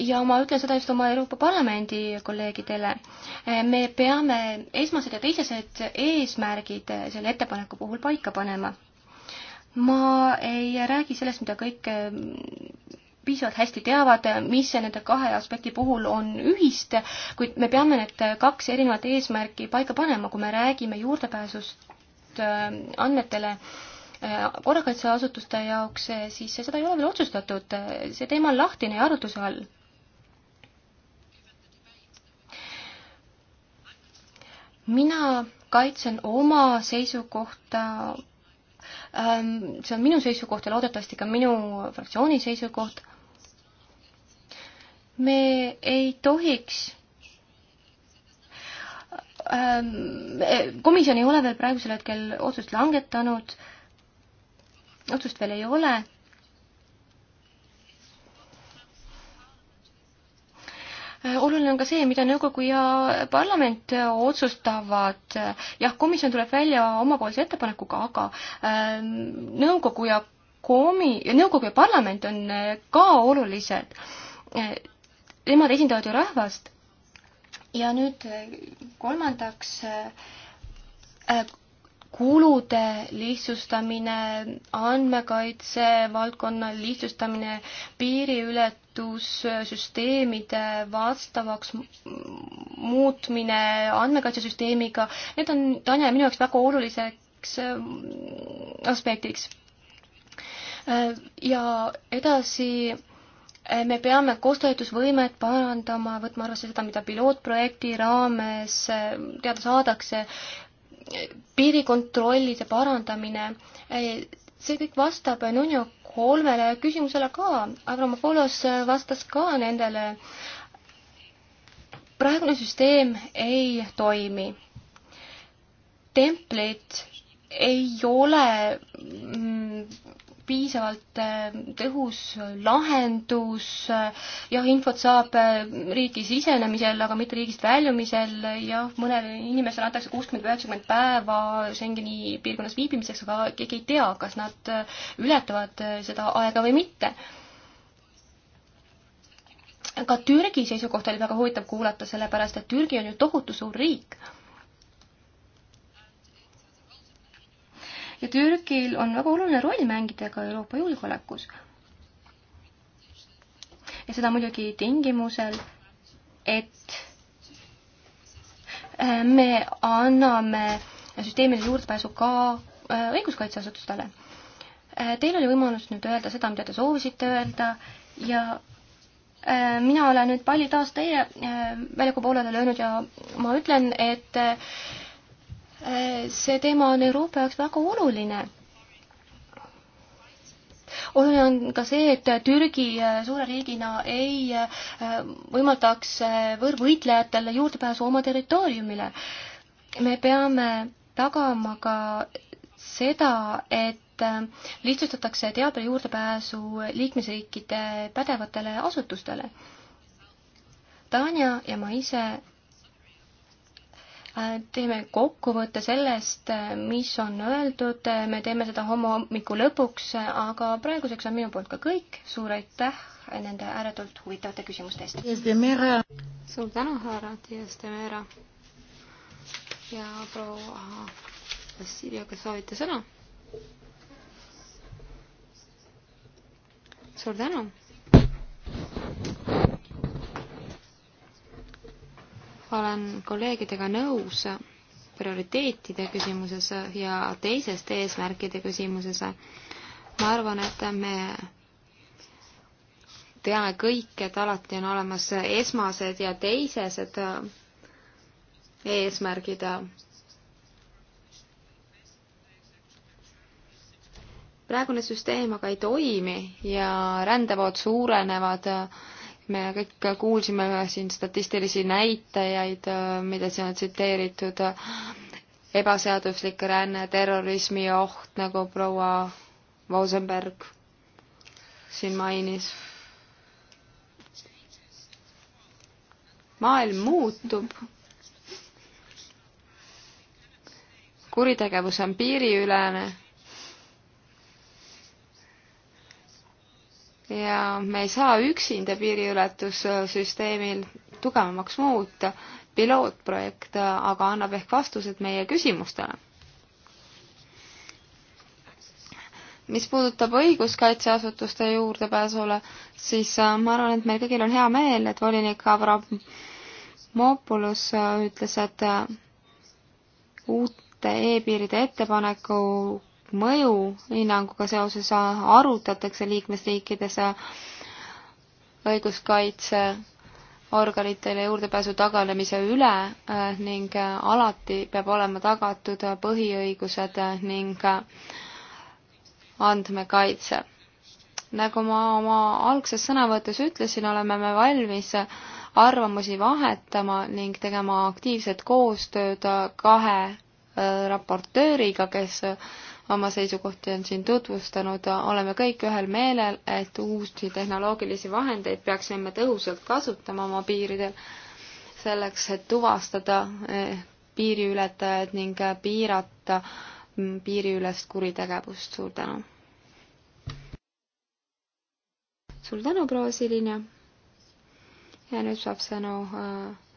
ja ma ütlen seda just oma Euroopa Parlamendi kolleegidele, äh, me peame esmased ja teisesed eesmärgid äh, selle ettepaneku puhul paika panema. ma ei räägi sellest, mida kõik piisavalt hästi teavad, mis nende kahe aspekti puhul on ühist, kuid me peame need kaks erinevat eesmärki paika panema, kui me räägime juurdepääsust andmetele äh, korrakaitseasutuste jaoks, eh, siis seda ei ole veel otsustatud. Eh, see teema on lahtine ja arutluse all. mina kaitsen oma seisukohta. Ähm, see on minu seisukoht ja loodetavasti ka minu fraktsiooni seisukoht. me ei tohiks ähm, komisjon ei ole veel praegusel hetkel otsust langetanud äh, otsust veel ei ole. oluline on ka see, mida nõukogu ja parlament otsustavad. jah, komisjon tuleb välja omapoolse ettepanekuga, aga ähm, nõukogu ja komi-, nõukogu ja parlament on äh, ka olulised. Äh, nemad esindavad ju rahvast. ja nüüd äh, kolmandaks kulude lihtsustamine, andmekaitse valdkonna lihtsustamine, piiriületussüsteemide vastavaks muutmine andmekaitsesüsteemiga, need on Tanja minu jaoks väga oluliseks mm, aspektiks. ja edasi eh, me peame koostöötusvõimet parandama, võtma arvesse seda, mida pilootprojekti raames eh, teada saadakse piirikontrollide parandamine, see kõik vastab Nunio kolmele küsimusele ka, Avramopolos vastas ka nendele. praegune süsteem ei toimi. templid ei ole mm, piisavalt äh, tõhus lahendus, äh, jah, infot saab äh, riiki sisenemisel, aga mitte riigist väljumisel, jah, mõnele inimesele antakse kuuskümmend, üheksakümmend päeva Schengeni piirkonnas viibimiseks, aga keegi ei tea, kas nad ületavad seda aega või mitte ka Türgi seisukoht oli väga huvitav kuulata, sellepärast et Türgi on ju tohutu suur riik ja Türgil on väga oluline roll mängida ka Euroopa julgeolekus. ja seda muidugi tingimusel, et äh, me anname süsteemilise juurdepääsu ka äh, õiguskaitseasutustele. Äh, teil oli võimalus nüüd öelda seda, mida te soovisite öelda ja mina olen nüüd palli taas teie väljaku poolele löönud ja ma ütlen, et see teema on Euroopa jaoks väga oluline. oluline on ka see, et Türgi äh, suure riigina ei äh, võimaldaks äh, võõrvõitlejatele juurdepääsu oma territooriumile. me peame tagama ka seda, et lihtsustatakse teabe juurdepääsu liikmesriikide pädevatele asutustele. Tanja ja ma ise Äh, teeme kokkuvõtte sellest, äh, mis on öeldud, äh, me teeme seda homme hommiku lõpuks, aga praeguseks on minu poolt ka kõik, suur aitäh nende ääretult huvitavate küsimuste eest. suur tänu, härra Dias de Mera ja proua Vassiljev, kas soovite sõna? suur tänu olen kolleegidega nõus prioriteetide küsimuses ja teisest eesmärkide küsimuses. ma arvan, et me teame kõik, et alati on olemas esmased ja teisesed eesmärgid. praegune süsteem aga ei toimi ja rändevood suurenevad me kõik kuulsime siin statistilisi näitajaid, mida siin on tsiteeritud, ebaseaduslik ränne, terrorismi oht, nagu proua Rosenberg siin mainis. maailm muutub. kuritegevus on piiriülene ja me ei saa üksinda piiriületussüsteemil tugevamaks muuta, pilootprojekt aga annab ehk vastused meie küsimustele. mis puudutab õiguskaitseasutuste juurdepääsule, siis äh, ma arvan, et meil kõigil on hea meel, et volinik Avramopoulos äh, ütles, et äh, uute e-piiride ettepaneku mõjuhinnanguga seoses arutatakse liikmesriikides õiguskaitseorganitele juurdepääsu taganemise üle eh, ning eh, alati peab olema tagatud põhiõigused ning eh, andmekaitse. nagu ma oma algses sõnavõtus ütlesin, oleme me valmis arvamusi vahetama ning tegema aktiivset koostööd kahe raportööriga, kes oma seisukohti on siin tutvustanud, oleme kõik ühel meelel, et uusi tehnoloogilisi vahendeid peaksime me tõhusalt kasutama oma piiridel, selleks et tuvastada eh, piiriületajad ning piirata mm, piiriülest kuritegevust. suur tänu! suur tänu, proua Siline! ja nüüd saab sõnu äh,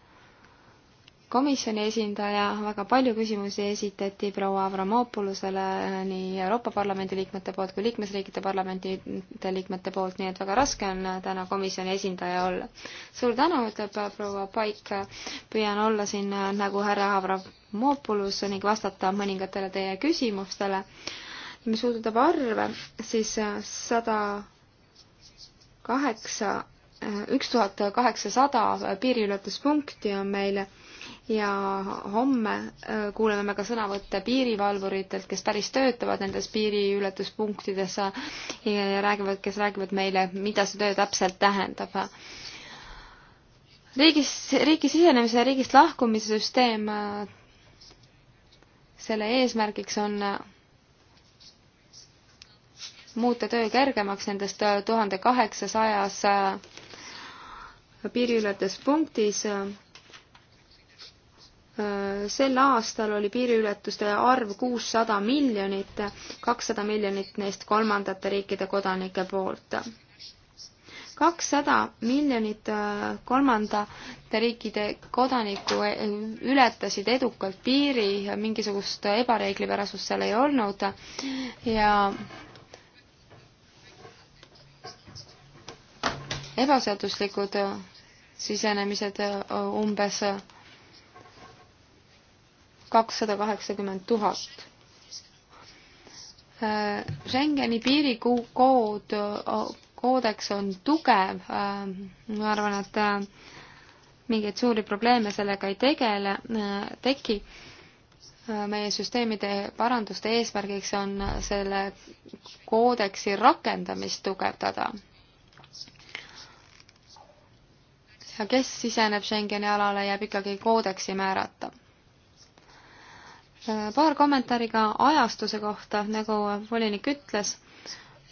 komisjoni esindaja, väga palju küsimusi esitati proua Avramopoulosele nii Euroopa Parlamendi liikmete poolt kui liikmesriikide parlamentide liikmete poolt, nii et väga raske on täna komisjoni esindaja olla. suur tänu, ütleb proua Paik, püüan olla siin nagu härra Avramopoulos ning vastata mõningatele teie küsimustele. mis puudutab arve, siis sada kaheksa üks tuhat kaheksasada piiriületuspunkti on meil ja homme äh, kuuleme me ka sõnavõtte piirivalvuritelt, kes päris töötavad nendes piiriületuspunktides ja räägivad, kes räägivad meile, mida see töö täpselt tähendab. riigis, riigi sisenemise ja riigist lahkumise süsteem, äh, selle eesmärgiks on äh, muuta töö kergemaks nendest tuhande kaheksasajas piiriületuspunktis Äh, sel aastal oli piiriületuste arv kuussada miljonit, kakssada miljonit neist kolmandate riikide kodanike poolt. kakssada miljonit äh, kolmandate riikide kodanikku äh, ületasid edukalt piiri, mingisugust ebareeglipärasust seal ei olnud ja ebaseaduslikud sisenemised umbes kakssada kaheksakümmend tuhat. Schengeni piirikood, koodeks on tugev, ma arvan, et äh, mingeid suuri probleeme sellega ei tegele, äh, teki. Äh, meie süsteemide paranduste eesmärgiks on selle koodeksi rakendamist tugevdada ja kes siseneb Schengeni alale, jääb ikkagi koodeksi määrata. Äh, paar kommentaari ka ajastuse kohta, nagu volinik ütles,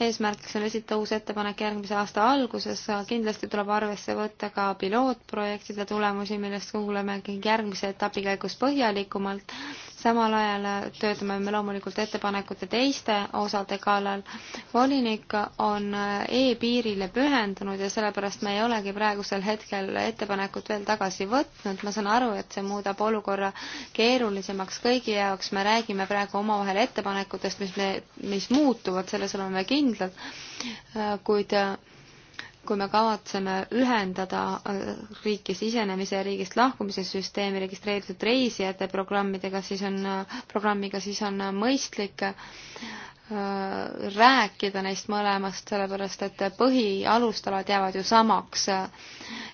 eesmärgiks on esita uus ettepanek järgmise aasta alguses, kindlasti tuleb arvesse võtta ka pilootprojektide tulemusi, millest kuuleme järgmise etapi käigus põhjalikumalt samal ajal töötame me loomulikult ettepanekute teiste osade kallal. volinik on e-piirile pühendunud ja sellepärast me ei olegi praegusel hetkel ettepanekut veel tagasi võtnud. ma saan aru, et see muudab olukorra keerulisemaks kõigi jaoks. me räägime praegu omavahel ettepanekutest, mis me, mis muutuvad, selles oleme kindlad. kuid kui me kavatseme ühendada äh, riiki sisenemise ja riigist lahkumise süsteemi registreeritud reisijate programmidega, siis on, äh, programmiga, siis on äh, mõistlik Äh, rääkida neist mõlemast, sellepärast et põhialustalad jäävad ju samaks.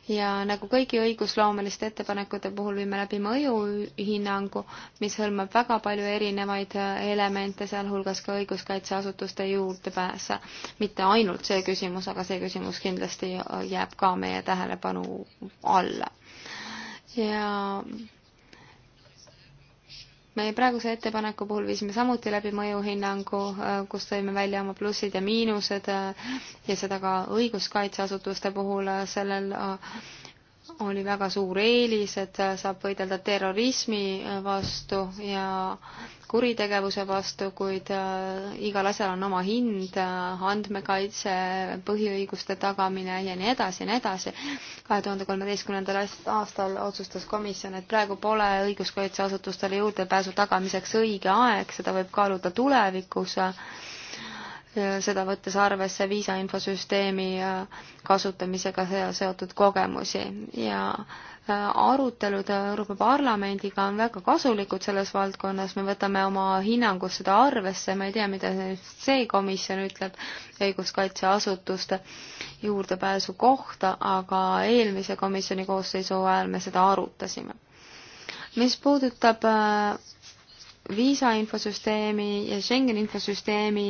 ja nagu kõigi õigusloomeliste ettepanekute puhul viime läbi mõjuhinnangu, mis hõlmab väga palju erinevaid elemente, sealhulgas ka õiguskaitseasutuste juurdepääs. mitte ainult see küsimus, aga see küsimus kindlasti jääb ka meie tähelepanu alla. ja meie praeguse ettepaneku puhul viisime samuti läbi mõjuhinnangu, äh, kus tõime välja oma plussid ja miinused äh, ja seda ka õiguskaitseasutuste puhul, äh, sellel oli väga suur eelis, et saab võidelda terrorismi vastu ja kuritegevuse vastu, kuid äh, igal asjal on oma hind, äh, andmekaitse, põhiõiguste tagamine ja nii edasi ja nii edasi. kahe tuhande kolmeteistkümnendal aastal otsustas komisjon, et praegu pole õiguskaitseasutustele juurdepääsu tagamiseks õige aeg, seda võib kaaluda tulevikus äh, seda võttes arvesse viisa infosüsteemi kasutamisega seotud kogemusi ja arutelud Euroopa Parlamendiga on väga kasulikud selles valdkonnas, me võtame oma hinnangus seda arvesse, ma ei tea, mida see komisjon ütleb õiguskaitseasutuste juurdepääsu kohta, aga eelmise komisjoni koosseisu ajal me seda arutasime. mis puudutab äh, viisa infosüsteemi ja Schengeni infosüsteemi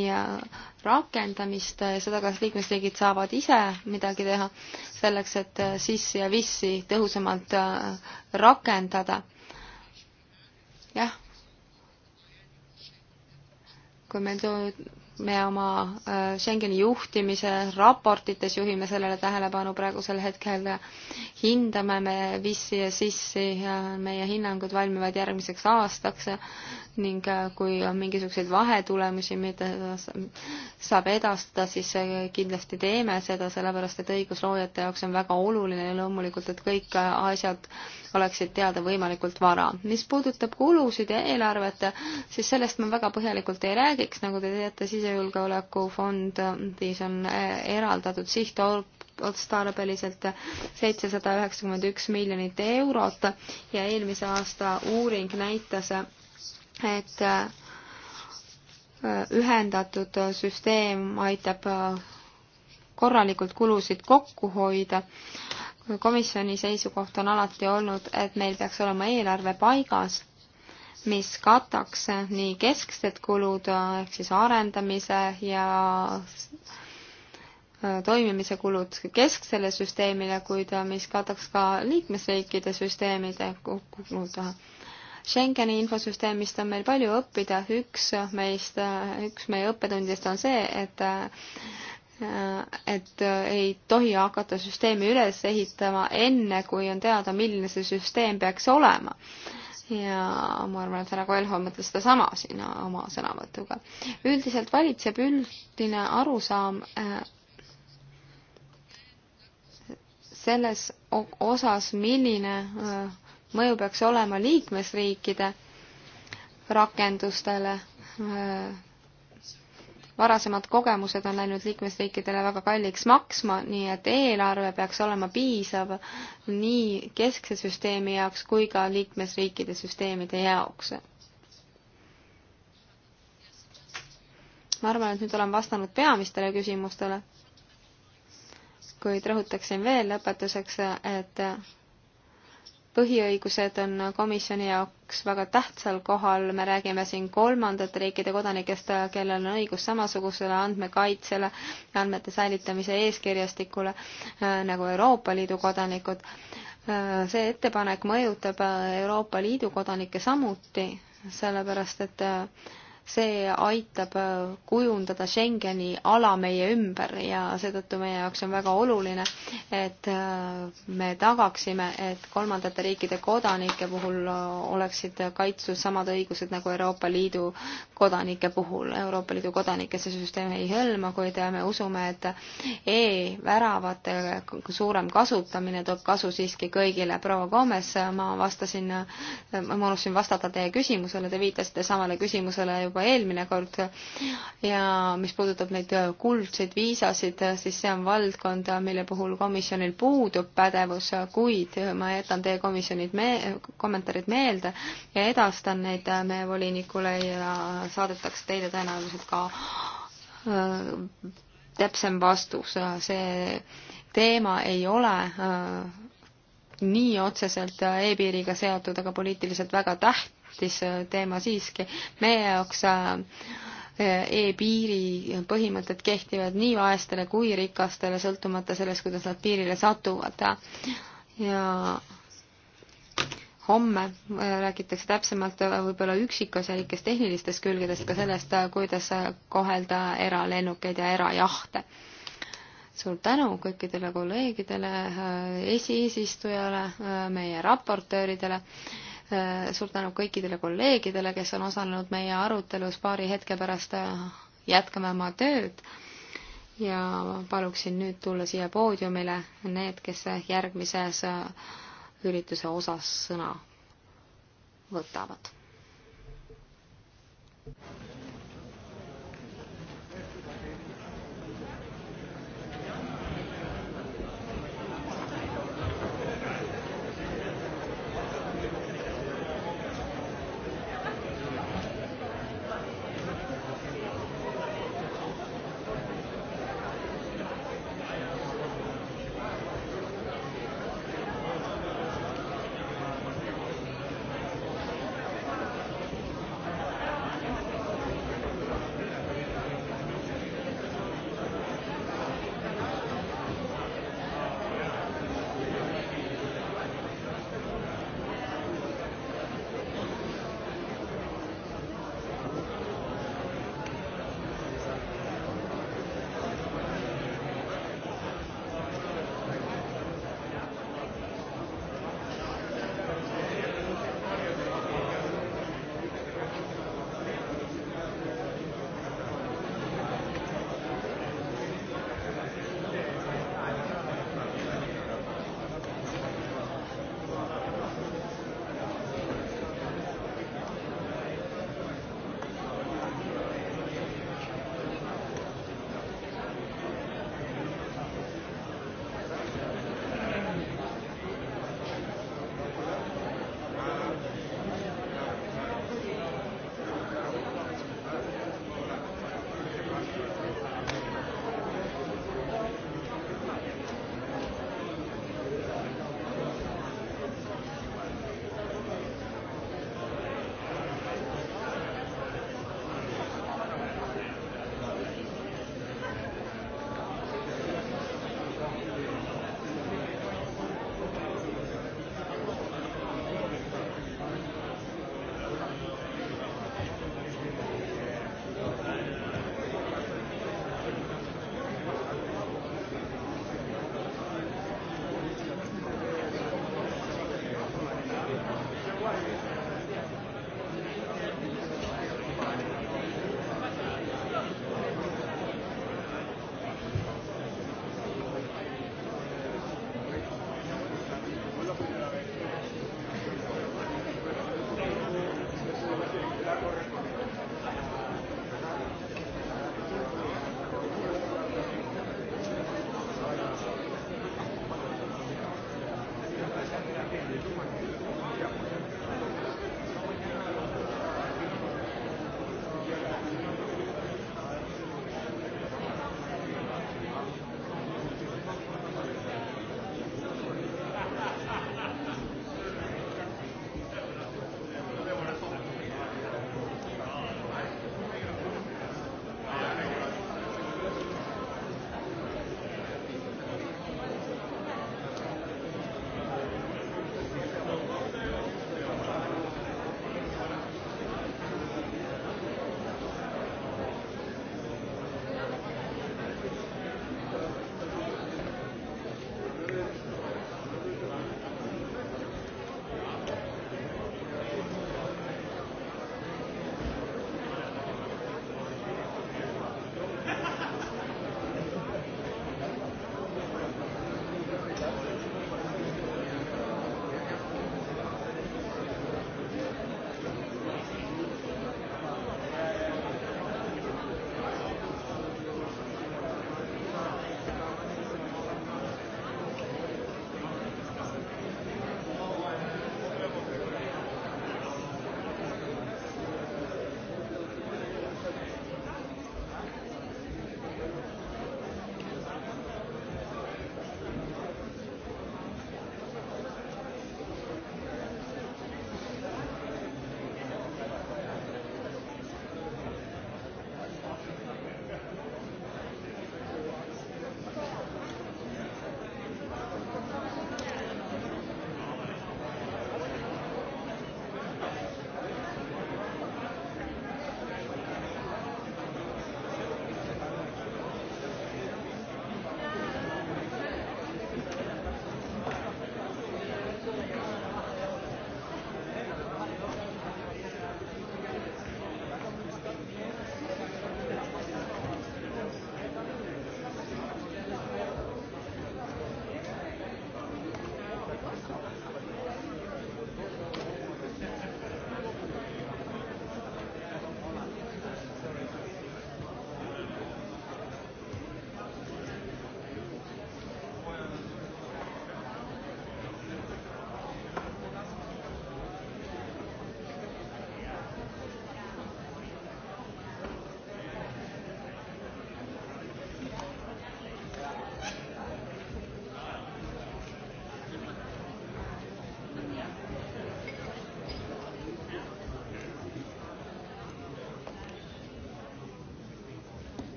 rakendamist, seda, kas liikmesriigid saavad ise midagi teha selleks, et sissi ja vissi tõhusamalt äh, rakendada. jah. kui meil me oma äh, Schengeni juhtimise raportites juhime sellele tähelepanu praegusel hetkel, hindame me VIS-i ja SIS-i, meie hinnangud valmivad järgmiseks aastaks ning äh, kui on mingisuguseid vahetulemusi, mida saab edastada, siis äh, kindlasti teeme seda, sellepärast et õigusloojate jaoks on väga oluline loomulikult, et kõik asjad oleksid teada võimalikult vara. mis puudutab kulusid ja eelarvet, siis sellest ma väga põhjalikult ei räägiks, nagu te teate, siis sisejulgeolekufondis on eh, eraldatud sihtotstarbeliselt seitsesada üheksakümmend üks miljonit eurot ja eelmise aasta uuring näitas, et eh, ühendatud süsteem aitab eh, korralikult kulusid kokku hoida komisjoni seisukoht on alati olnud, et meil peaks olema eelarve paigas mis kataks nii kesksed kulud ehk siis arendamise ja äh, toimimise kulud kesksele süsteemile, kuid äh, mis kataks ka liikmesriikide süsteemide kulud. Schengeni infosüsteemist on meil palju õppida, üks meist, äh, üks meie õppetundidest on see, et et ei tohi hakata süsteemi üles ehitama enne, kui on teada, milline see süsteem peaks olema ja ma arvan, et härra Koelho mõtles sedasama siin oma sõnavõtuga. üldiselt valitseb üldine arusaam äh, selles osas, milline äh, mõju peaks olema liikmesriikide rakendustele äh, varasemad kogemused on läinud liikmesriikidele väga kalliks maksma, nii et eelarve peaks olema piisav nii keskse süsteemi jaoks kui ka liikmesriikide süsteemide jaoks. ma arvan, et nüüd olen vastanud peamistele küsimustele, kuid rõhutaksin veel lõpetuseks, et põhiõigused on komisjoni jaoks väga tähtsal kohal, me räägime siin kolmandate riikide kodanikest, kellel on õigus samasugusele andmekaitsele ja andmete säilitamise eeskirjastikule äh, nagu Euroopa Liidu kodanikud. Äh, see ettepanek mõjutab Euroopa Liidu kodanikke samuti, sellepärast et äh, see aitab äh, kujundada Schengeni ala meie ümber ja seetõttu meie jaoks on väga oluline, et äh, me tagaksime, et kolmandate riikide kodanike puhul äh, oleksid kaitstud samad õigused nagu Euroopa Liidu kodanike puhul. Euroopa Liidu kodanikke see süsteem ei hõlma, kuid me usume, et e-väravate suurem kasutamine toob kasu siiski kõigile. proua Gomes, ma vastasin, ma unustasin vastata teie küsimusele, te viitasite samale küsimusele juba juba eelmine kord ja mis puudutab neid kuldseid viisasid, siis see on valdkond, mille puhul komisjonil puudub pädevus, kuid ma jätan teie komisjonid me-, kommentaarid meelde ja edastan neid meie volinikule ja saadetakse teile tõenäoliselt ka äh, täpsem vastus, see teema ei ole äh, nii otseselt e-piiriga seotud, aga poliitiliselt väga täht-, tähtis äh, teema siiski. meie jaoks äh, e-, e-piiri põhimõtted kehtivad nii vaestele kui rikastele, sõltumata sellest, kuidas nad piirile satuvad. ja homme äh, räägitakse täpsemalt võib-olla üksikasjalikest tehnilistest külgedest ka sellest, kuidas kohelda eralennukeid ja erajahte. suur tänu kõikidele kolleegidele, esiisistujale, meie raportööridele Äh, suur tänu kõikidele kolleegidele, kes on osalenud meie arutelus, paari hetke pärast äh, jätkame oma tööd ja paluksin nüüd tulla siia poodiumile need, kes järgmises äh, ürituse osas sõna võtavad.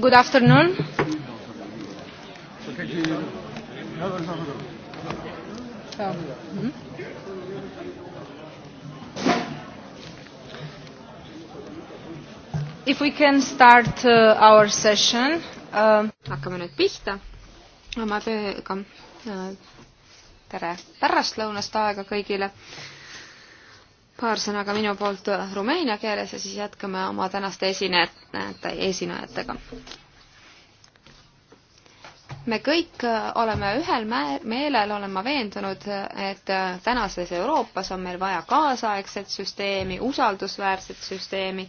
Good afternoon. Um, if we can start uh, our session uh.... hakkame nüüd pihta oma tööga. Äh, tere pärastlõunast aega kõigile paar sõna ka minu poolt rumeenia keeles ja siis jätkame oma tänaste esinejate esinejate, äh, esinejatega. me kõik äh, oleme ühel meelel, olen ma veendunud, et äh, tänases Euroopas on meil vaja kaasaegset süsteemi, usaldusväärset süsteemi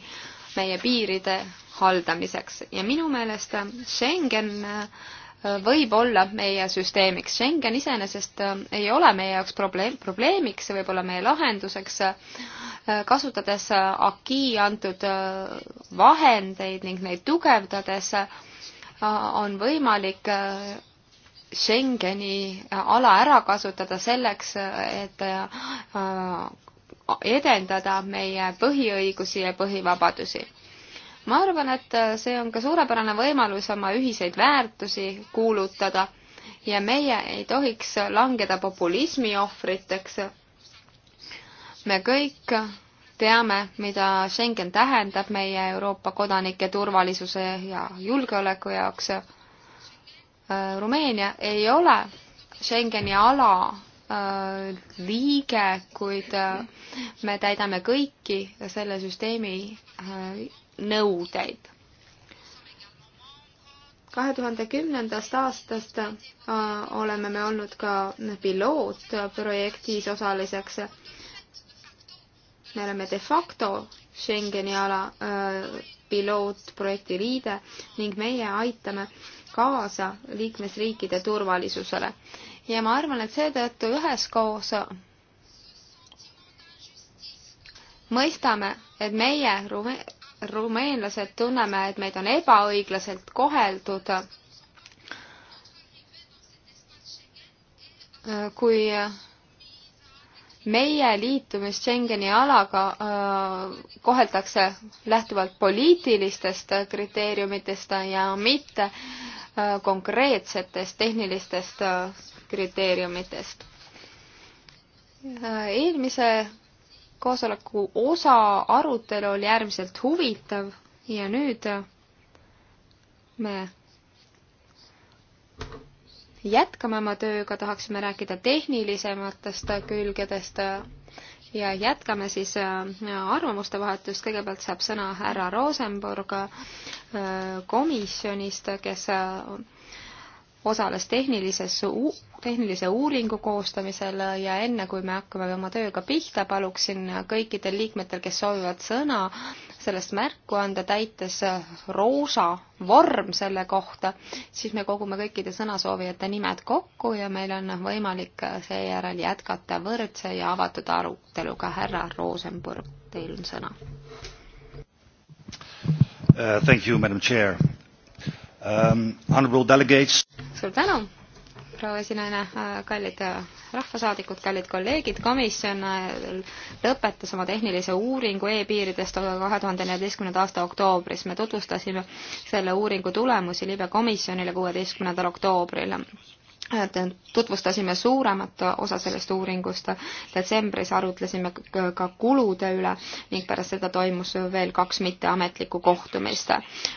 meie piiride haldamiseks ja minu meelest Schengen võib olla meie süsteemiks. Schengen iseenesest ei ole meie jaoks probleem, probleemiks, see võib olla meie lahenduseks kasutades AKI antud äh, vahendeid ning neid tugevdades äh, on võimalik äh, Schengeni ala ära kasutada selleks, et edendada meie põhiõigusi ja põhivabadusi. ma arvan, et see on ka suurepärane võimalus oma ühiseid väärtusi kuulutada ja meie ei tohiks langeda populismi ohvriteks me kõik teame, mida Schengen tähendab meie Euroopa kodanike turvalisuse ja julgeoleku jaoks. Rumeenia ei ole Schengeni ala äh, liige, kuid äh, me täidame kõiki selle süsteemi äh, nõudeid. kahe tuhande kümnendast aastast oleme me olnud ka pilootprojektis osaliseks me oleme de facto Schengeni ala öö, äh, pilootprojekti liide ning meie aitame kaasa liikmesriikide turvalisusele. ja ma arvan, et seetõttu üheskoos mõistame, et meie rume-, rumeenlased tunneme, et meid on ebaõiglaselt koheldud, äh, kui meie liitumist Schengeni alaga öö, äh, koheldakse lähtuvalt poliitilistest kriteeriumitest ja mitte öö, äh, konkreetsetest tehnilistest öö, äh, kriteeriumitest. eelmise koosoleku osa arutelu oli äärmiselt huvitav ja nüüd me jätkame oma tööga, tahaksime rääkida tehnilisematest külgedest ja jätkame siis äh, arvamuste vahetust. kõigepealt saab sõna härra Rosenburg äh, komisjonist, kes äh, osales tehnilises, tehnilise uuringu koostamisel ja enne, kui me hakkame oma tööga pihta, paluksin kõikidel liikmetel, kes soovivad sõna, sellest märku anda, täites roosa vorm selle kohta, siis me kogume kõikide sõnasoovijate nimed kokku ja meil on võimalik seejärel jätkata võrdse ja avatud aruteluga. härra Rosenburg, teil on sõna uh,. Thank you, madam chair um,. Honorable delegates. suur tänu, proua esinaine, kallid rahvasaadikud, kallid kolleegid, komisjon äh, lõpetas oma tehnilise uuringu e-piiridest kahe tuhande neljateistkümnenda aasta oktoobris. me tutvustasime selle uuringu tulemusi libe komisjonile kuueteistkümnendal oktoobril tutvustasime suuremat osa sellest uuringust, detsembris arutlesime ka kulude üle ning pärast seda toimus veel kaks mitteametlikku kohtumist.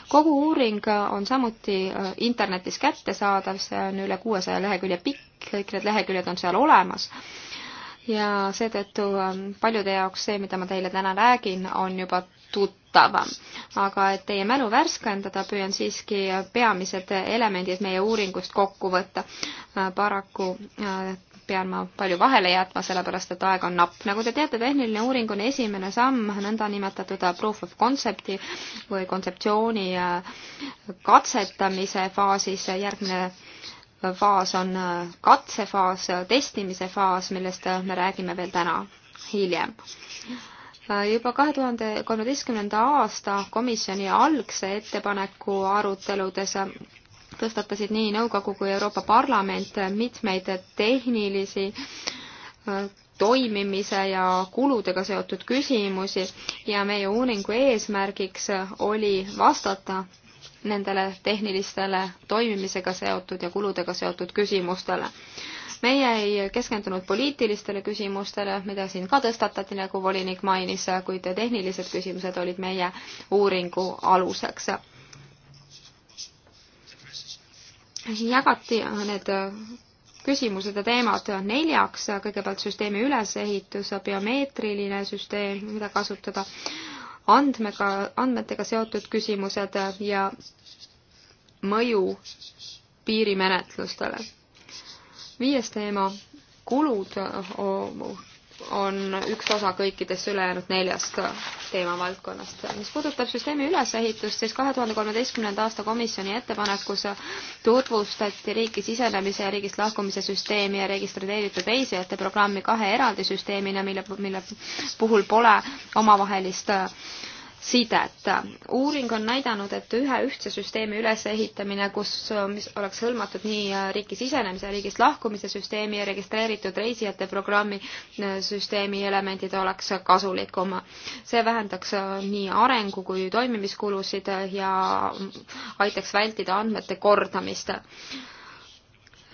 kogu uuring on samuti äh, internetis kättesaadav, see on üle kuuesaja lehekülje pikk, kõik need leheküljed on seal olemas ja seetõttu ähm, paljude jaoks see, mida ma teile täna räägin, on juba tuttavam. aga et teie mälu värskendada, püüan siiski peamised elemendid meie uuringust kokku võtta. Äh, paraku äh, pean ma palju vahele jätma, sellepärast et aeg on napp. nagu te teate, tehniline uuring on esimene samm nõndanimetatud proof of concept'i või kontseptsiooni äh, katsetamise faasis, järgmine faas on katsefaas, testimise faas, millest me räägime veel täna hiljem juba kahe tuhande kolmeteistkümnenda aasta komisjoni algse ettepaneku aruteludes tõstatasid nii Nõukogu kui Euroopa Parlament mitmeid tehnilisi äh, toimimise ja kuludega seotud küsimusi ja meie uuringu eesmärgiks oli vastata nendele tehnilistele toimimisega seotud ja kuludega seotud küsimustele. meie ei keskendunud poliitilistele küsimustele, mida siin ka tõstatati, nagu volinik mainis, kuid tehnilised küsimused olid meie uuringu aluseks. jagati need küsimused ja teemad neljaks, kõigepealt süsteemi ülesehitus, biomeetriline süsteem, mida kasutada andmega, andmetega seotud küsimused ja mõju piirimenetlustele. viies teema, kulud on üks osa kõikidest ülejäänud neljast teemavaldkonnast. mis puudutab süsteemi ülesehitust, siis kahe tuhande kolmeteistkümnenda aasta komisjoni ettepanekus tutvustati riiki sisenemise ja riigist lahkumise süsteemi ja registreeritud reisijate programmi kahe eraldi süsteemina, mille, mille puhul pole omavahelist äh, sidet. uuring on näidanud, et ühe ühtse süsteemi ülesehitamine, kus, mis oleks hõlmatud nii äh, riiki sisenemise, riigist lahkumise süsteemi ja registreeritud reisijate programmi äh, süsteemi elemendid, oleks kasulikum. see vähendaks äh, nii arengu kui toimimiskulusid ja mm, aitaks vältida andmete kordamist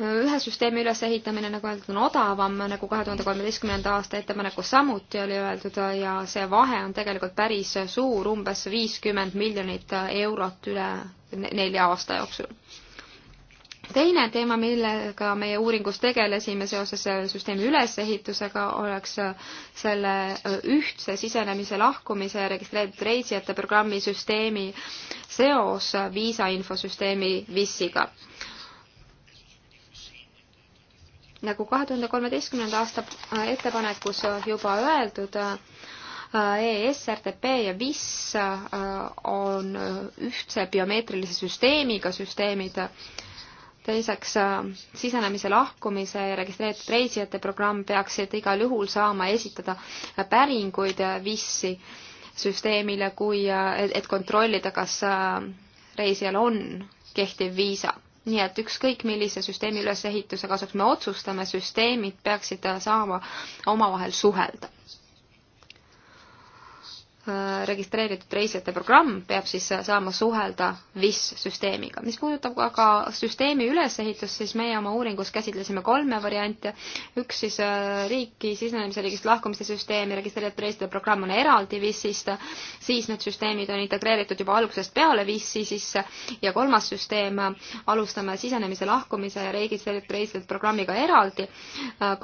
ühe süsteemi ülesehitamine, nagu öeldud, on odavam, nagu kahe tuhande kolmeteistkümnenda aasta ettepanekus samuti oli öeldud ja see vahe on tegelikult päris suur, umbes viiskümmend miljonit eurot üle nelja aasta jooksul. teine teema, millega meie uuringus tegelesime seoses süsteemi ülesehitusega, oleks selle ühtse sisenemise, lahkumise ja registreeritud reisijate programmi süsteemi seos viisa infosüsteemi VIS-iga nagu kahe tuhande kolmeteistkümnenda aasta äh, ettepanekus äh, juba öeldud, äh, ESRTP ja VIS on ühtse biomeetrilise süsteemiga süsteemid, teiseks sisenemise, lahkumise ja registreeritud reisijate programm peaksid igal juhul saama esitada päringuid VIS-i süsteemile, kui, et kontrollida, kas reisijal on kehtiv viisa nii et ükskõik, millise süsteemi ülesehituse kasuks me otsustame, süsteemid peaksid äh, saama omavahel suhelda Äh, registreeritud reisijate programm peab siis saama suhelda VIS süsteemiga. mis puudutab aga süsteemi ülesehitust, siis meie oma uuringus käsitlesime kolme varianti. üks siis äh, riiki sisenemise riigist lahkumiste süsteemi, registreeritud reisijate programm on eraldi VIS-ist, siis need süsteemid on integreeritud juba algusest peale VIS-i sisse ja kolmas süsteem, äh, alustame sisenemise, lahkumise ja registreeritud reisijate programmiga eraldi,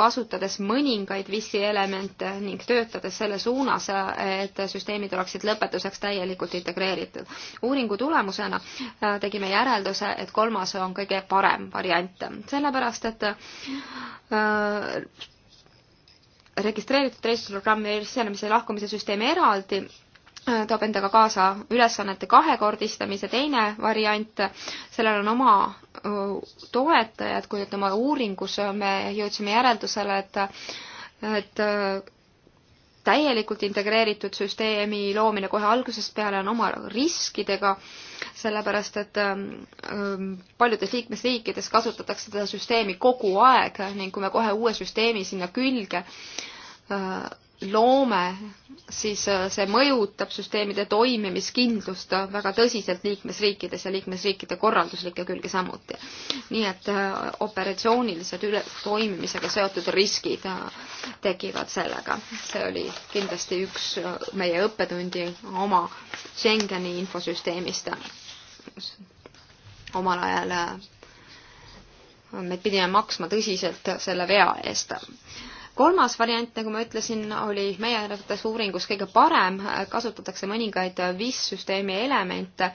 kasutades mõningaid VIS-i elemente ning töötades selle suunas, et süsteem süsteemid oleksid lõpetuseks täielikult integreeritud. uuringu tulemusena äh, tegime järelduse, et kolmas on kõige parem variant, sellepärast et äh, registreeritud reisiprogrammi ülesenemise lahkumise süsteemi eraldi äh, toob endaga kaasa ülesannete kahekordistamise, teine variant, sellel on oma toetajad, kui ütleme, uuringus me jõudsime järeldusele, et et täielikult integreeritud süsteemi loomine kohe algusest peale on oma riskidega, sellepärast et ähm, ähm, paljudes liikmesriikides kasutatakse seda süsteemi kogu aeg ning kui me kohe uue süsteemi sinna külge äh, loome, siis äh, see mõjutab süsteemide toimimiskindlust väga tõsiselt liikmesriikides ja liikmesriikide korralduslikke külge samuti. nii et äh, operatsioonilised üle, toimimisega seotud riskid äh, tekivad sellega. see oli kindlasti üks meie õppetundi oma Schengeni infosüsteemist omal ajal me pidime maksma tõsiselt selle vea eest kolmas variant, nagu ma ütlesin, oli meie arvates uuringus kõige parem, kasutatakse mõningaid VIS-süsteemi elemente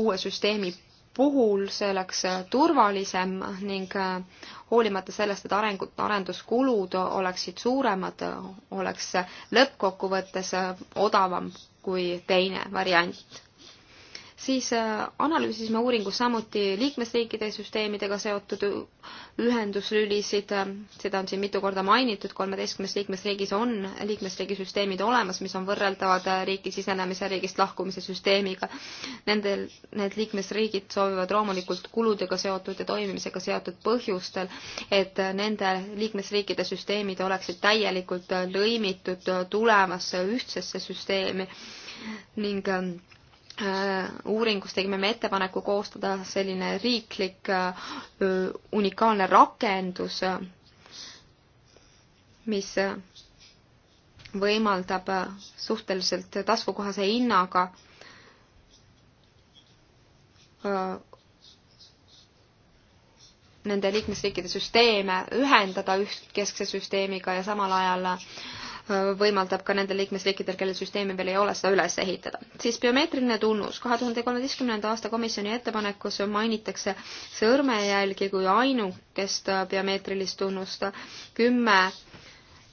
uue süsteemi puhul, see oleks turvalisem ning äh, hoolimata sellest, et arengud, arenduskulud oleksid suuremad, oleks lõppkokkuvõttes äh, odavam kui teine variant siis äh, analüüsisime uuringus samuti liikmesriikide süsteemidega seotud ühenduslülisid, äh, seda on siin mitu korda mainitud, kolmeteistkümnes liikmesriigis on liikmesriigi süsteemid olemas, mis on võrreldavad äh, riiki sisenemise, riigist lahkumise süsteemiga. Nendel, need liikmesriigid soovivad loomulikult kuludega seotud ja toimimisega seotud põhjustel, et nende liikmesriikide süsteemid oleksid täielikult lõimitud tulemasse ühtsesse süsteemi ning ähm, Äh, uuringus tegime me ettepaneku koostada selline riiklik äh, unikaalne rakendus, mis võimaldab äh, suhteliselt taskukohase hinnaga nende liikmesriikide süsteeme ühendada üht keskse süsteemiga ja samal ajal võimaldab ka nendel liikmesriikidel, kellel süsteemi veel ei ole, seda üles ehitada. siis biomeetriline tunnus. kahe tuhande kolmeteistkümnenda aasta komisjoni ettepanekus mainitakse sõrmejälgi kui ainukest biomeetrilist tunnust. kümme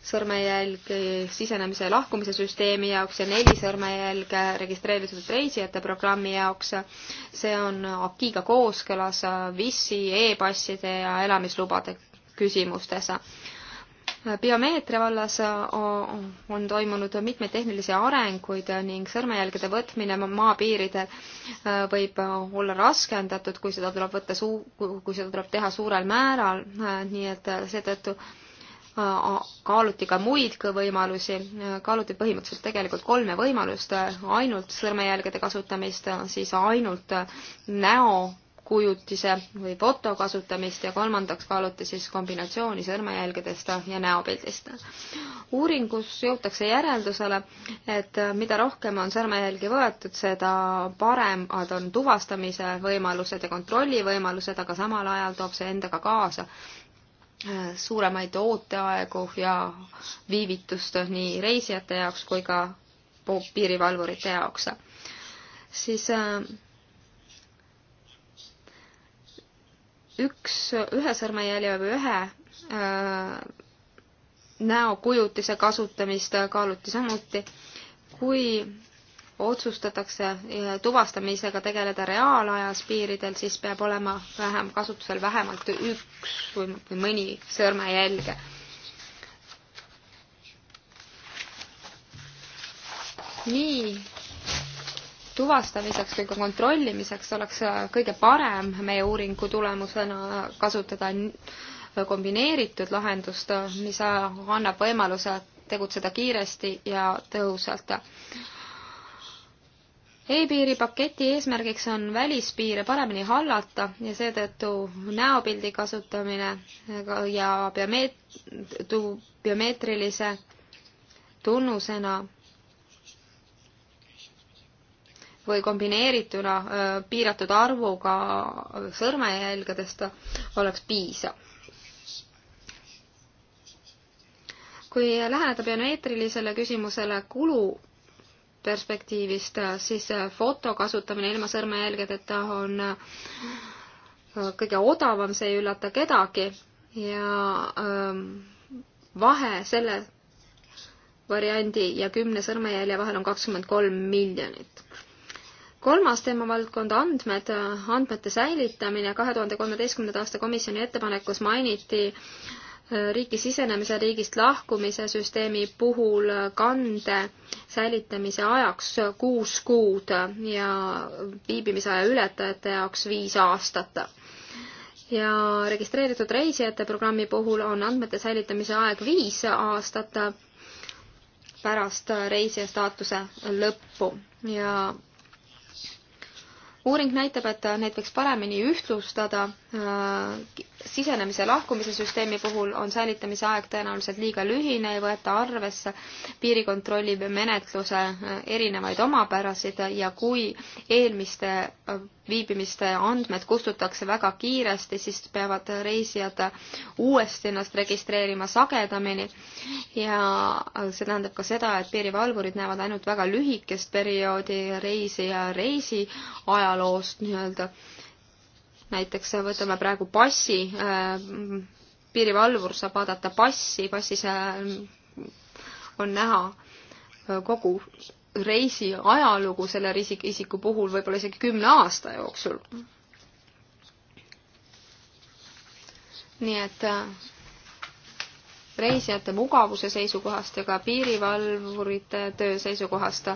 sõrmejälgi sisenemise ja lahkumise süsteemi jaoks ja neli sõrmejälge registreeritud reisijate programmi jaoks. see on AKI-ga kooskõlas VIS-i e, e-passide ja elamislubade küsimustes biomeetria vallas äh, on toimunud mitmeid tehnilisi arenguid ning sõrmejälgede võtmine maapiiridel äh, võib äh, olla raskendatud, kui seda tuleb võtta suu-, kui seda tuleb teha suurel määral, nii et seetõttu kaaluti ka muid võimalusi, kaaluti põhimõtteliselt tegelikult kolme võimalust, ainult sõrmejälgede kasutamist, siis ainult näo kujutise või foto kasutamist ja kolmandaks kaaluti siis kombinatsiooni sõrmejälgedest ja näopildist. uuringus jõutakse järeldusele, et mida rohkem on sõrmejälgi võetud, seda paremad on tuvastamise võimalused ja kontrolli võimalused, aga samal ajal toob see endaga kaasa äh, suuremaid ooteaegu ja viivitust nii reisijate jaoks kui ka piirivalvurite jaoks. siis äh, üks, ühe sõrmejälje või ühe äh, näokujutise kasutamist kaaluti samuti. kui otsustatakse äh, tuvastamisega tegeleda reaalajas piiridel, siis peab olema vähem kasutusel vähemalt üks või, või mõni sõrmejälge nii tuvastamiseks või ka kontrollimiseks oleks äh, kõige parem meie uuringu tulemusena kasutada kombineeritud lahendust, äh, mis äh, annab võimaluse tegutseda kiiresti ja tõhusalt. E-piiri paketi eesmärgiks on välispiire paremini hallata ja seetõttu näopildi kasutamine ja biomeet-, biomeetrilise tunnusena või kombineerituna piiratud arvuga sõrmejälgedest oleks piisav. kui läheneda biomeetrilisele küsimusele kulu perspektiivist, siis foto kasutamine ilma sõrmejälgedeta on kõige odavam, see ei üllata kedagi ja vahe selle variandi ja kümne sõrmejälje vahel on kakskümmend kolm miljonit kolmas teemavaldkond, andmed, andmete säilitamine. kahe tuhande kolmeteistkümnenda aasta komisjoni ettepanekus mainiti äh, riiki sisenemise, riigist lahkumise süsteemi puhul kande säilitamise ajaks kuus kuud ja viibimisaja ületajate jaoks viis aastat. ja registreeritud reisijate programmi puhul on andmete säilitamise aeg viis aastat pärast reisija staatuse lõppu ja uuring näitab, et neid võiks paremini ühtlustada äh, sisenemise lahkumise süsteemi puhul on säilitamise aeg tõenäoliselt liiga lühine, ei võeta arvesse piirikontrolli menetluse äh, erinevaid omapärasid ja kui eelmiste äh, viibimiste andmed kustutakse väga kiiresti, siis peavad reisijad uuesti ennast registreerima sagedamini ja äh, see tähendab ka seda, et piirivalvurid näevad ainult väga lühikest perioodi reisija reisi ajaloost nii-öelda näiteks äh, võtame praegu passi, äh, piirivalvur saab vaadata passi, passis äh, on näha kogu reisi ajalugu selle isiku puhul võib-olla isegi kümne aasta jooksul. nii et reisijate mugavuse seisukohast ja ka piirivalvurite töö seisukohast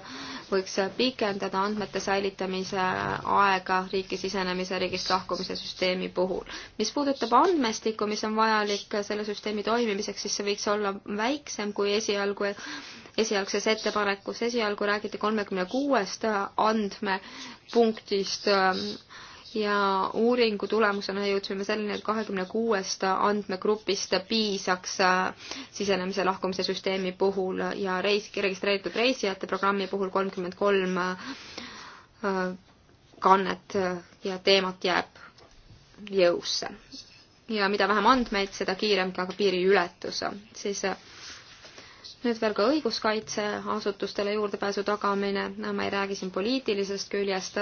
võiks pikendada andmete säilitamise aega riiki sisenemise, riigist lahkumise süsteemi puhul. mis puudutab andmestikku, mis on vajalik selle süsteemi toimimiseks, siis see võiks olla väiksem kui esialgu, esialgses ettepanekus, esialgu räägiti kolmekümne kuuest andmepunktist ja uuringu tulemusena jõudsime selleni, et kahekümne kuuest andmegrupist piisaks äh, sisenemise lahkumise süsteemi puhul ja reis, registreeritud reisijate programmi puhul kolmkümmend kolm äh, kannet äh, ja teemat jääb jõusse. ja mida vähem andmeid, seda kiirem ka piiriületus, siis nüüd veel ka õiguskaitseasutustele juurdepääsu tagamine, ma ei räägi siin poliitilisest küljest,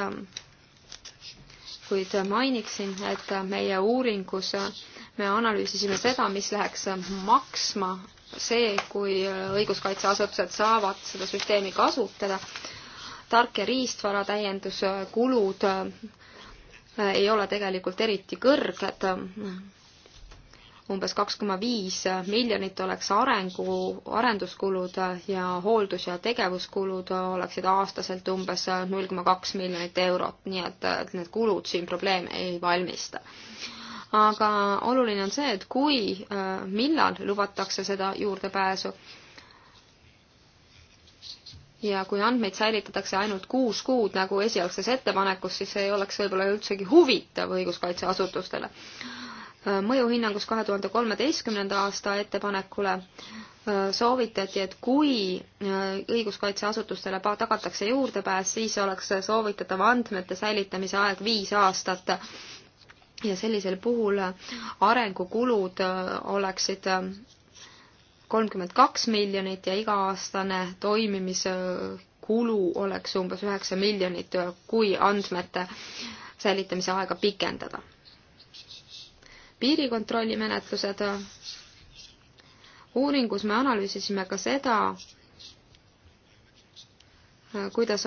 kuid mainiksin, et meie uuringus me analüüsisime seda, mis läheks maksma see, kui õiguskaitseasutused saavad seda süsteemi kasutada. tark ja riistvara täienduskulud ei ole tegelikult eriti kõrged umbes kaks koma viis miljonit oleks arengu, arenduskulud ja hooldus- ja tegevuskulud oleksid aastaselt umbes null koma kaks miljonit eurot, nii et, et need kulud siin probleeme ei valmista. aga oluline on see, et kui, äh, millal lubatakse seda juurdepääsu ja kui andmeid säilitatakse ainult kuus kuud nagu esialgses ettepanekus, siis see ei oleks võib-olla üldsegi huvitav õiguskaitseasutustele Äh, mõjuhinnangus kahe tuhande kolmeteistkümnenda aasta ettepanekule äh, soovitati, et kui äh, õiguskaitseasutustele tagatakse juurdepääs, siis oleks soovitatav andmete säilitamise aeg viis aastat ja sellisel puhul arengukulud oleksid kolmkümmend kaks miljonit ja iga-aastane toimimiskulu oleks umbes üheksa miljonit, kui andmete säilitamise aega pikendada piirikontrollimenetlused. uuringus me analüüsisime ka seda, kuidas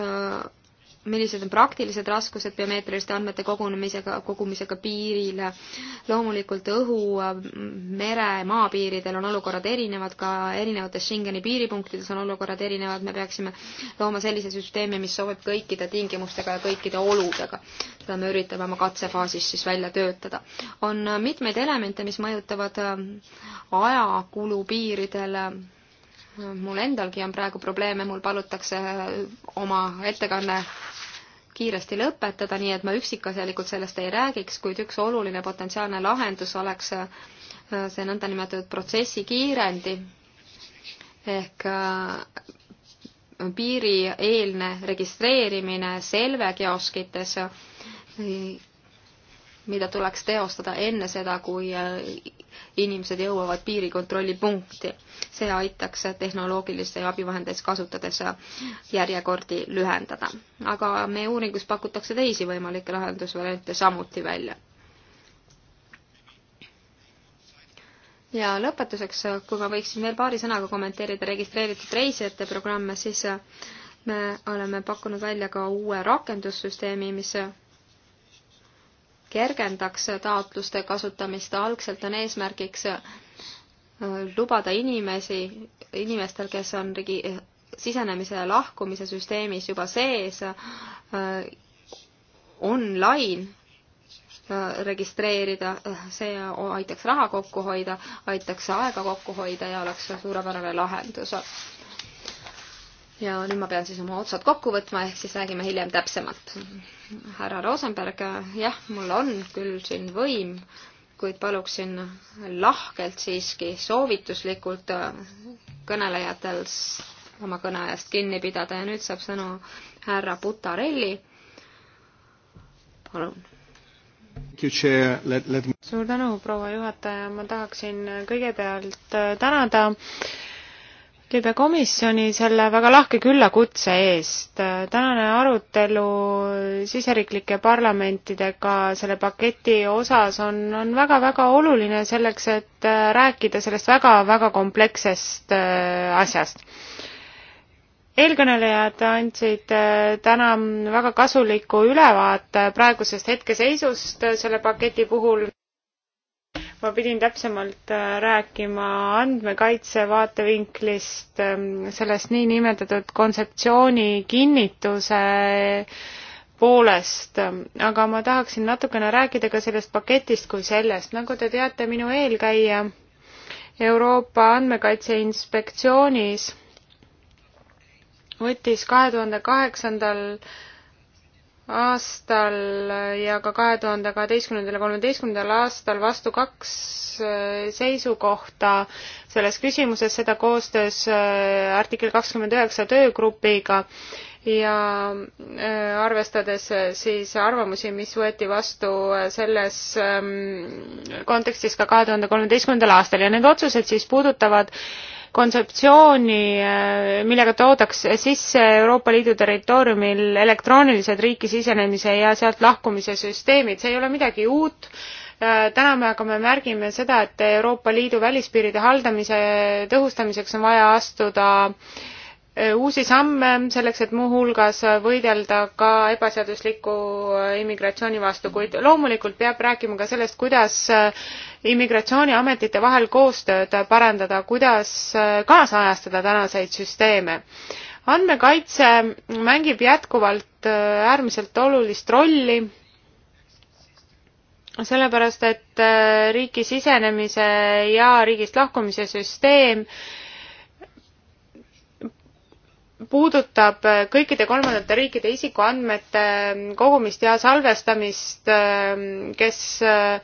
millised on praktilised raskused biomeetriliste andmete kogunemisega, kogumisega piiril. loomulikult õhu, mere, maapiiridel on olukorrad erinevad, ka erinevates Schengeni piiripunktides on olukorrad erinevad, me peaksime looma sellise süsteemi, mis sobib kõikide tingimustega ja kõikide oludega. seda me üritame oma katsefaasis siis välja töötada. on mitmeid elemente, mis mõjutavad ähm, ajakulu piiridel mul endalgi on praegu probleeme, mul palutakse äh, oma ettekanne kiiresti lõpetada, nii et ma üksikasjalikult sellest ei räägiks, kuid üks oluline potentsiaalne lahendus oleks äh, see nõndanimetatud protsessi kiirendi ehk äh, piirieelne registreerimine selvegeoskites mida tuleks teostada enne seda, kui äh, inimesed jõuavad piirikontrollipunkti. see aitaks tehnoloogilisi abivahendeid kasutades järjekordi lühendada. aga meie uuringus pakutakse teisi võimalikke lahendusvariante samuti välja. ja lõpetuseks, kui ma võiksin veel paari sõnaga kommenteerida registreeritud reisijate programme, siis me oleme pakkunud välja ka uue rakendussüsteemi, mis kergendaks taotluste kasutamist, algselt on eesmärgiks äh, lubada inimesi, inimestel, kes on riigi sisenemise ja lahkumise süsteemis juba sees, äh, online äh, registreerida, see aitaks raha kokku hoida, aitaks aega kokku hoida ja oleks suurepärane lahendus ja nüüd ma pean siis oma otsad kokku võtma, ehk siis räägime hiljem täpsemalt. härra Rosenberg, jah, mul on küll siin võim, kuid paluksin lahkelt siiski soovituslikult kõnelejatel oma kõne ajast kinni pidada ja nüüd saab sõna härra Butarelli. palun suur tänu, proua juhataja, ma tahaksin kõigepealt äh, tänada Liibe komisjoni selle väga lahke küllakutse eest. tänane arutelu siseriiklike parlamentidega selle paketi osas on, on väga-väga oluline selleks, et äh, rääkida sellest väga-väga komplekssest äh, asjast. eelkõnelejad andsid äh, täna väga kasuliku ülevaate praegusest hetkeseisust selle paketi puhul ma pidin täpsemalt äh, rääkima andmekaitse vaatevinklist, ähm, sellest niinimetatud kontseptsiooni kinnituse poolest, aga ma tahaksin natukene rääkida ka sellest paketist kui sellest. nagu te teate, minu eelkäija Euroopa Andmekaitse Inspektsioonis võttis kahe tuhande kaheksandal aastal ja ka kahe tuhande kaheteistkümnendal ja kolmeteistkümnendal aastal vastu kaks äh, seisukohta selles küsimuses, seda koostöös äh, artikkel kakskümmend üheksa töögrupiga ja äh, arvestades siis arvamusi, mis võeti vastu selles ähm, kontekstis ka kahe tuhande kolmeteistkümnendal aastal ja need otsused siis puudutavad kontseptsiooni, äh, millega toodaks sisse Euroopa Liidu territooriumil elektroonilised riiki sisenemise ja sealt lahkumise süsteemid, see ei ole midagi uut. Äh, täna me aga me märgime seda, et Euroopa Liidu välispiiride haldamise tõhustamiseks on vaja astuda äh, Äh, uusi samme selleks, et muuhulgas võidelda ka ebaseadusliku äh, immigratsiooni vastu, kuid loomulikult peab rääkima ka sellest, kuidas äh, immigratsiooniametite vahel koostööd parandada, kuidas kaasajastada tänaseid süsteeme. andmekaitse mängib jätkuvalt äärmiselt olulist rolli, sellepärast et riiki sisenemise ja riigist lahkumise süsteem puudutab äh, kõikide kolmandate riikide isikuandmete ähm, kogumist ja salvestamist, ähm, kes äh,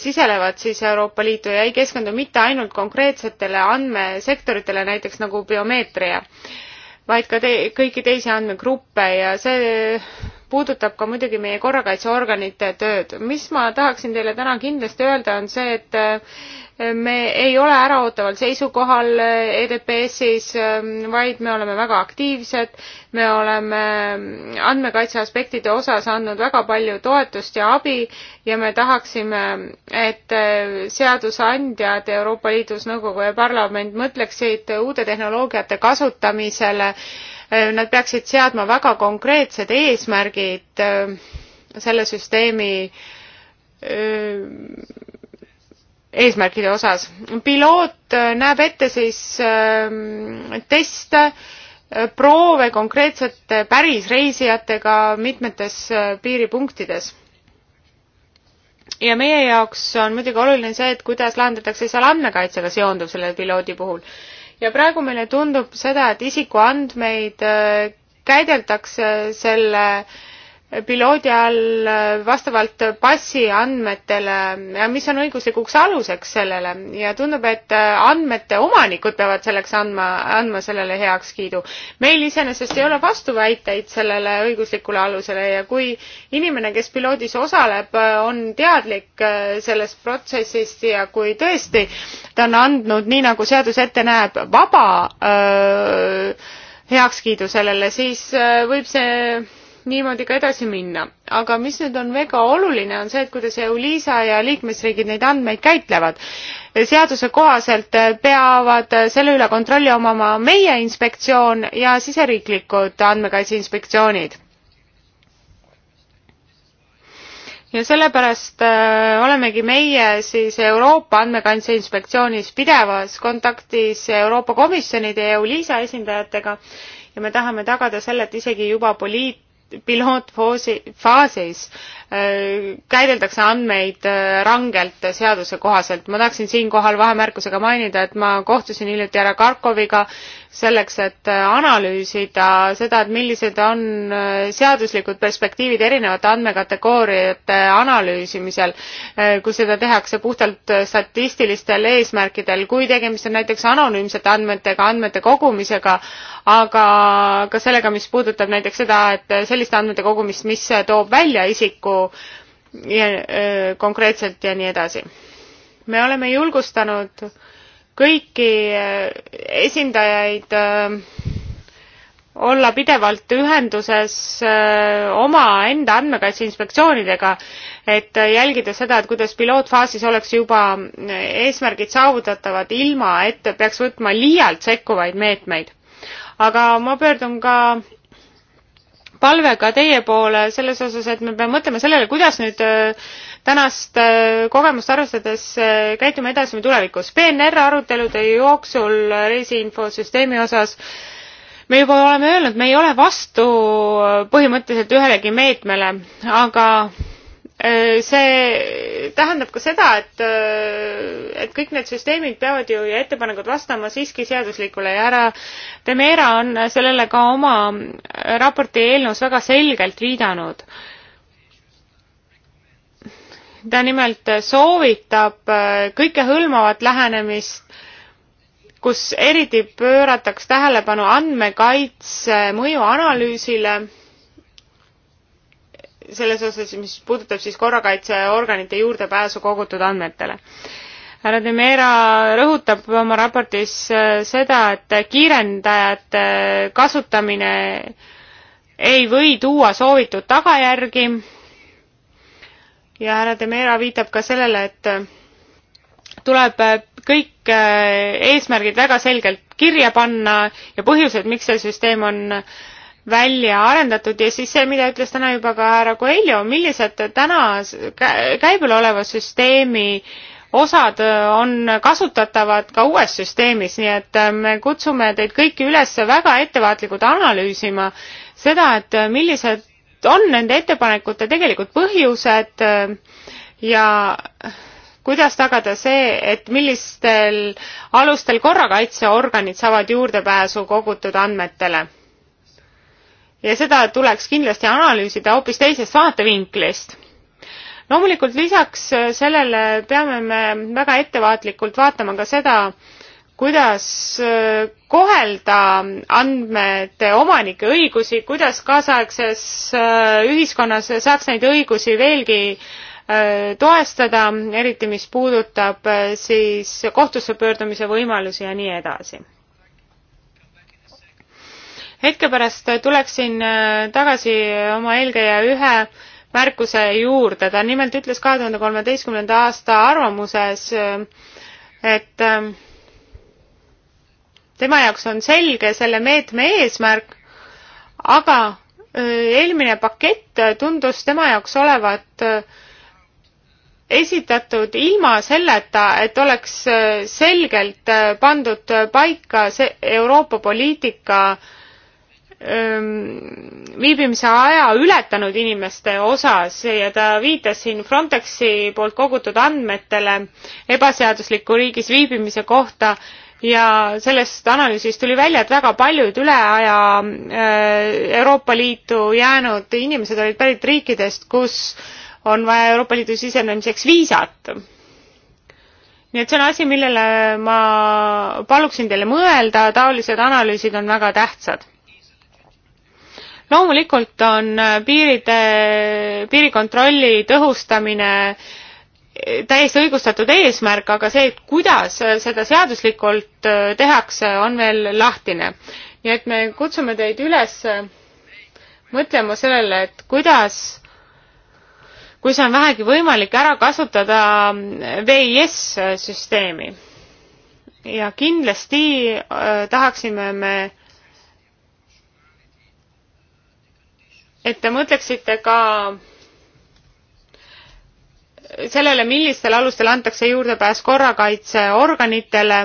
siselevad siis Euroopa Liitu ja ei keskendu mitte ainult konkreetsetele andmesektoritele, näiteks nagu biomeetria, vaid ka te kõiki teisi andmegruppe ja see puudutab ka muidugi meie korrakaitseorganite tööd. mis ma tahaksin teile täna kindlasti öelda, on see, et äh, me ei ole äraootaval seisukohal EDPS-is, vaid me oleme väga aktiivsed, me oleme andmekaitse aspektide osas andnud väga palju toetust ja abi ja me tahaksime, et seadusandjad Euroopa Liidus, Nõukogu ja parlament mõtleksid uude tehnoloogiate kasutamisele. Nad peaksid seadma väga konkreetsed eesmärgid selle süsteemi eesmärkide osas. piloot äh, näeb ette siis ähm, teste, äh, proove konkreetsete päris reisijatega mitmetes äh, piiripunktides. ja meie jaoks on muidugi oluline see, et kuidas lahendatakse seal andmekaitsega seonduv selle piloodi puhul. ja praegu meile tundub seda, et isikuandmeid käideldakse selle äh, piloodi all äh, vastavalt passi andmetele ja mis on õiguslikuks aluseks sellele ja tundub, et äh, andmete omanikud peavad selleks andma, andma sellele heakskiidu. meil iseenesest ei ole vastuväiteid sellele õiguslikule alusele ja kui inimene, kes piloodis osaleb, äh, on teadlik sellest protsessist ja kui tõesti ta on andnud, nii nagu seadus ette näeb, vaba öö, heakskiidu sellele, siis võib see niimoodi ka edasi minna. aga mis nüüd on väga oluline, on see, et kuidas EULISA ja liikmesriigid neid andmeid käitlevad. seaduse kohaselt peavad selle üle kontrolli omama meie inspektsioon ja siseriiklikud andmekaitse inspektsioonid. ja sellepärast äh, olemegi meie siis Euroopa Andmekaitse Inspektsioonis pidevas kontaktis Euroopa Komisjonide ja EULISA esindajatega ja me tahame tagada selle, et isegi juba poliit-, pilootfaasis äh, käideldakse andmeid äh, rangelt seaduse kohaselt. ma tahaksin siinkohal vahemärkusega mainida, et ma kohtusin hiljuti härra Karkoviga, selleks, et äh, analüüsida seda, et millised on äh, seaduslikud perspektiivid erinevate andmekategooriate analüüsimisel, äh, kui seda tehakse puhtalt statistilistel eesmärkidel, kui tegemist on näiteks anonüümsete andmetega, andmete kogumisega, aga ka sellega, mis puudutab näiteks seda, et selliste andmete kogumist, mis toob välja isiku ja, konkreetselt ja nii edasi. me oleme julgustanud äh, kõiki eh, esindajaid eh, olla pidevalt ühenduses eh, omaenda andmekaitse inspektsioonidega, et jälgida seda, et kuidas pilootfaasis oleks juba eesmärgid saavutatavad, ilma et peaks võtma liialt sekkuvaid meetmeid. aga ma pöördun ka palve ka teie poole selles osas, et me peame mõtlema sellele, kuidas nüüd äh, tänast äh, kogemust arvestades äh, käitume edasi tulevikus. PNR arutelude jooksul reisiinfosüsteemi osas me juba oleme öelnud, me ei ole vastu põhimõtteliselt ühelegi meetmele, aga Äh, see tähendab ka seda, et, äh, et kõik need süsteemid peavad ju ja ettepanekud vastama siiski seaduslikule ja härra Demera on sellele ka oma raporti eelnõus väga selgelt viidanud. ta nimelt soovitab äh, kõikehõlmavat lähenemist, kus eriti pöörataks tähelepanu andmekaitse mõjuanalüüsile selles osas, mis puudutab siis korrakaitseorganite juurdepääsu kogutud andmetele. härra De Meera rõhutab oma raportis äh, seda, et kiirendajate äh, kasutamine ei või tuua soovitud tagajärgi ja härra De Meera viitab ka sellele, et äh, tuleb kõik eesmärgid väga selgelt kirja panna ja põhjused, miks see süsteem on äh, välja arendatud ja siis see, mida ütles täna juba ka härra Coelho, millised täna käibel oleva süsteemi osad on kasutatavad ka uues süsteemis, nii et äh, me kutsume teid kõiki üles väga ettevaatlikult analüüsima seda, et millised on nende ettepanekute tegelikult põhjused äh, ja kuidas tagada see, et millistel alustel korrakaitseorganid saavad juurdepääsu kogutud andmetele ja seda tuleks kindlasti analüüsida hoopis teisest vaatevinklist loomulikult lisaks äh, sellele peame me väga ettevaatlikult vaatama ka seda, kuidas äh, kohelda andmete omanike õigusi, kuidas kaasaegses äh, ühiskonnas saaks neid õigusi veelgi toestada, eriti mis puudutab siis kohtusse pöördumise võimalusi ja nii edasi hetke pärast tuleksin äh, tagasi oma eelkäija ühe märkuse juurde, ta nimelt ütles kahe tuhande kolmeteistkümnenda aasta arvamuses, äh, et äh, tema jaoks on selge selle meetme eesmärk, aga eelmine pakett tundus tema jaoks olevat esitatud ilma selleta, et oleks selgelt pandud paika see Euroopa poliitika äh, viibimise aja ületanud inimeste osas ja ta viitas siin Frontexi poolt kogutud andmetele ebaseadusliku riigis viibimise kohta ja sellest analüüsist tuli välja, et väga paljud üle aja äh, Euroopa Liitu jäänud inimesed olid pärit riikidest, kus on vaja Euroopa Liidu sisenemiseks viisat nii et see on asi, millele ma paluksin teile mõelda, taolised analüüsid on väga tähtsad loomulikult on äh, piiride, piirikontrolli tõhustamine äh, täiesti õigustatud eesmärk, aga see, et kuidas äh, seda seaduslikult tehakse, on veel lahtine. nii et me kutsume teid üles mõtlema sellele, et kuidas kui see on vähegi võimalik, ära kasutada VIS süsteemi. ja kindlasti äh, tahaksime me äh, et te mõtleksite ka sellele, millistel alustel antakse juurdepääs korrakaitseorganitele,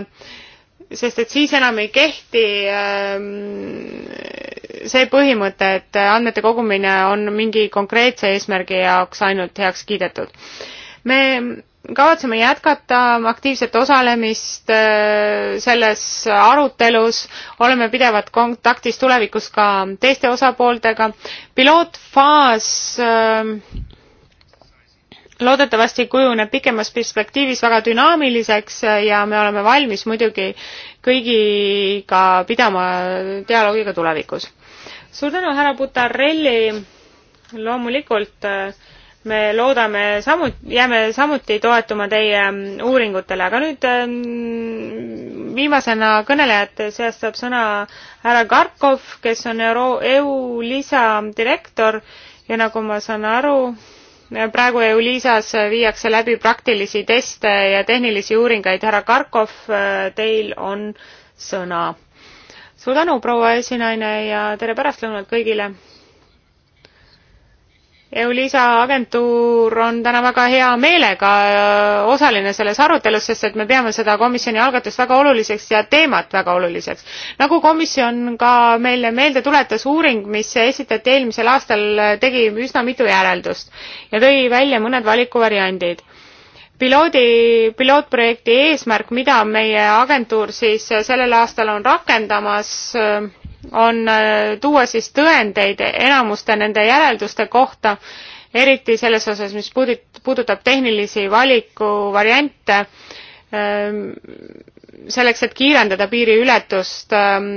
sest et siis enam ei kehti ähm, see põhimõte, et andmete kogumine on mingi konkreetse eesmärgi jaoks ainult heaks kiidetud. me kavatseme jätkata aktiivset osalemist äh, selles arutelus, oleme pidevad kontaktis tulevikus ka teiste osapooltega. pilootfaas äh, loodetavasti kujuneb pikemas perspektiivis väga dünaamiliseks äh, ja me oleme valmis muidugi kõigiga pidama dialoogi ka tulevikus. suur tänu, härra Butarelli, loomulikult äh, me loodame samuti, jääme samuti toetuma teie mm, uuringutele, aga nüüd mm, viimasena kõnelejate seast saab sõna härra Karkov, kes on Euro-, EU-LISA direktor ja nagu ma saan aru, praegu EULISAs viiakse läbi praktilisi teste ja tehnilisi uuringuid. härra Karkov, teil on sõna. suur tänu, proua esinaine ja tere pärastlõunat kõigile! EULISA agentuur on täna väga hea meelega äh, osaline selles arutelus, sest et me peame seda komisjoni algatust väga oluliseks ja teemat väga oluliseks. nagu komisjon ka meile meelde tuletas, uuring, mis esitati eelmisel aastal, tegi üsna mitu järeldust ja tõi välja mõned valikuvariandid piloodi, pilootprojekti eesmärk, mida meie agentuur siis sellel aastal on rakendamas, äh, on äh, tuua siis tõendeid enamuste nende järelduste kohta, eriti selles osas, mis puudut-, puudutab tehnilisi valikuvariante, ähm, selleks, et kiirendada piiriületust ähm,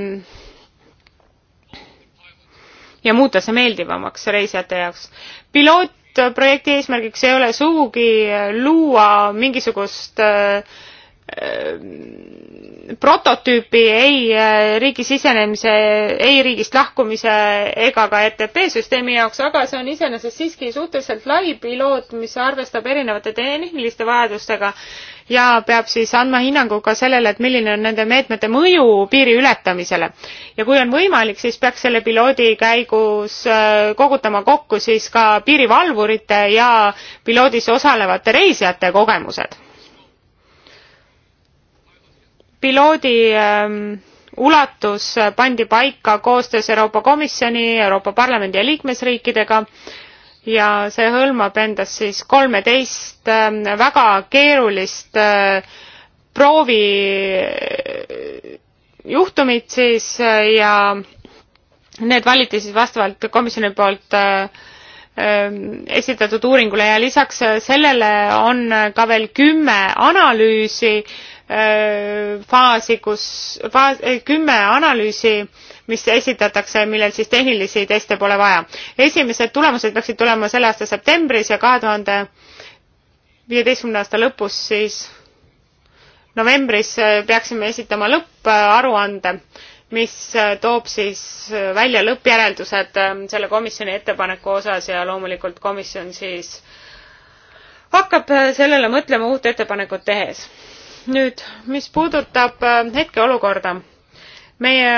ja muuta see meeldivamaks reisijate jaoks. pilootprojekti eesmärgiks ei ole sugugi luua mingisugust äh, Ehm, prototüüpi ei äh, riigi sisenemise, ei riigist lahkumise ega ka ETP süsteemi jaoks, aga see on iseenesest siiski suhteliselt lai piloot, mis arvestab erinevate tehniliste vajadustega ja peab siis andma hinnangu ka sellele, et milline on nende meetmete mõju piiri ületamisele. ja kui on võimalik, siis peaks selle piloodi käigus äh, kogutama kokku siis ka piirivalvurite ja piloodis osalevate reisijate kogemused piloodi ähm, ulatus pandi paika koostöös Euroopa Komisjoni, Euroopa Parlamendi ja liikmesriikidega ja see hõlmab endas siis kolmeteist ähm, väga keerulist äh, proovi äh, juhtumit siis äh, ja need valiti siis vastavalt komisjoni poolt ähm, esitatud uuringule ja lisaks sellele on ka veel kümme analüüsi faasi, kus faas, eh, kümme analüüsi, mis esitatakse, millel siis tehnilisi teste pole vaja. esimesed tulemused peaksid tulema selle aasta septembris ja kahe tuhande viieteistkümnenda aasta lõpus siis novembris eh, peaksime esitama lõpparuande, mis eh, toob siis välja lõppjäreldused selle komisjoni ettepaneku osas ja loomulikult komisjon siis hakkab sellele mõtlema uut ettepanekut tehes nüüd, mis puudutab äh, hetkeolukorda meie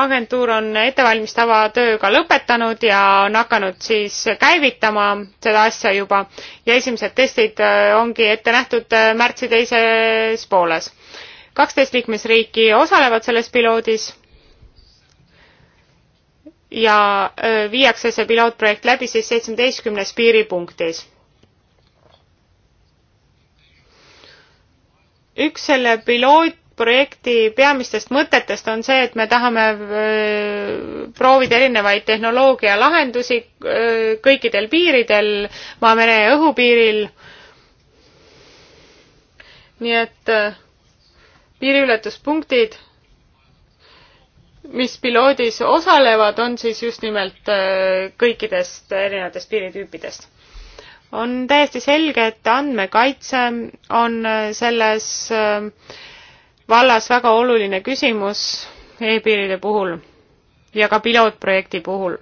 agentuur on ettevalmistava tööga lõpetanud ja on hakanud siis käivitama seda asja juba ja esimesed testid äh, ongi ette nähtud äh, märtsi teises pooles. kaksteist liikmesriiki osalevad selles piloodis ja viiakse see pilootprojekt läbi siis seitsmeteistkümnes piiripunktis üks selle pilootprojekti peamistest mõtetest on see, et me tahame äh, proovida erinevaid tehnoloogialahendusi äh, kõikidel piiridel, maa, mere ja õhupiiril. nii et äh, piiriületuspunktid, mis piloodis osalevad, on siis just nimelt kõikidest erinevatest piiritüüpidest on täiesti selge, et andmekaitse on selles ähm, vallas väga oluline küsimus e-piiride puhul ja ka pilootprojekti puhul.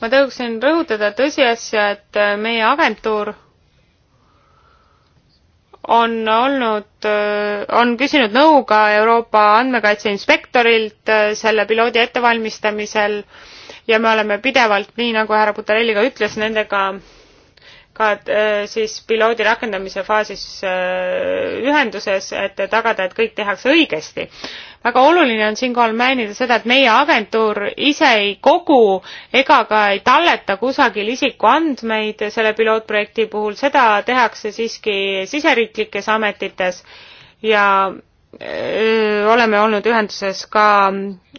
ma tõuksin rõhutada tõsiasja, et äh, meie agentuur on olnud, äh, on küsinud nõu ka Euroopa andmekaitse inspektorilt äh, selle piloodi ettevalmistamisel äh, ja me oleme pidevalt, nii nagu härra Butarelli ka ütles, nendega ka äh, siis piloodi rakendamise faasis äh, ühenduses, et tagada, et kõik tehakse õigesti. väga oluline on siinkohal mainida seda, et meie agentuur ise ei kogu ega ka ei talleta kusagil isikuandmeid selle pilootprojekti puhul, seda tehakse siiski siseriiklikes ametites ja oleme olnud ühenduses ka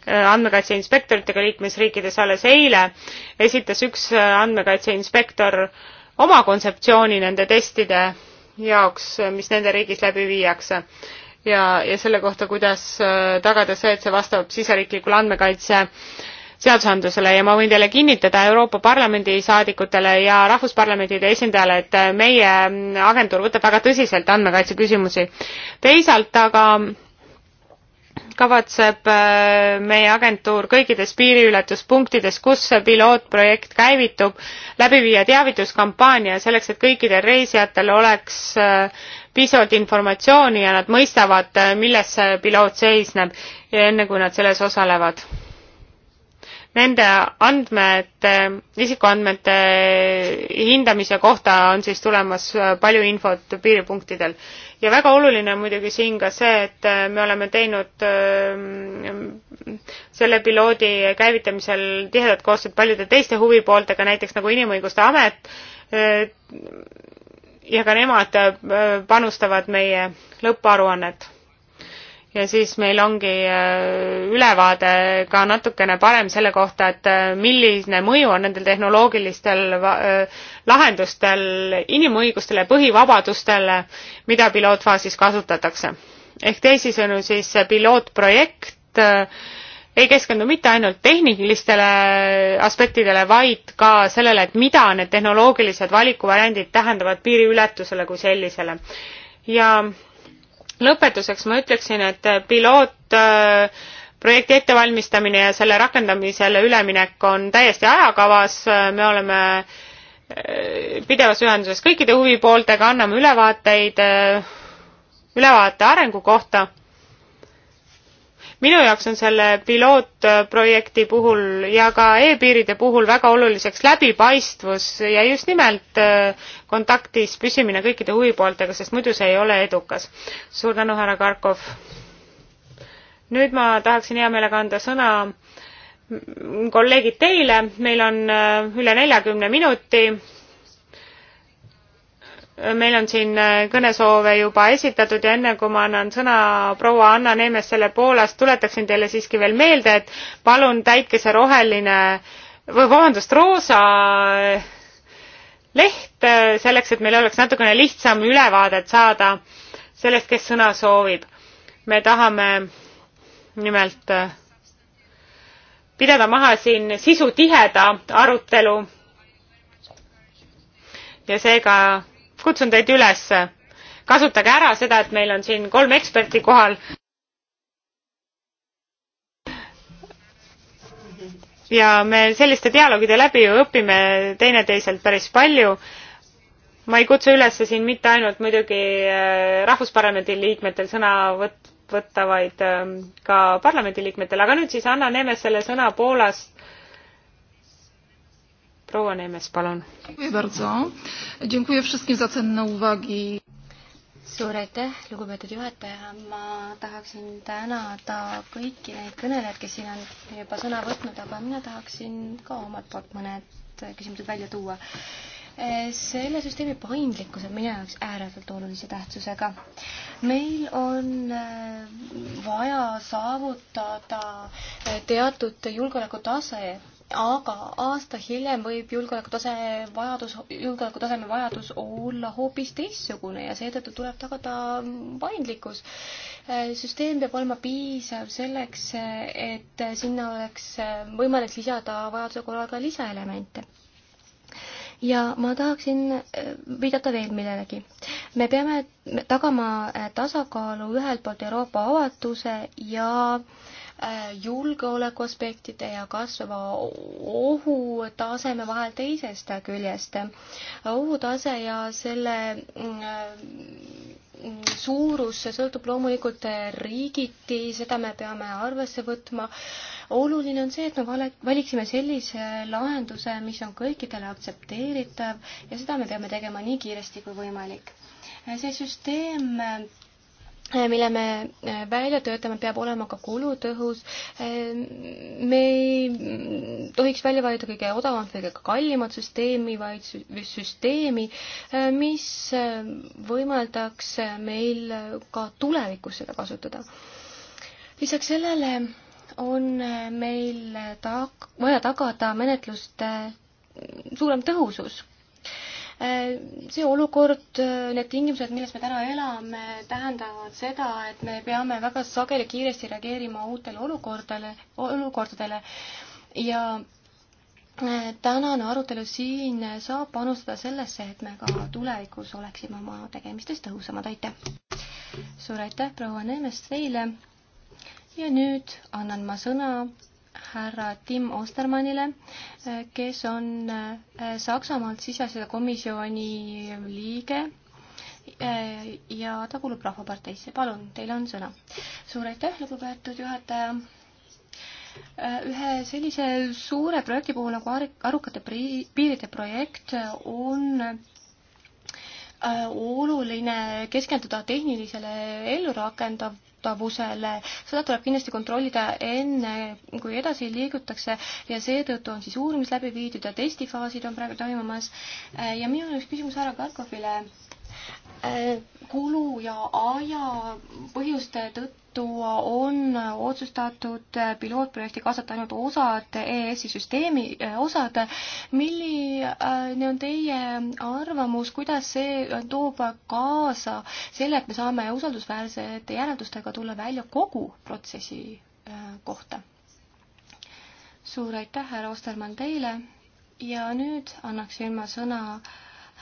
andmekaitse inspektoritega liikmesriikides, alles eile esitas üks andmekaitse inspektor oma kontseptsiooni nende testide jaoks, mis nende riigis läbi viiakse. ja, ja selle kohta, kuidas tagada see, et see vastab siseriiklikule andmekaitse äh, seadusandlusele ja ma võin teile kinnitada Euroopa Parlamendi saadikutele ja Rahvusparlamentide esindajale, et meie agentuur võtab väga tõsiselt andmekaitse küsimusi. teisalt aga kavatseb äh, meie agentuur kõikides piiriületuspunktides, kus see pilootprojekt käivitub, läbi viia teavituskampaania selleks, et kõikidel reisijatel oleks äh, piisavalt informatsiooni ja nad mõistavad, äh, milles see piloot seisneb ja enne, kui nad selles osalevad nende andmete, isikuandmete hindamise kohta on siis tulemas palju infot piiripunktidel. ja väga oluline on muidugi siin ka see, et me oleme teinud ähm, selle piloodi käivitamisel tihedat koostööd paljude teiste huvipooltega, näiteks nagu Inimõiguste Amet, äh, ja ka nemad äh, panustavad meie lõpparuannet ja siis meil ongi äh, ülevaade ka natukene parem selle kohta, et äh, milline mõju on nendel tehnoloogilistel äh, lahendustel inimõigustele, põhivabadustele, mida pilootfaasis kasutatakse. ehk teisisõnu siis pilootprojekt ei keskendu mitte ainult tehnilistele aspektidele, vaid ka sellele, et mida need tehnoloogilised valikuvariandid tähendavad piiriületusele kui sellisele. ja lõpetuseks ma ütleksin, et äh, pilootprojekti äh, ettevalmistamine ja selle rakendamisele üleminek on täiesti ajakavas, me oleme äh, pidevas ühenduses kõikide huvipooltega, anname ülevaateid, ülevaate arengu kohta minu jaoks on selle pilootprojekti puhul ja ka e-piiride puhul väga oluliseks läbipaistvus ja just nimelt äh, kontaktis püsimine kõikide huvipooltega, sest muidu see ei ole edukas. suur tänu, härra Karkov. nüüd ma tahaksin hea meelega anda sõna kolleegid teile, meil on äh, üle neljakümne minuti meil on siin äh, kõnesoove juba esitatud ja enne kui ma annan sõna proua Anna Neemessele Poolast, tuletaksin teile siiski veel meelde, et palun täitke see roheline või vabandust, roosa äh, leht äh, selleks, et meil oleks natukene lihtsam ülevaadet saada sellest, kes sõna soovib. me tahame nimelt pidada maha siin sisutiheda arutelu ja seega kutsun teid üles, kasutage ära seda, et meil on siin kolm eksperti kohal. ja me selliste dialoogide läbi ju õpime teineteiselt päris palju ma ei kutsu üles siin mitte ainult muidugi äh, Rahvusparlamendi liikmetel sõna võt-, võtta, vaid ähm, ka parlamendiliikmetel, aga nüüd siis Anna Neemesele sõna Poolast proua Nemes, palun. suur aitäh, lugupeetud juhataja, ma tahaksin tänada kõiki neid kõnelejaid, kes siin on juba sõna võtnud, aga mina tahaksin ka omalt poolt mõned küsimused välja tuua selle süsteemi paindlikkus on minu jaoks ääretult olulise tähtsusega. meil on vaja saavutada teatud julgeolekutase aga aasta hiljem võib julgeolekutase vajadus, julgeolekutaseme vajadus olla hoopis teistsugune ja seetõttu tuleb tagada paindlikkus. Eh, süsteem peab olema piisav selleks, et sinna oleks võimalik lisada vajaduse korral ka lisaelemente ja ma tahaksin eh, viidata veel millelegi. me peame tagama eh, tasakaalu ühelt poolt Euroopa avatuse ja äh, Äh, julgeolekuaspektide ja kasvava ohutaseme vahel teisest küljest. ohutase ja selle mm, äh, suurus sõltub loomulikult riigiti, seda me peame arvesse võtma. oluline on see, et me valiksime sellise lahenduse, mis on kõikidele aktsepteeritav ja seda me peame tegema nii kiiresti kui võimalik. see süsteem Äh, mille me äh, välja töötame, peab olema ka kulutõhus. Äh, me ei mm, tohiks välja valida kõige odavamat või kõige kallimat süsteemi, vaid süsteemi, mis võimaldaks meil ka tulevikus seda kasutada. lisaks sellele on meil tag-, vaja tagada menetluste mm, suurem tõhusus Äh, see olukord, äh, need tingimused, milles me täna elame, tähendavad seda, et me peame väga sageli kiiresti reageerima uutele olukordadele, olukordadele ja äh, tänane arutelu siin saab panustada sellesse, et me ka tulevikus oleksime oma tegemistes tõhusamad, aitäh! suur aitäh, proua Neemest teile ja nüüd annan ma sõna härra Tim Ostermannile, kes on äh, Saksamaalt siseasjade komisjoni liige äh, ja ta kuulub Rahvaparteisse. palun, teil on sõna. suur aitäh, lugupeetud juhataja. Äh, ühe sellise suure projekti puhul nagu Arukate piiride projekt on oluline keskenduda tehnilisele ellurakendab vastavusele, seda tuleb kindlasti kontrollida enne, kui edasi liigutakse ja seetõttu on siis uurimis läbi viidud ja testifaasid on praegu toimumas. ja minul on üks küsimus härra Karkovile Äh, kulu ja aja põhjuste tõttu on otsustatud äh, pilootprojekti kaasata ainult osad EAS-i süsteemi äh, osad. milline on teie arvamus, kuidas see toob kaasa selle, et me saame usaldusväärsete järeldustega tulla välja kogu protsessi kohta? suur aitäh, härra Ostermann, teile ja nüüd annaksin ma sõna äh,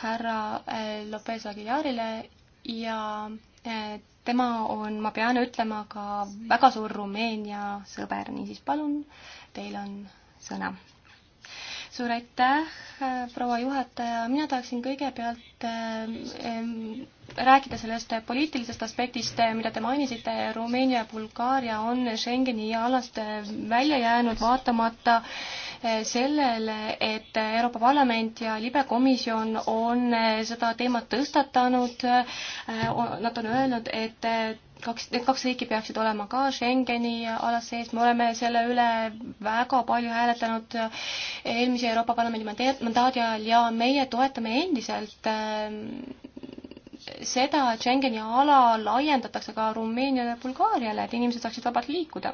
härra äh, Lopez Aguilarile ja äh, tema on, ma pean ütlema, ka väga suur Rumeenia sõber, niisiis palun, teil on sõna. suur aitäh, äh, proua juhataja, mina tahaksin kõigepealt rääkida sellest poliitilisest aspektist, mida te mainisite, Rumeenia ja Bulgaaria on Schengeni alast välja jäänud, vaatamata äh, Eh, sellele, et Euroopa Parlament ja libekomisjon on eh, seda teemat tõstatanud. Eh, nad on öelnud, et kaks, need kaks riiki peaksid olema ka Schengeni ala sees, me oleme selle üle väga palju hääletanud eelmise Euroopa Parlamendi mandaadi ajal ja meie toetame endiselt seda, et Schengeni ala laiendatakse ka Rumeeniale ja Bulgaariale, et inimesed saaksid vabalt liikuda.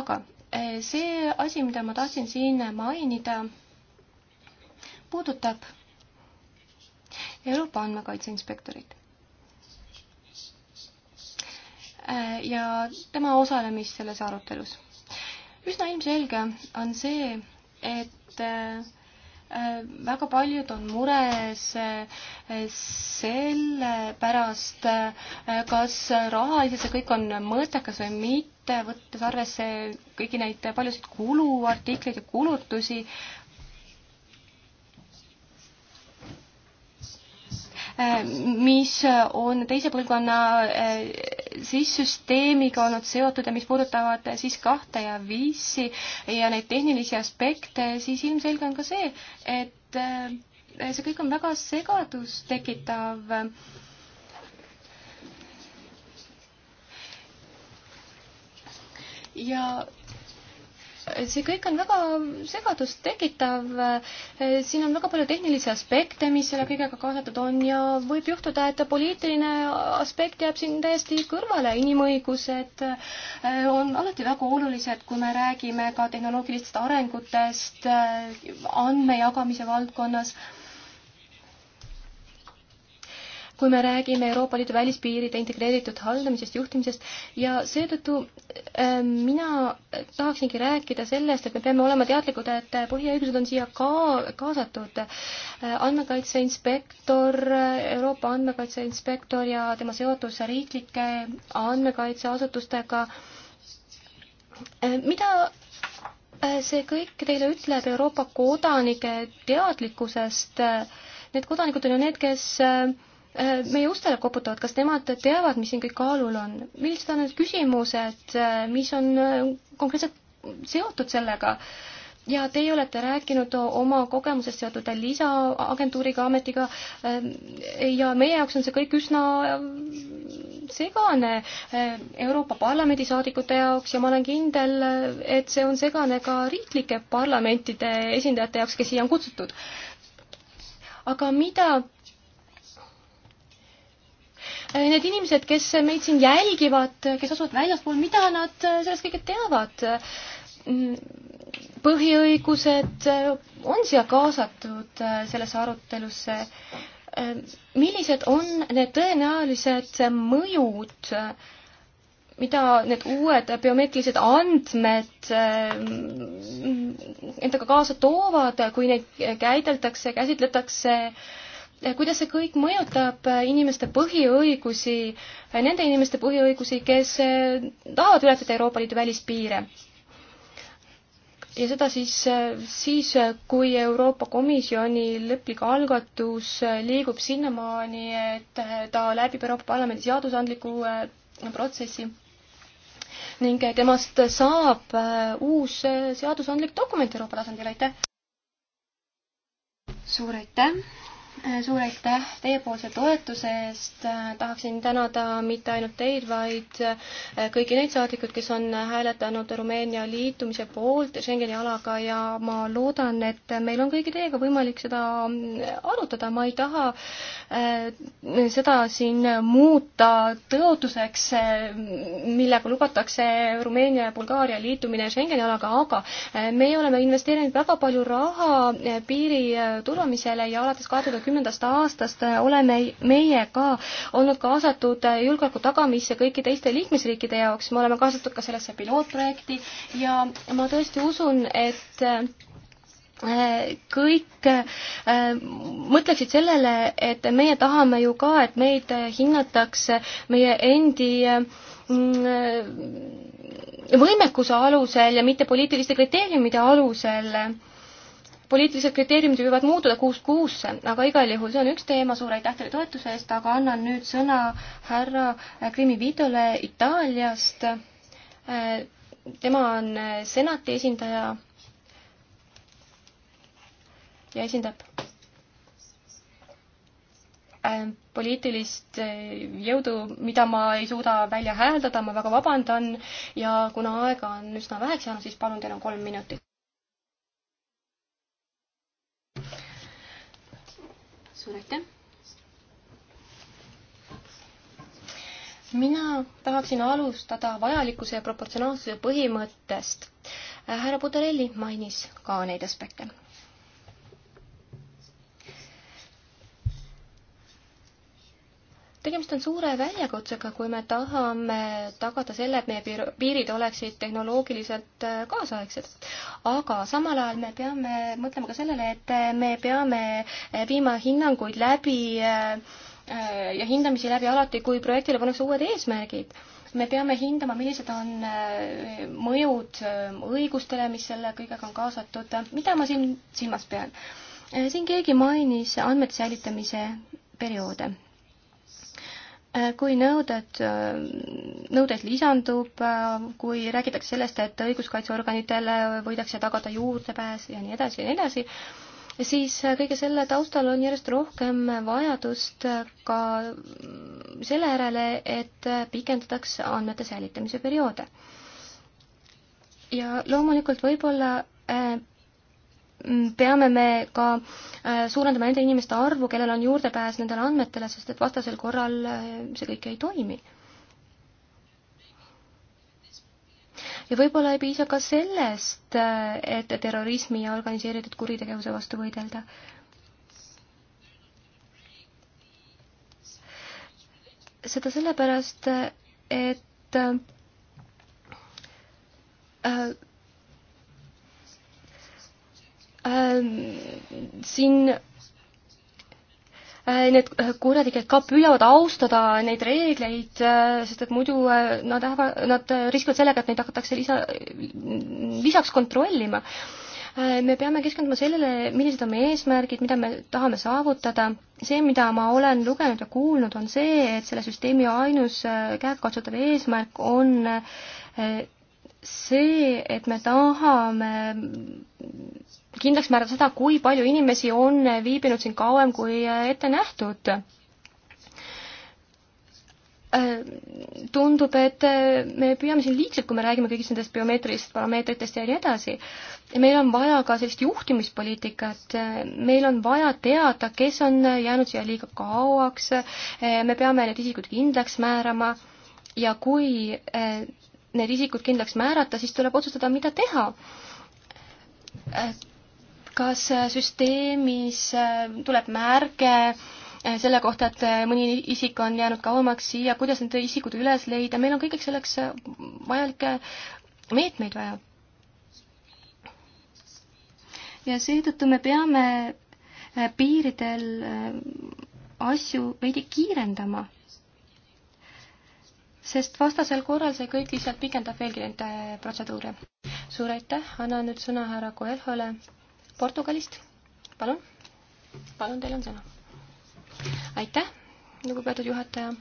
aga Eh, see asi, mida ma tahtsin siin mainida, puudutab Euroopa Andmekaitse Inspektorit. Eh, ja tema osalemist selles arutelus. üsna ilmselge on see, et eh, väga paljud on mures selle pärast, kas rahaliselt see kõik on mõttekas või mitte, et võttes arvesse kõiki neid paljusid kuluartikleid ja kulutusi, äh, mis on teise põlvkonna äh, siis süsteemiga olnud seotud ja mis puudutavad siis kahte ja viisi ja neid tehnilisi aspekte, siis ilmselge on ka see, et äh, see kõik on väga segadust tekitav ja see kõik on väga segadust tekitav. siin on väga palju tehnilisi aspekte, mis selle kõigega kaasatud on ja võib juhtuda, et poliitiline aspekt jääb siin täiesti kõrvale. inimõigused äh, on alati väga olulised, kui me räägime ka tehnoloogilistest arengutest äh, andmejagamise valdkonnas kui me räägime Euroopa Liidu välispiiride integreeritud haldamisest, juhtimisest ja seetõttu ähm, mina tahaksingi rääkida sellest, et me peame olema teadlikud, et põhiõigused on siia ka kaasatud. Äh, andmekaitse inspektor, Euroopa andmekaitse inspektor ja tema seotus riiklike andmekaitseasutustega. Äh, mida äh, see kõik teile ütleb Euroopa kodanike teadlikkusest? Need kodanikud on ju need, kes Äh, meie ustele koputavad, kas nemad teavad, mis siin kõik kaalul on, millised on need küsimused, äh, mis on äh, konkreetselt seotud sellega ja teie olete rääkinud oma kogemusest seotud lisaagentuuriga, ametiga ja meie jaoks on see kõik üsna segane Euroopa Parlamendi saadikute jaoks ja ma olen kindel, et see on segane ka riiklike parlamentide esindajate jaoks, kes siia on kutsutud. aga mida Äh, need inimesed, kes meid siin jälgivad, äh, kes asuvad väljaspool, mida nad äh, sellest kõike teavad? Mm, põhiõigused on siia kaasatud sellesse arutelusse. millised on need tõenäolised mõjud, mida need uued biomeetrilised andmed mm, endaga kaasa toovad, kui neid käideldakse, käsitletakse äh, Eh, kuidas see kõik mõjutab eh, inimeste põhiõigusi, eh, nende inimeste põhiõigusi, kes tahavad ületada Euroopa Liidu välispiire? ja seda siis, siis kui Euroopa Komisjoni lõplik algatus liigub sinnamaani, et ta läbib Euroopa Parlamendi seadusandliku protsessi ning temast saab uus seadusandlik dokument Euroopa tasandil, aitäh! suur aitäh, Eh, suur aitäh teiepoolse toetuse eest. Eh, tahaksin tänada mitte ainult teid, vaid eh, kõiki neid saadikud, kes on hääletanud Rumeenia liitumise poolt Schengeni alaga ja ma loodan, et meil on kõigi teiega võimalik seda mm, arutada. ma ei taha seda siin muuta tõotuseks, millega lubatakse Rumeenia ja Bulgaaria liitumine Schengeni alaga, aga meie oleme investeerinud väga palju raha piiri turvamisele ja alates kahe tuhande kümnendast aastast äh, oleme meie ka olnud kaasatud äh, julgeoleku tagamisse kõigi teiste liikmesriikide jaoks, me oleme kaasatud ka sellesse pilootprojekti ja ma tõesti usun, et äh, kõik mõtleksid sellele, et meie tahame ju ka, et meid hinnatakse meie endi mm, võimekuse alusel ja mitte poliitiliste kriteeriumide alusel poliitilised kriteeriumid võivad muutuda kuust kuusse, aga igal juhul see on üks teema, suur aitäh teile toetuse eest, aga annan nüüd sõna härra Grimividole Itaaliast. Äh, tema on äh, senati esindaja ja esindab äh, poliitilist jõudu, mida ma ei suuda välja hääldada, ma väga vabandan ja kuna aega on üsna väheks jäänud, siis palun, teil on kolm minutit. suur aitäh! mina tahaksin alustada vajalikkuse ja proportsionaalsuse põhimõttest. härra Puderelli mainis ka neid aspekte tegemist on suure väljakutsega, kui me tahame tagada selle, et meie piirid oleksid tehnoloogiliselt äh, kaasaegsed. aga samal ajal me peame mõtlema ka sellele, et me peame äh, viima hinnanguid läbi äh, ja hindamisi läbi alati, kui projektile pannakse uued eesmärgid me peame hindama, millised on mõjud õigustele, mis selle kõigega on kaasatud. mida ma siin silmas pean? siin keegi mainis andmete säilitamise perioode Äh, kui nõuded, äh, nõudeid lisandub, äh, kui räägitakse sellest, et õiguskaitseorganitele võidakse tagada juurdepääs ja nii edasi ja nii edasi, siis kõige selle taustal on järjest rohkem vajadust ka selle järele, et pikendatakse andmete säilitamise perioode. ja loomulikult võib-olla Mm, peame me ka äh, suurendama nende inimeste arvu, kellel on juurdepääs nendele andmetele, sest et vastasel korral äh, see kõik ei toimi. ja võib-olla ei piisa ka sellest, äh, et terrorismi ja organiseeritud kuritegevuse vastu võidelda seda sellepärast, et Ähm, siin äh, need äh, kurjategi ka püüavad austada neid reegleid, äh, sest et muidu nad ähva-, nad riskivad sellega, et neid hakatakse lisa, lisaks kontrollima. me peame keskenduma sellele, millised on meie eesmärgid, mida me tahame saavutada. see, mida ma olen lugenud ja kuulnud, on see, et selle süsteemi ainus käegakatsutav eesmärk on see, et me tahame kindlaks määrata seda, kui palju inimesi on viibinud siin kauem kui ette nähtud. Äh, tundub, et äh, me püüame siin liigselt, kui me räägime kõigist nendest biomeetrilistest parameetritest ja nii edasi. meil on vaja ka sellist juhtimispoliitikat, äh, meil on vaja teada, kes on jäänud siia liiga kauaks, me peame need isikud kindlaks määrama ja kui need isikud kindlaks määrata, siis tuleb otsustada, mida teha kas äh, süsteemis äh, tuleb märge äh, selle kohta, et mõni isik on jäänud kauemaks siia, kuidas need isikud üles leida, meil on kõigeks selleks vajalikke meetmeid vaja. ja seetõttu me peame piiridel asju veidi kiirendama. sest vastasel korral see kõik lihtsalt pikendab veelgi nende protseduure. suur aitäh, annan nüüd sõna härra Koelhole. Portugalist, palun, palun, teil on sõna. aitäh, lugupeetud juhataja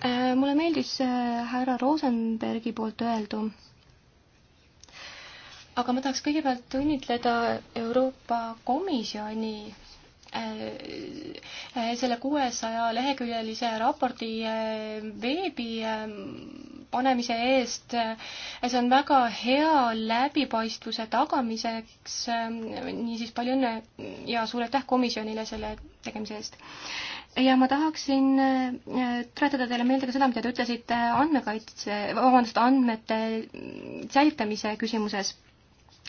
äh, mulle meeldis äh, härra Rosenbergi poolt öeldu. aga ma tahaks kõigepealt õnnitleda Euroopa Komisjoni Äh, äh, selle kuuesaja leheküljelise raporti äh, veebi panemise eest. see on väga hea läbipaistvuse tagamiseks. niisiis palju õnne ja suur aitäh komisjonile selle tegemise eest ja ma tahaksin tuletada teile meelde ka seda, mida te ütlesite andmekaitse, vabandust, andmete säilitamise küsimuses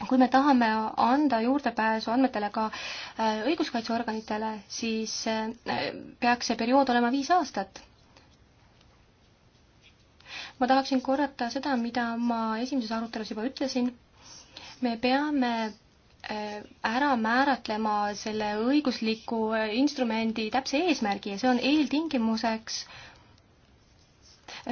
kui me tahame anda juurdepääsu andmetele ka äh, õiguskaitseorganitele, siis äh, peaks see periood olema viis aastat. ma tahaksin korrata seda, mida ma esimeses arutelus juba ütlesin. me peame äh, ära määratlema selle õigusliku instrumendi täpse eesmärgi ja see on eeltingimuseks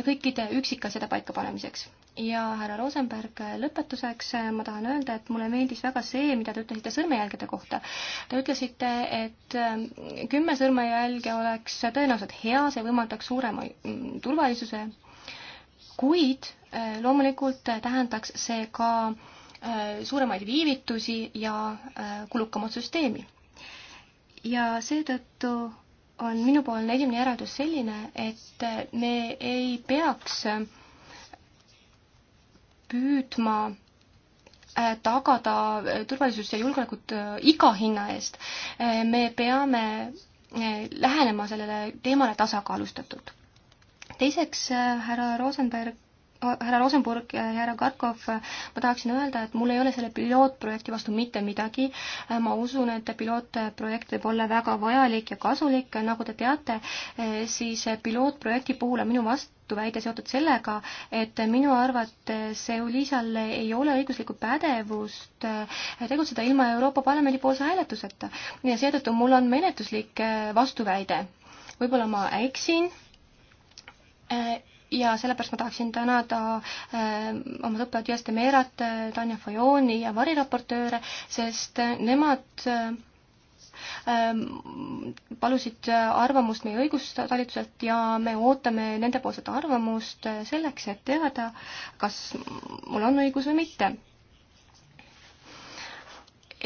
kõikide üksikasjade paikapanemiseks ja härra Rosenberg, lõpetuseks äh, ma tahan öelda, et mulle meeldis väga see, mida te ütlesite sõrmejälgede kohta. Te ütlesite, et äh, kümme sõrmejälge oleks tõenäoliselt hea, see võimaldaks suurema mm, turvalisuse, kuid äh, loomulikult tähendaks see ka suuremaid viivitusi ja kulukamat süsteemi. ja seetõttu on minupoolne esimene järeldus selline, et me ei peaks äh, püüdma äh, tagada äh, turvalisust ja julgeolekut äh, iga hinna eest, me peame lähenema sellele teemale tasakaalustatult. teiseks, härra Rosenberg, härra Rosenburg ja härra Karkov, ma tahaksin öelda, et mul ei ole selle pilootprojekti vastu mitte midagi. ma usun, et pilootprojekt võib olla väga vajalik ja kasulik, nagu te teate, siis pilootprojekti puhul on minu vast-, vastuväide seotud sellega, et minu arvates Eulisal ei ole õiguslikku pädevust eh, tegutseda ilma Euroopa Parlamendi poolse hääletuseta ja seetõttu mul on menetluslik eh, vastuväide. võib-olla ma eksin eh, ja sellepärast ma tahaksin tänada äh, oma sõpra Dias de Merat, Tanja Fajoni ja variraportööre, sest nemad äh, Ehm, palusid äh, arvamust meie õigustalituselt ja me ootame nendepoolset arvamust äh, selleks, et teada, kas mul on õigus või mitte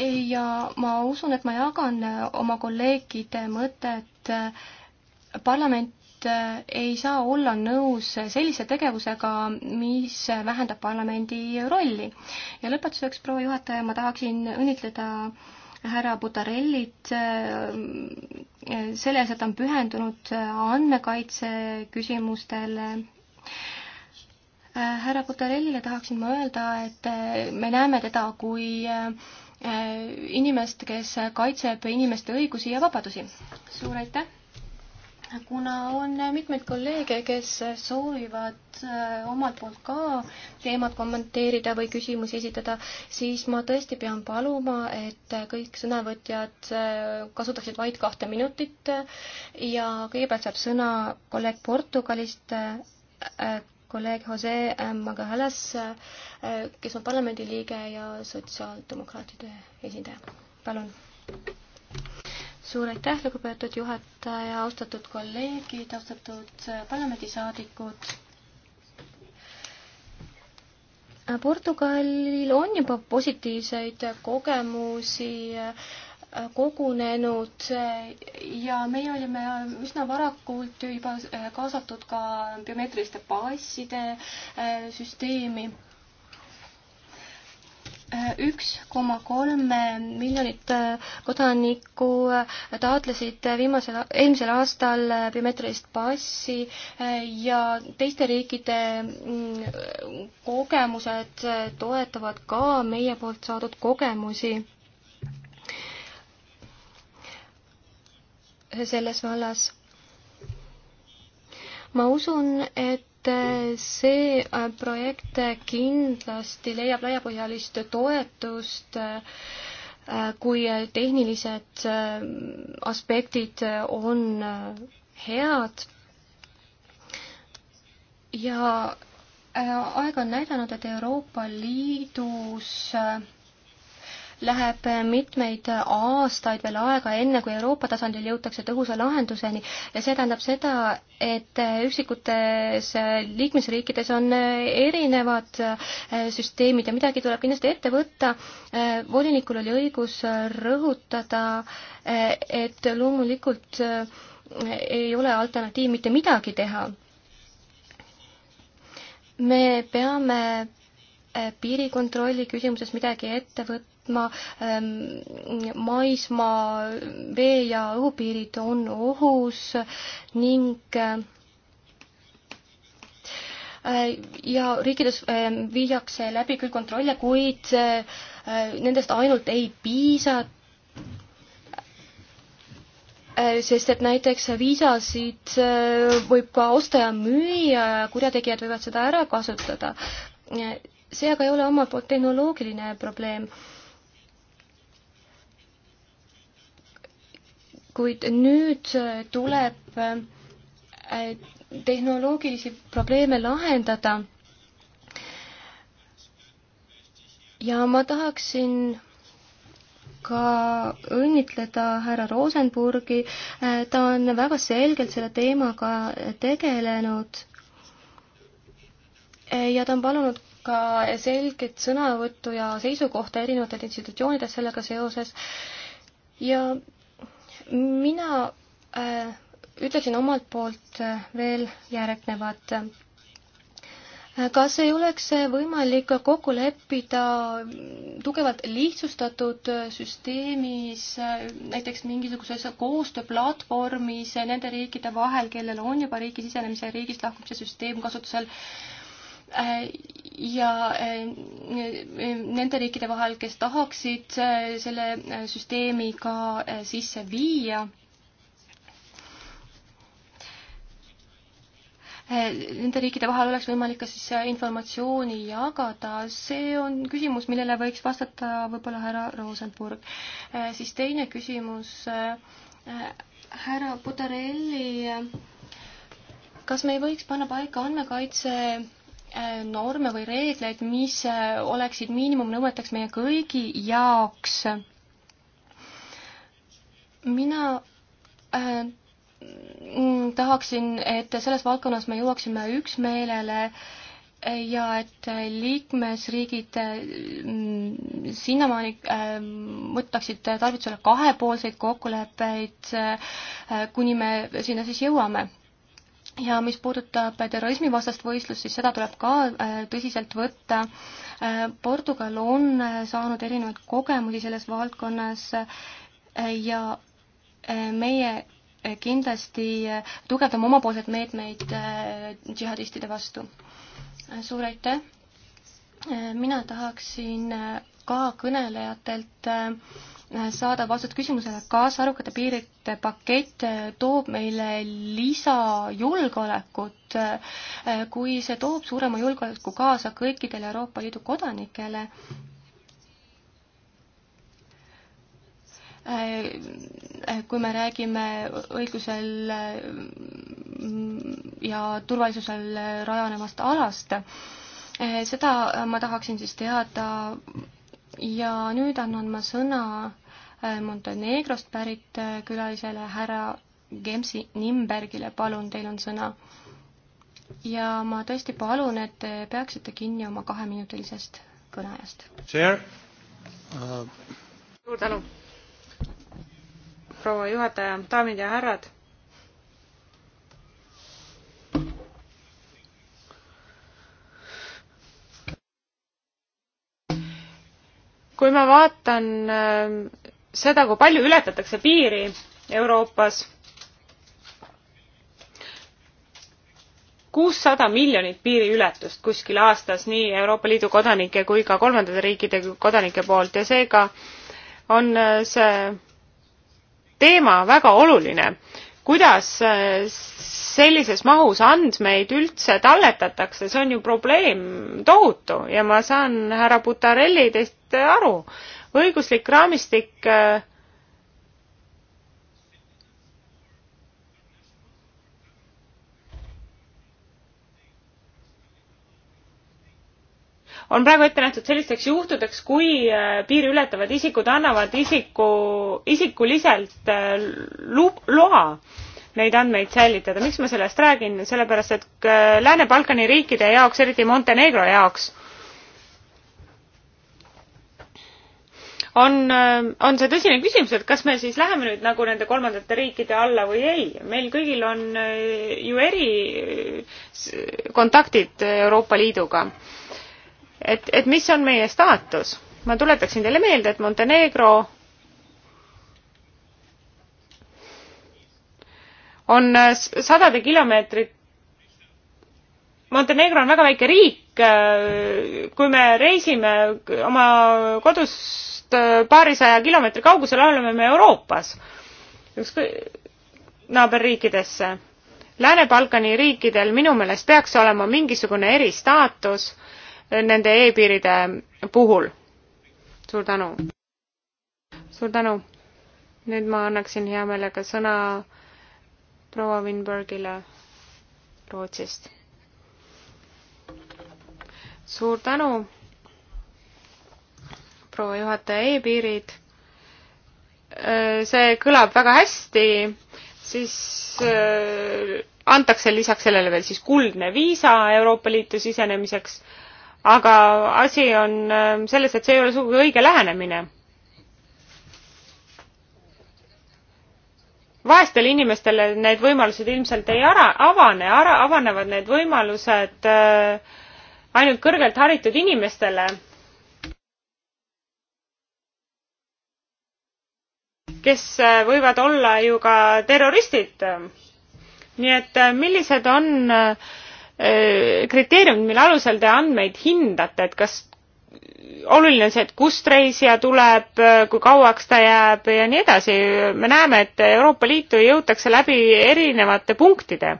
ja ma usun, et ma jagan äh, oma kolleegide mõtet, parlament ei saa olla nõus sellise tegevusega, mis vähendab parlamendi rolli. ja lõpetuseks, proua juhataja, ma tahaksin õnnitleda äh, härra Butarellit äh, selles, et ta on pühendunud äh, andmekaitse küsimustele. Äh, härra Butarellile tahaksin ma öelda, et me näeme teda kui inimest, kes kaitseb inimeste õigusi ja vabadusi. suur aitäh! kuna on mitmeid kolleege, kes soovivad äh, omalt poolt ka teemat kommenteerida või küsimusi esitada, siis ma tõesti pean paluma, et kõik sõnavõtjad äh, kasutaksid vaid kahte minutit ja kõigepealt saab sõna kolleeg Portugalist, äh, kolleeg Jose Magahalas, kes on parlamendiliige ja sotsiaaldemokraatide esindaja. palun suur aitäh, lugupeetud juhataja, austatud kolleegid, austatud parlamendisaadikud. Portugalil on juba positiivseid kogemusi kogunenud ja meie olime üsna varakult juba kaasatud ka biomeetriliste passide süsteemi üks koma kolm miljonit äh, kodanikku äh, taotlesid viimasel, eelmisel aastal äh, biomeetrilist passi ja teiste riikide mm, kogemused toetavad ka meie poolt saadud kogemusi selles vallas ma usun, et see äh, projekt kindlasti leiab laiapõhjalist toetust, äh, kui tehnilised äh, aspektid on head. ja aeg on näidanud, et Euroopa Liidus läheb mitmeid aastaid veel aega, enne kui Euroopa tasandil jõutakse tõhusa lahenduseni ja see tähendab seda, et üksikutes liikmesriikides on erinevad süsteemid ja midagi tuleb kindlasti ette võtta. volinikul oli õigus rõhutada, et loomulikult ei ole alternatiiv mitte midagi teha. me peame piirikontrolli küsimuses midagi ette võtma võtma. Ähm, maismaa, vee ja õhupiirid on ohus ning ähm, äh, ja riikides ähm, viiakse läbi küll kontrolle, kuid äh, nendest ainult ei piisa äh, sest et näiteks viisasid võib ka osta ja müüa ja kurjategijad võivad seda ära kasutada. see aga ei ole omalt poolt tehnoloogiline probleem kuid nüüd äh, tuleb äh, tehnoloogilisi probleeme lahendada. ja ma tahaksin ka õnnitleda härra Rosenburgi, äh, ta on väga selgelt selle teemaga tegelenud ja ta on palunud ka selget sõnavõttu ja seisukohta erinevatelt institutsioonidelt sellega seoses ja mina äh, ütleksin omalt poolt äh, veel järgnevat. Äh, kas ei oleks äh, võimalik kokku leppida tugevalt lihtsustatud süsteemis, näiteks mingisuguses koostööplatvormis nende riikide vahel, kellel on juba riiki sisenemise ja riigist lahkumise süsteem kasutusel äh,, Äh, ja äh, nende riikide vahel, kes tahaksid äh, selle süsteemi ka sisse viia nende riikide vahel oleks võimalik ka siis informatsiooni jagada, see on küsimus, millele võiks vastata võib-olla härra Rosenburg. siis teine küsimus, härra Budarelli, kas me ei võiks panna paika andmekaitse Äh, norme või reegleid, mis äh, oleksid miinimumnõueteks meie kõigi jaoks. mina äh, mm, tahaksin, et selles valdkonnas me jõuaksime üksmeelele ja et liikmesriigid äh, mm, sinnamaani võtaksid tarvitusele kahepoolseid kokkuleppeid, kuni me sinna siis jõuame ja mis puudutab terrorismivastast võistlust, siis seda tuleb ka äh, tõsiselt võtta. Äh, Portugal on äh, saanud erinevaid kogemusi selles valdkonnas ja meie kindlasti tugevdame omapoolseid meetmeid džihadistide vastu. suur aitäh! mina tahaksin ka kõnelejatelt saadab vastus küsimusele, kas arukate piiride pakett toob meile lisajulgeolekut, kui see toob suurema julgeoleku kaasa kõikidele Euroopa Liidu kodanikele, kui me räägime õigusel ja turvalisusel rajanevast alast, seda ma tahaksin siis teada ja nüüd annan ma sõna Äh, Montenegrost pärit äh, külalisele, härra Gemsi Nimbergile, palun, teil on sõna. ja ma tõesti palun, et te peaksite kinni oma kaheminutilisest kõneajast. Äh. suur tänu, proua juhataja, daamid ja härrad kui ma vaatan seda, kui palju ületatakse piiri Euroopas. kuussada miljonit piiriületust kuskil aastas nii Euroopa Liidu kodanike kui ka kolmandate riikide kodanike poolt ja seega on äh, see teema väga oluline, kuidas äh, sellises mahus andmeid üldse talletatakse, see on ju probleem tohutu ja ma saan, härra Butarelli, teist aru õiguslik raamistik äh, on praegu ette nähtud sellisteks juhtudeks, kui äh, piiri ületavad isikud annavad isiku, isikuliselt äh, lub, loa neid andmeid säilitada. miks ma sellest räägin? sellepärast, et Lääne-Balkani riikide jaoks, eriti Montenegro jaoks, on, on see tõsine küsimus, et kas me siis läheme nüüd nagu nende kolmandate riikide alla või ei. meil kõigil on eh, ju eri eh, kontaktid Euroopa Liiduga. et, et mis on meie staatus? ma tuletaksin teile meelde, et Montenegro on eh, sadade kilomeetrit Montenegro on väga väike riik, kui me reisime oma kodus minust äh, paarisaja kilomeetri kaugusel oleme me Euroopas, ükskõi naaberriikidesse. Lääne-Balkani riikidel minu meelest peaks olema mingisugune eristaatus äh, nende e-piiride puhul. suur tänu. suur tänu. nüüd ma annaksin hea meelega sõna proua Winbergile Rootsist. suur tänu proua juhataja e, e-piirid. Äh, see kõlab väga hästi, siis äh, antakse lisaks sellele veel siis kuldne viisa Euroopa Liitu sisenemiseks, aga asi on äh, selles, et see ei ole sugugi õige lähenemine vaestele inimestele need võimalused ilmselt ei ara, avane, avanevad need võimalused äh, ainult kõrgelt haritud inimestele kes äh, võivad olla ju ka terroristid. nii et äh, millised on äh, kriteeriumid, mille alusel te andmeid hindate, et kas oluline on see, et kust reisija tuleb, kui kauaks ta jääb ja nii edasi. me näeme, et Euroopa Liitu jõutakse läbi erinevate punktide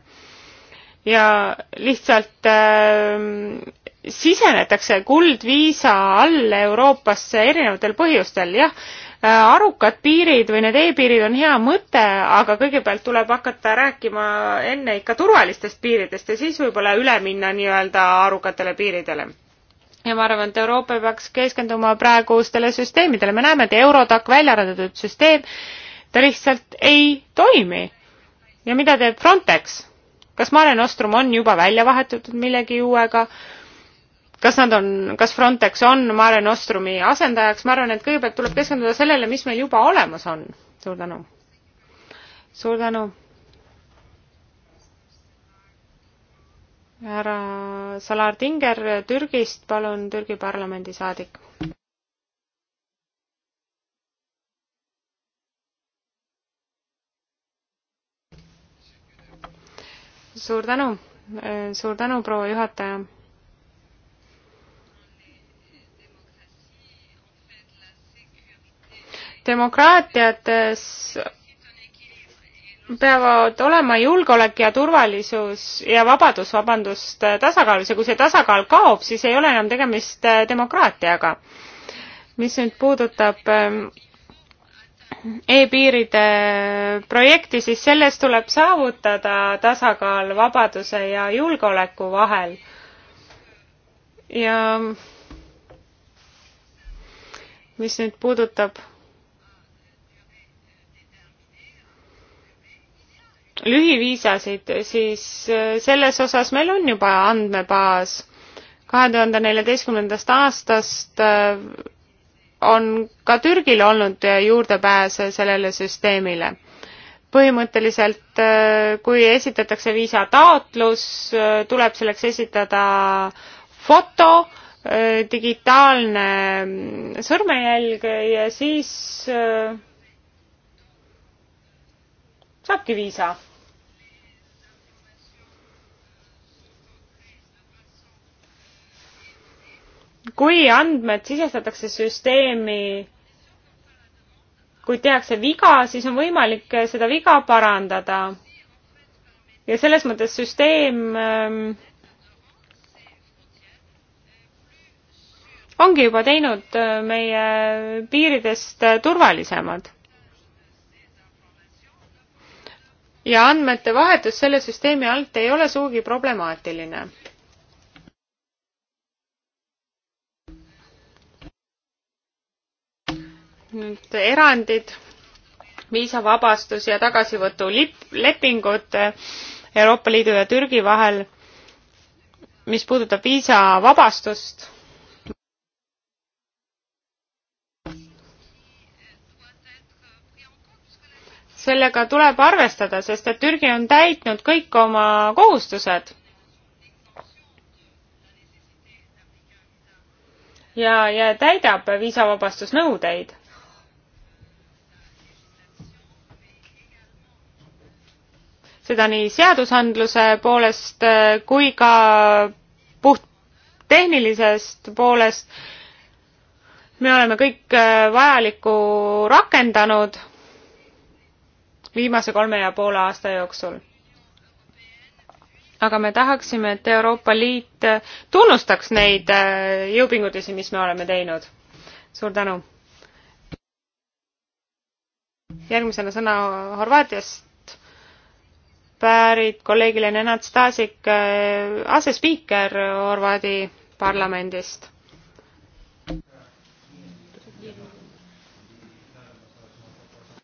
ja lihtsalt äh, sisenetakse kuldviisa all Euroopasse erinevatel põhjustel, jah Äh, arukad piirid või need e-piirid on hea mõte, aga kõigepealt tuleb hakata rääkima enne ikka turvalistest piiridest ja siis võib-olla üle minna nii-öelda arukatele piiridele ja ma arvan, et Euroopa peaks keskenduma praegustele süsteemidele, me näeme, et Eurotac välja arendatud süsteem, ta lihtsalt ei toimi. ja mida teeb Frontex? kas Mare Nostrum on juba välja vahetatud millegi uuega äh,? kas nad on, kas Frontex on Mare Nostrumi asendajaks, ma arvan, et kõigepealt tuleb keskenduda sellele, mis meil juba olemas on. suur tänu. suur tänu. härra Salar Tinger Türgist, palun, Türgi parlamendi saadik. suur tänu, suur tänu, proua juhataja demokraatiates peavad olema julgeolek ja turvalisus ja vabadus, vabandust, tasakaalus ja kui see tasakaal kaob, siis ei ole enam tegemist äh, demokraatiaga. mis nüüd puudutab ähm, e-piiride projekti, siis selles tuleb saavutada tasakaal vabaduse ja julgeoleku vahel. ja mis nüüd puudutab lühiviisasid, siis äh, selles osas meil on juba andmebaas. kahe tuhande neljateistkümnendast aastast äh, on ka Türgil olnud äh, juurdepääs sellele süsteemile. põhimõtteliselt, kui esitatakse viisataotlus, tuleb selleks esitada foto, digitaalne mm, sõrmejälg ja siis saabki viisa kui andmed sisestatakse süsteemi, kui tehakse viga, siis on võimalik seda viga parandada. ja selles mõttes süsteem ähm, ongi juba teinud äh, meie piiridest äh, turvalisemad. ja andmete vahetus selle süsteemi alt ei ole sugugi problemaatiline nüüd erandid, viisavabastus ja tagasivõtu lip-, lepingud Euroopa Liidu ja Türgi vahel, mis puudutab viisavabastust. sellega tuleb arvestada, sest et Türgi on täitnud kõik oma kohustused ja, ja täidab viisavabastusnõudeid. seda nii seadusandluse poolest äh, kui ka puhttehnilisest poolest. me oleme kõik äh, vajalikku rakendanud viimase kolme ja poole aasta jooksul. aga me tahaksime, et Euroopa Liit äh, tunnustaks neid jõupingutusi, mis me oleme teinud. suur tänu! järgmisena sõna Horvaatiast pärit kolleegile Nenad Stasik, äh, asespiiker Horvaadi parlamendist.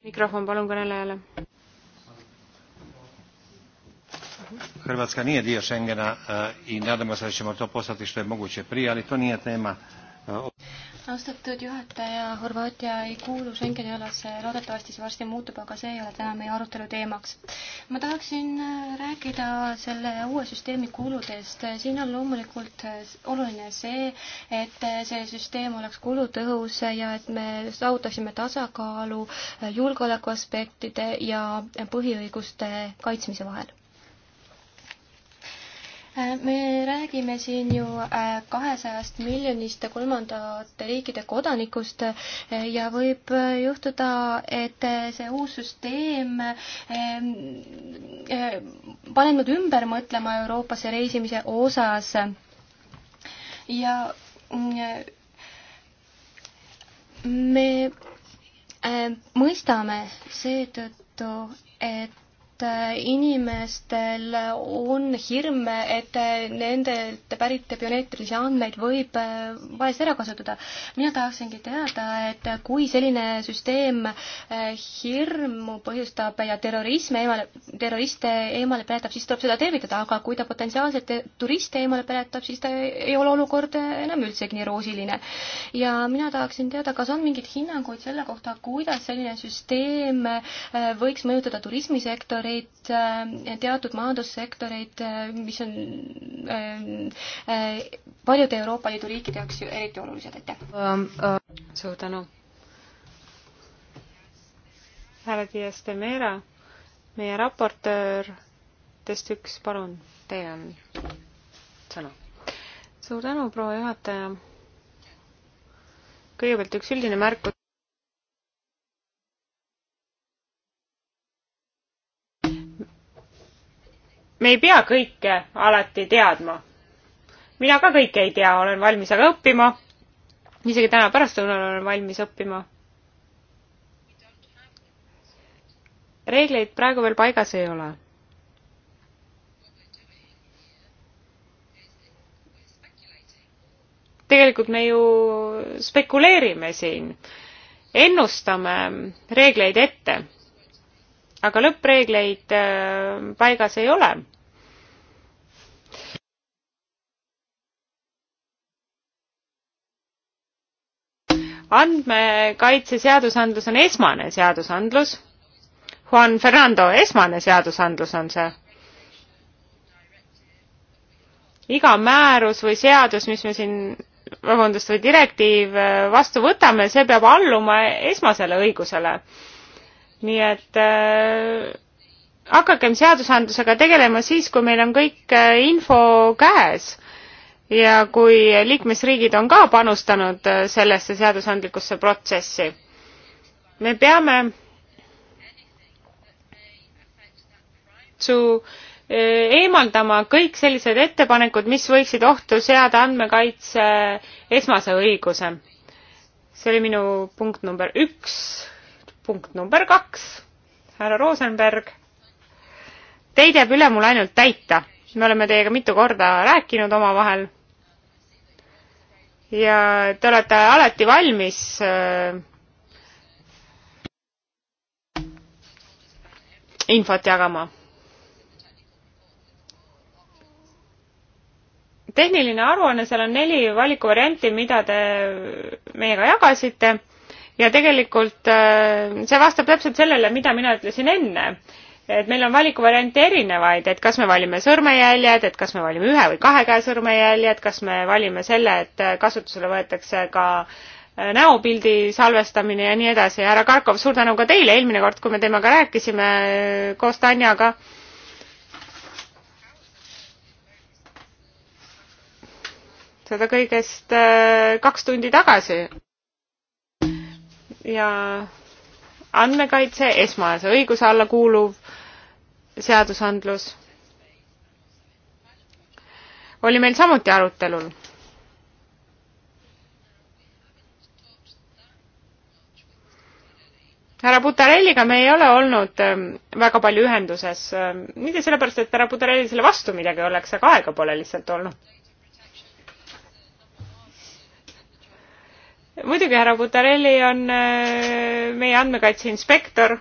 mikrofon palun kõnelejale. Hrvatska nije dio Schengena e, i nadamo se da ćemo to postati što je moguće prije, ali to nije tema austatud juhataja, Horvaatia ei kuulu Schengeni alasse, loodetavasti see varsti muutub, aga see ei ole täna meie arutelu teemaks. ma tahaksin äh, rääkida selle uue süsteemi kuludest. siin on loomulikult äh, oluline see, et äh, see süsteem oleks kulutõhus ja et me saavutaksime tasakaalu julgeolekuaspektide ja põhiõiguste kaitsmise vahel me räägime siin ju äh, kahesajast miljonist kolmandate riikide kodanikust äh, ja võib äh, juhtuda, et see uus süsteem ähm, paneb nad ümber mõtlema Euroopasse reisimise osas. ja mm, me mõistame seetõttu, et Äh, inimestel on hirm, et äh, nendelt pärit bioneetrilisi andmeid võib äh, valesti ära kasutada. mina tahaksingi teada, et kui selline süsteem hirmu põhjustab ja terrorismi eemale, terroriste eemale peletab, siis tuleb seda tervitada, aga kui ta potentsiaalselt turiste eemale peletab, siis ta ei ole olukord enam üldsegi nii roosiline. ja mina tahaksin teada, kas on mingeid hinnanguid selle kohta, kuidas selline süsteem võiks mõjutada turismisektorit, sektoreid, äh, teatud majandussektoreid, äh, mis on äh, paljude Euroopa Liidu riikide jaoks ju eriti olulised, aitäh! Um, uh, suur tänu! härra Dias de Meera, meie raportöör, test üks, palun, teil on sõna. suur tänu, proua juhataja! kõigepealt üks üldine märkus. me ei pea kõike alati teadma. mina ka kõike ei tea, olen valmis aga õppima. isegi täna pärastlõunal olen valmis õppima. reegleid praegu veel paigas ei ole tegelikult me ju spekuleerime siin, ennustame reegleid ette aga lõppreegleid äh, paigas ei ole. andmekaitse seadusandlus on esmane seadusandlus. Juan Fernando, esmane seadusandlus on see iga määrus või seadus, mis me siin, vabandust, või direktiiv äh, vastu võtame, see peab alluma esmasele õigusele nii et äh, hakakem seadusandlusega tegelema siis, kui meil on kõik äh, info käes ja kui liikmesriigid on ka panustanud äh, sellesse seadusandlikusse protsessi. me peame su äh, eemaldama kõik sellised ettepanekud, mis võiksid ohtu seada andmekaitse esmase õiguse. see oli minu punkt number üks punkt number kaks, härra Rosenberg. Teid jääb üle mul ainult täita, me oleme teiega mitu korda rääkinud omavahel. ja te olete alati valmis äh, infot jagama. tehniline aruanne, seal on neli valikuvarianti, mida te meiega jagasite ja tegelikult äh, see vastab täpselt sellele, mida mina ütlesin enne et meil on valikuvariante erinevaid, et kas me valime sõrmejäljed, et kas me valime ühe või kahe käe sõrmejäljed, kas me valime selle, et äh, kasutusele võetakse ka äh, näopildi salvestamine ja nii edasi. härra Karkov, suur tänu ka teile, eelmine kord, kui me temaga rääkisime koos Tanjaga. seda kõigest kaks tundi tagasi ja andmekaitse esmase õiguse alla kuuluv seadusandlus oli meil samuti arutelul. härra Butarelliga me ei ole olnud ähm, väga palju ühenduses, ähm, mitte sellepärast, et härra Butarelli selle vastu midagi oleks, aga aega pole lihtsalt olnud muidugi, härra Butarelli on äh, meie andmekaitse inspektor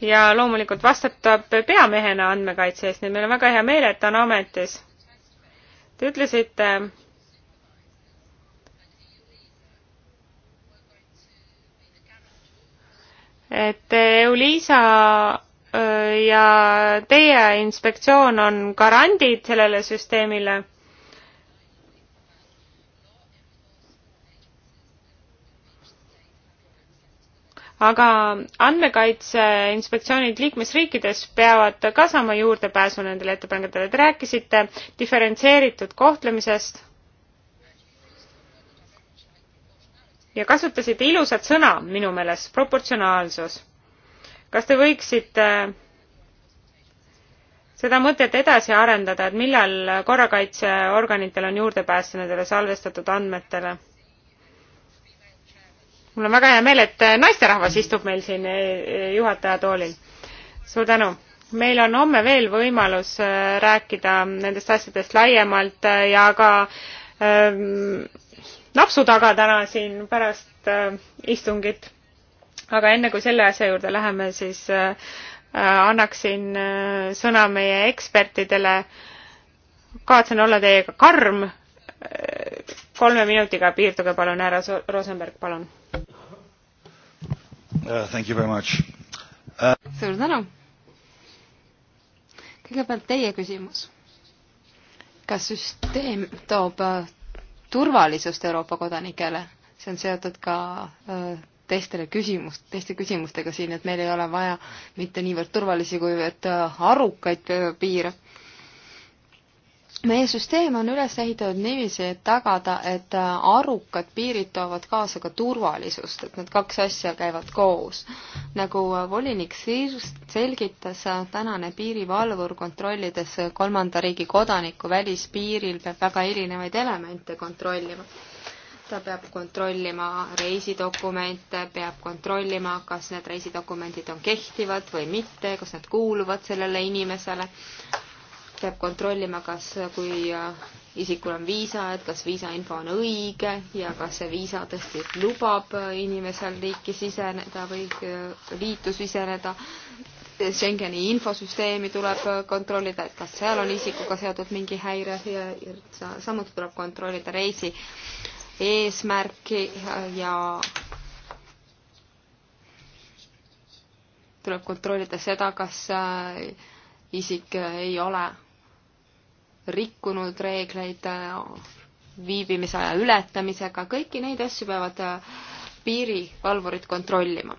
ja loomulikult vastutab peamehena andmekaitse eest, nii et meil on väga hea meel, et ta on ametis. Te ütlesite, et Euliisa äh, ja teie inspektsioon on garandid sellele süsteemile aga andmekaitse inspektsioonid liikmesriikides peavad ka saama juurdepääsu nendele ettepanekutele. Te rääkisite diferentseeritud kohtlemisest ja kasutasite ilusat sõna minu meelest, proportsionaalsus. kas te võiksite seda mõtet edasi arendada, et millal korrakaitseorganitel on juurdepääs nendele salvestatud andmetele? mul on väga hea meel, et äh, naisterahvas istub meil siin äh, äh, juhataja toolil. suur tänu! meil on homme veel võimalus rääkida nendest asjadest laiemalt ja ka ähm, napsu taga täna siin pärast äh, istungit. aga enne kui selle asja juurde läheme, siis äh, annaksin äh, sõna meie ekspertidele. kavatsen olla teiega karm kolme minutiga piirduge palun, härra Rosenberg, palun uh,. Thank you very much uh.... suur tänu. kõigepealt teie küsimus. kas süsteem toob uh, turvalisust Euroopa kodanikele? see on seotud ka uh, teistele küsimust, teiste küsimustega siin, et meil ei ole vaja mitte niivõrd turvalisi, kuivõrd uh, arukaid uh, piire meie süsteem on üles ehitatud niiviisi, et tagada, et äh, arukad piirid toovad kaasa ka turvalisust, et need kaks asja käivad koos. nagu äh, volinik Sirst selgitas, äh, tänane piirivalvur kontrollides kolmanda riigi kodaniku välispiiril peab väga erinevaid elemente kontrollima. ta peab kontrollima reisidokumente, peab kontrollima, kas need reisidokumendid on kehtivad või mitte, kas nad kuuluvad sellele inimesele peab kontrollima, kas, kui äh, isikul on viisa, et kas viisainfo on õige ja kas see viisa tõesti lubab äh, inimesel riiki siseneda või äh, liitu siseneda. Schengeni infosüsteemi tuleb kontrollida, et kas seal on isikuga seotud mingi häire ja, ja samuti tuleb kontrollida reisi eesmärki ja tuleb kontrollida seda, kas isik ei ole rikkunud reegleid viibimise aja ületamisega, kõiki neid asju peavad äh, piirivalvurid kontrollima.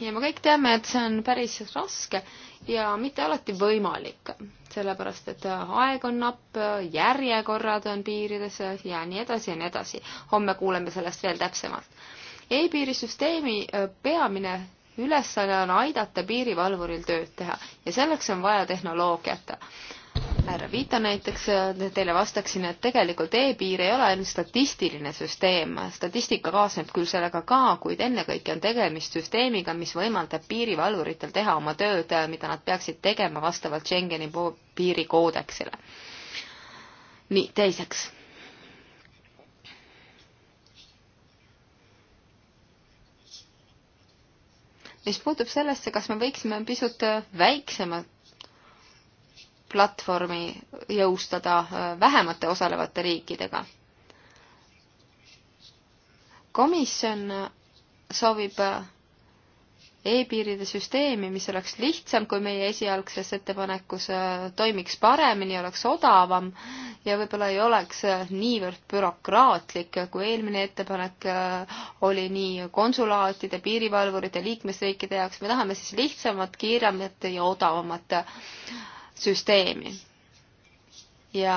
ja me kõik teame, et see on päris raske ja mitte alati võimalik, sellepärast et äh, aeg on napp, järjekorrad on piirides ja nii edasi ja nii edasi. homme kuuleme sellest veel täpsemalt e. e-piirisüsteemi äh, peamine ülesanne on aidata piirivalvuril tööd teha ja selleks on vaja tehnoloogiat härra Vito näiteks, äh, teile vastaksin, et tegelikult e-piir ei ole ainult statistiline süsteem, statistika kaasneb küll sellega ka, kuid ennekõike on tegemist süsteemiga, mis võimaldab piirivalvuritel teha oma tööd, äh, mida nad peaksid tegema vastavalt Schengeni piirikoodeksile. nii, teiseks mis puutub sellesse, kas me võiksime pisut äh, väiksemat platvormi jõustada äh, vähemate osalevate riikidega. komisjon soovib äh, e-piiride süsteemi, mis oleks lihtsam kui meie esialgses ettepanekus, äh, toimiks paremini, oleks odavam ja võib-olla ei oleks niivõrd bürokraatlik, kui eelmine ettepanek oli nii konsulaatide, piirivalvurite, liikmesriikide jaoks, me tahame siis lihtsamat, kiiremat ja odavamat süsteemi. ja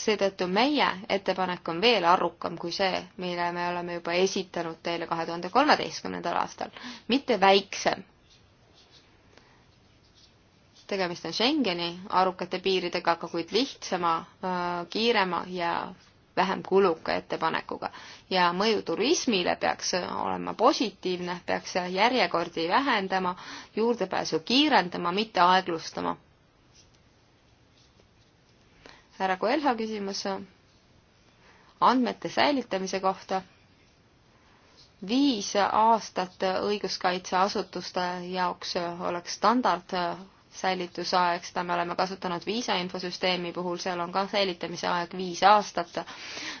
seetõttu meie ettepanek on veel arukam kui see, mille me oleme juba esitanud teile kahe tuhande kolmeteistkümnendal aastal, mitte väiksem. tegemist on Schengeni arukate piiridega, aga kuid lihtsama, kiirema ja vähem kuluka ettepanekuga ja mõju turismile peaks olema positiivne, peaks järjekordi vähendama, juurdepääsu kiirendama, mitte aeglustama härra Koelha küsimus andmete säilitamise kohta. viis aastat õiguskaitseasutuste jaoks oleks standard säilitusaeg, seda me oleme kasutanud viisa infosüsteemi puhul, seal on ka säilitamise aeg viis aastat.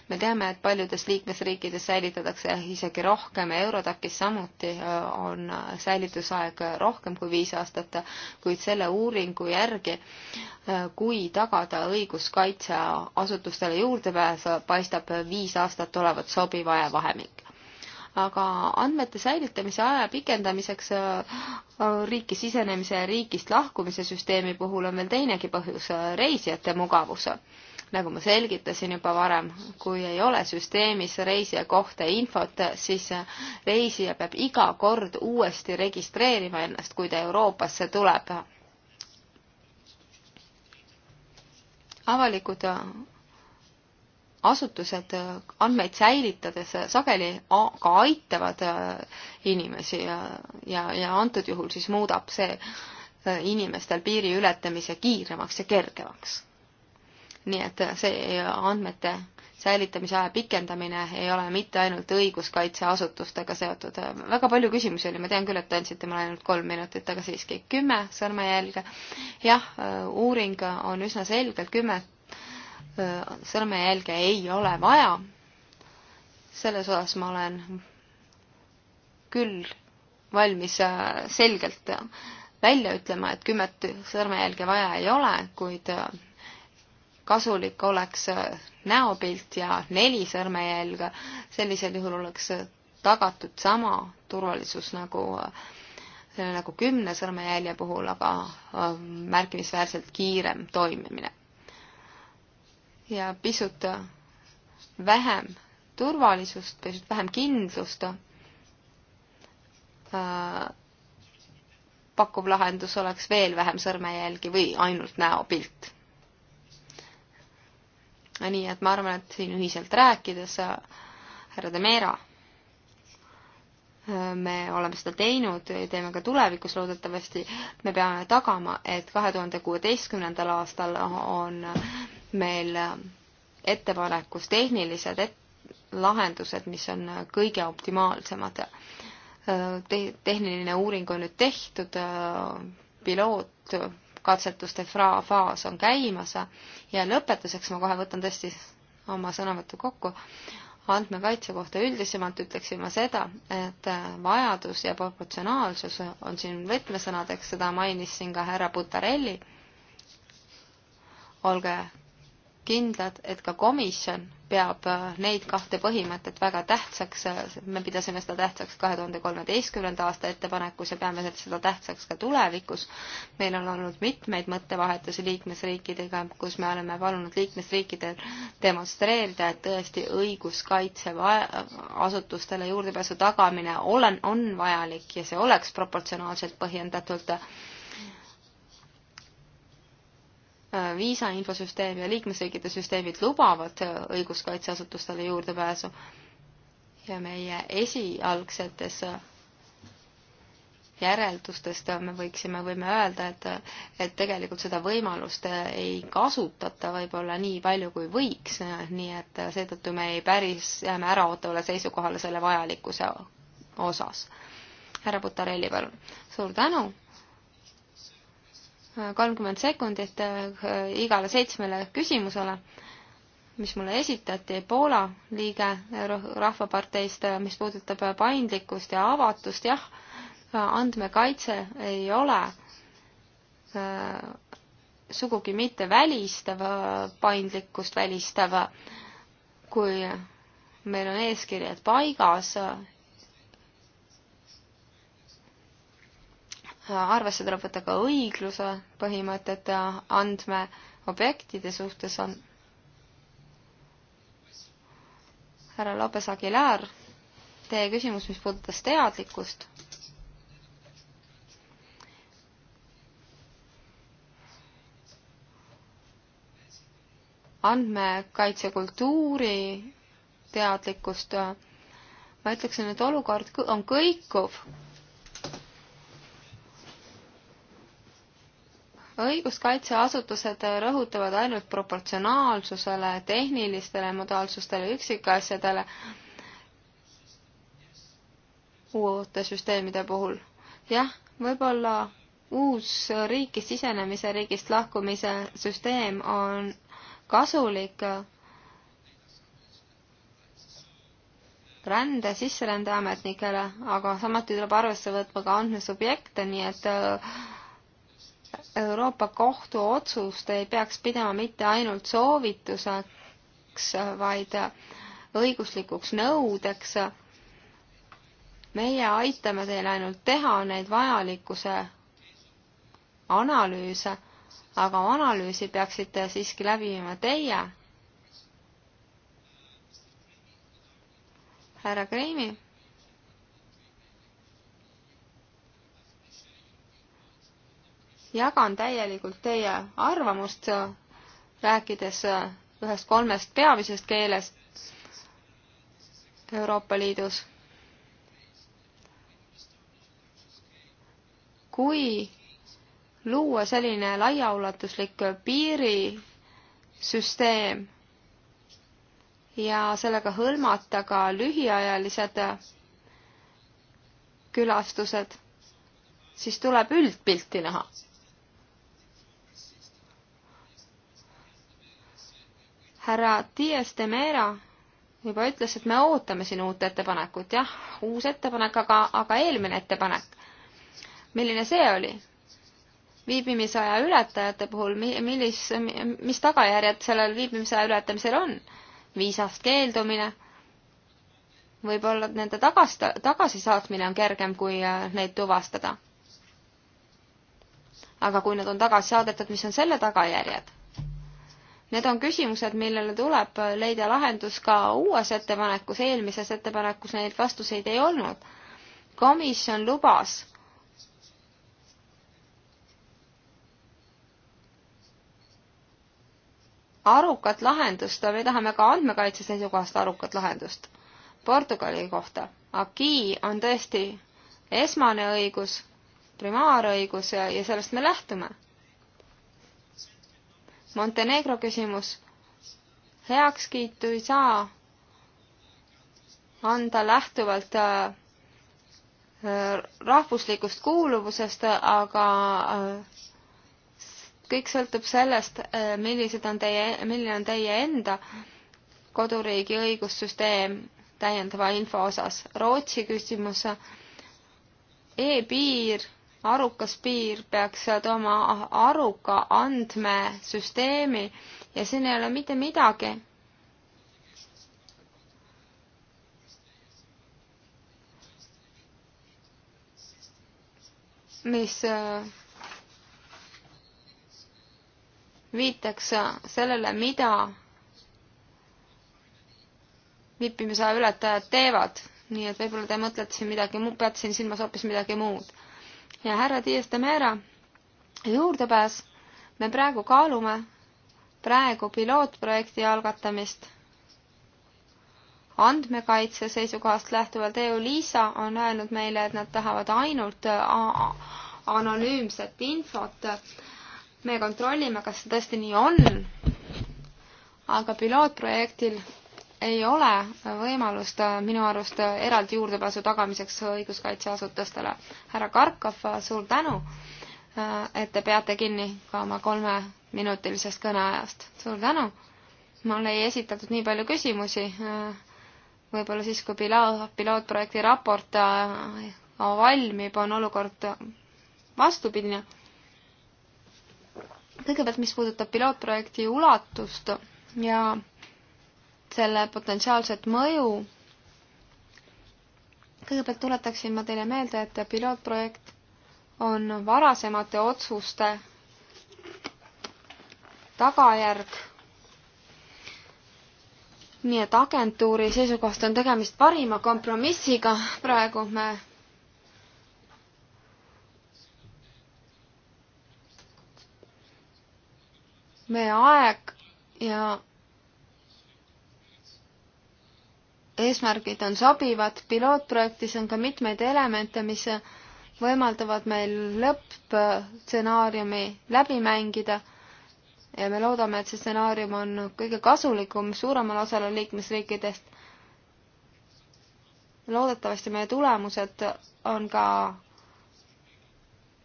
me teame, et paljudes liikmesriikides säilitatakse isegi rohkem, Eurodacis samuti äh, on säilitusaeg rohkem kui viis aastat, kuid selle uuringu järgi, äh, kui tagada õiguskaitseasutustele juurdepääs, paistab viis aastat olevat sobiv ajavahemik aga andmete säilitamise aja pikendamiseks äh, äh, riiki sisenemise ja riikist lahkumise süsteemi puhul on veel teinegi põhjus, äh, reisijate mugavus. nagu ma selgitasin juba varem, kui ei ole süsteemis reisija kohta infot, siis reisija peab iga kord uuesti registreerima ennast, kui ta Euroopasse tuleb avalikud asutused äh, andmeid säilitades äh, sageli ka aitavad äh, inimesi ja, ja, ja antud juhul siis muudab see inimestel piiri ületamise kiiremaks ja kergemaks. nii et see andmete säilitamise aja pikendamine ei ole mitte ainult õiguskaitseasutustega seotud. väga palju küsimusi oli, ma tean küll, et te andsite mulle ainult kolm minutit, aga siiski kümme sõrmejälge. jah, uuring on üsna selgelt kümme Äh, sõrmejälge ei ole vaja. selles osas ma olen küll valmis äh, selgelt välja ütlema, et kümmet sõrmejälge vaja ei ole, kuid äh, kasulik oleks näopilt ja neli sõrmejälge, sellisel juhul oleks tagatud sama turvalisus nagu nagu kümne sõrmejälje puhul, aga märkimisväärselt kiirem toimimine ja pisut vähem turvalisust, pisut vähem kindlust äh, pakkuv lahendus oleks veel vähem sõrmejälgi või ainult näopilt. nii et ma arvan, et siin ühiselt rääkides, härra Demera, me oleme seda teinud ja teeme ka tulevikus loodetavasti, me peame tagama, et kahe tuhande kuueteistkümnendal aastal on äh, meil ettepanekus tehnilised et-, lahendused, mis on kõige optimaalsemad. Te-, tehniline uuring on nüüd tehtud, pilootkatsetuste fra-, faas on käimas ja lõpetuseks ma kohe võtan tõesti oma sõnavõttu kokku, andmekaitse kohta üldisemalt ütleksin ma seda, et vajadus ja proportsionaalsus on siin võtmesõnadeks, seda mainis siin ka härra Butarelli. olge kindlad, et ka komisjon peab äh, neid kahte põhimõtet väga tähtsaks, äh, me pidasime seda tähtsaks kahe tuhande kolmeteistkümnenda aasta ettepanekus ja peame seda tähtsaks ka tulevikus. meil on olnud mitmeid mõttevahetusi liikmesriikidega, kus me oleme palunud liikmesriikidel demonstreerida, et tõesti õiguskaitseasutustele juurdepääsu tagamine olen, on vajalik ja see oleks proportsionaalselt põhjendatult Äh, viisa infosüsteem ja liikmesriikide süsteemid lubavad äh, õiguskaitseasutustele juurdepääsu ja meie esialgsetes äh, järeldustest me võiksime, võime öelda, et, et tegelikult seda võimalust ei kasutata võib-olla nii palju, kui võiks, nii et seetõttu me ei päris, jääme äraootavale seisukohale selle vajalikkuse osas. härra Butarelli, palun. suur tänu kolmkümmend sekundit äh, igale seitsmele küsimusele, mis mulle esitati. Poola liige Rahvaparteist, äh, mis puudutab äh, paindlikkust ja avatust, jah, andmekaitse ei ole sugugi mitte välistav, paindlikkust välistav, kui meil on eeskirjad paigas arvesse tuleb võtta ka õigluse põhimõtet andmeobjektide suhtes on härra Lopes Aguilar, teie küsimus, mis puudutas teadlikkust. andmekaitsekultuuri teadlikkust. ma ütleksin, et olukord on kõikuv õiguskaitseasutused rõhutavad ainult proportsionaalsusele, tehnilistele modaalsustele, üksikasjadele uute süsteemide puhul. jah, võib-olla uus riiki sisenemise, riigist lahkumise süsteem on kasulik rände, sisserändeametnikele, aga samuti tuleb arvesse võtma ka andmesubjekte, nii et äh, Euroopa Kohtu otsust ei peaks pidama mitte ainult soovituseks, vaid õiguslikuks nõudeks. meie aitame teil ainult teha neid vajalikkuse analüüse, aga analüüsi peaksite siiski läbi viima teie. härra Kreimi jagan täielikult teie arvamust, äh, rääkides äh, ühest kolmest peamisest keelest Euroopa Liidus. kui luua selline laiaulatuslik piirisüsteem ja sellega hõlmata ka lühiajalised külastused, siis tuleb üldpilti näha härra Dias de Mera juba ütles, et me ootame siin uut ettepanekut, jah, uus ettepanek, aga, aga eelmine ettepanek, milline see oli? viibimisaja ületajate puhul, millis, mis tagajärjed sellel viibimisaja ületamisel on? viisast keeldumine, võib-olla nende tagast-, tagasisaatmine on kergem, kui äh, neid tuvastada. aga kui nad on tagasi saadetud, mis on selle tagajärjed? Need on küsimused, millele tuleb leida lahendus ka uues ettepanekus, eelmises ettepanekus neid vastuseid ei olnud. komisjon lubas arukat lahendust, me tahame ka andmekaitse seisukohast arukat lahendust. Portugali kohta. AKI on tõesti esmane õigus, primaarõigus ja, ja sellest me lähtume. Montenegro küsimus. heakskiitu ei saa anda lähtuvalt äh, äh, rahvuslikust kuuluvusest, aga äh, kõik sõltub sellest, millised on teie, milline on teie enda koduriigi õigussüsteem täiendava info osas. Rootsi küsimus e, e-piir arukas piir peaks tooma aruka andmesüsteemi ja siin ei ole mitte midagi. mis äh, viitaks sellele, mida vippimisaja ületajad teevad, nii et võib-olla te mõtlete siin midagi muud, peate siin silmas hoopis midagi muud ja härra Dias de Mera juurdepääs, me praegu kaalume praegu pilootprojekti algatamist. andmekaitse seisukohast lähtuvalt EU-LISA on öelnud meile, et nad tahavad ainult anonüümset infot. me kontrollime, kas see tõesti nii on. aga pilootprojektil ei ole võimalust äh, minu arust äh, eraldi juurdepääsu tagamiseks õiguskaitseasutustele. härra Karkov, äh, suur tänu, et te peate kinni ka oma kolmeminutilisest kõneajast. suur tänu! mul ei esitatud nii palju küsimusi, võib-olla siis, kui pila-, pilootprojekti raport valmib, on olukord vastupidine. kõigepealt, mis puudutab pilootprojekti ulatust ja selle potentsiaalset mõju. kõigepealt tuletaksin ma teile meelde, et pilootprojekt on varasemate otsuste tagajärg. nii et agentuuri seisukohast on tegemist parima kompromissiga, praegu me meie aeg ja eesmärgid on sobivad, pilootprojektis on ka mitmeid elemente, mis võimaldavad meil lõppstsenaariumi läbi mängida ja me loodame, et see stsenaarium on kõige kasulikum suuremal osal liikmesriikidest. loodetavasti meie tulemused on ka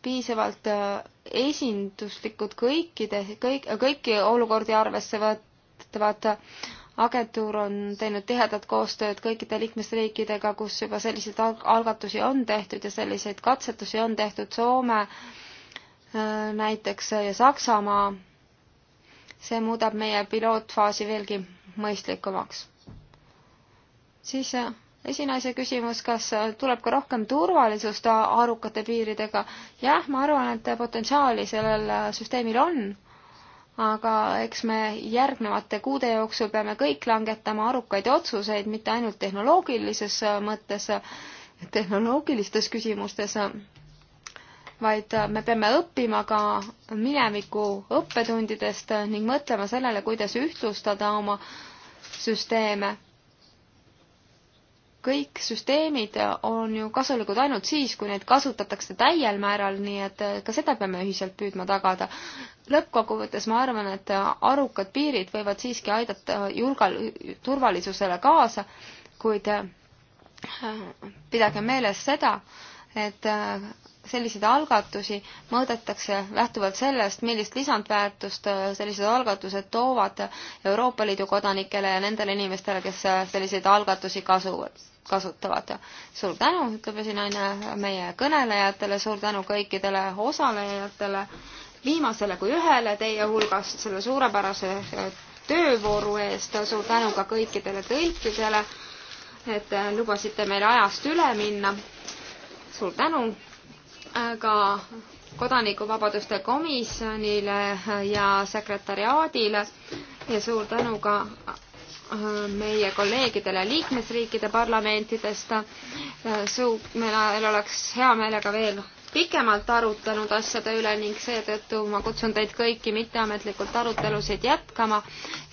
piisavalt äh, esinduslikud kõikide, kõik, kõiki olukordi arvesse võtavad agentuur on teinud tihedat koostööd kõikide liikmesriikidega, kus juba selliseid algatusi on tehtud ja selliseid katsetusi on tehtud Soome äh, näiteks ja Saksamaa. see muudab meie pilootfaasi veelgi mõistlikumaks. siis äh, esinaise küsimus, kas äh, tuleb ka rohkem turvalisust arukate piiridega? jah, ma arvan, et potentsiaali sellel süsteemil on aga eks me järgnevate kuude jooksul peame kõik langetama arukaid otsuseid, mitte ainult tehnoloogilises mõttes, tehnoloogilistes küsimustes, vaid me peame õppima ka mineviku õppetundidest ning mõtlema sellele, kuidas ühtlustada oma süsteeme kõik süsteemid on ju kasulikud ainult siis, kui neid kasutatakse täiel määral, nii et äh, ka seda peame ühiselt püüdma tagada. lõppkokkuvõttes ma arvan, et äh, arukad piirid võivad siiski aidata äh, julgal-, turvalisusele kaasa, kuid pidage meeles seda, et selliseid algatusi mõõdetakse lähtuvalt sellest, millist lisandväärtust sellised algatused toovad Euroopa Liidu kodanikele ja nendele inimestele, kes selliseid algatusi kasuvad kasutavad. suur tänu, ütleb esinaine meie kõnelejatele, suur tänu kõikidele osalejatele, viimasele kui ühele teie hulgast selle suurepärase eh, töövooru eest, suur tänu ka kõikidele tõlkidele, et eh, lubasite meil ajast üle minna. suur tänu eh, ka kodanikuvabaduste komisjonile ja sekretäriaadile ja suur tänu ka meie kolleegidele liikmesriikide parlamentidest. Äh, meil oleks hea meelega veel pikemalt arutanud asjade üle ning seetõttu ma kutsun teid kõiki mitteametlikult arutelusid jätkama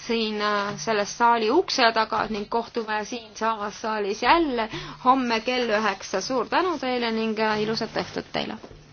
siin äh, selles saali ukse taga ning kohtume siin samas saalis jälle homme kell üheksa. suur tänu teile ning äh, ilusat õhtut teile!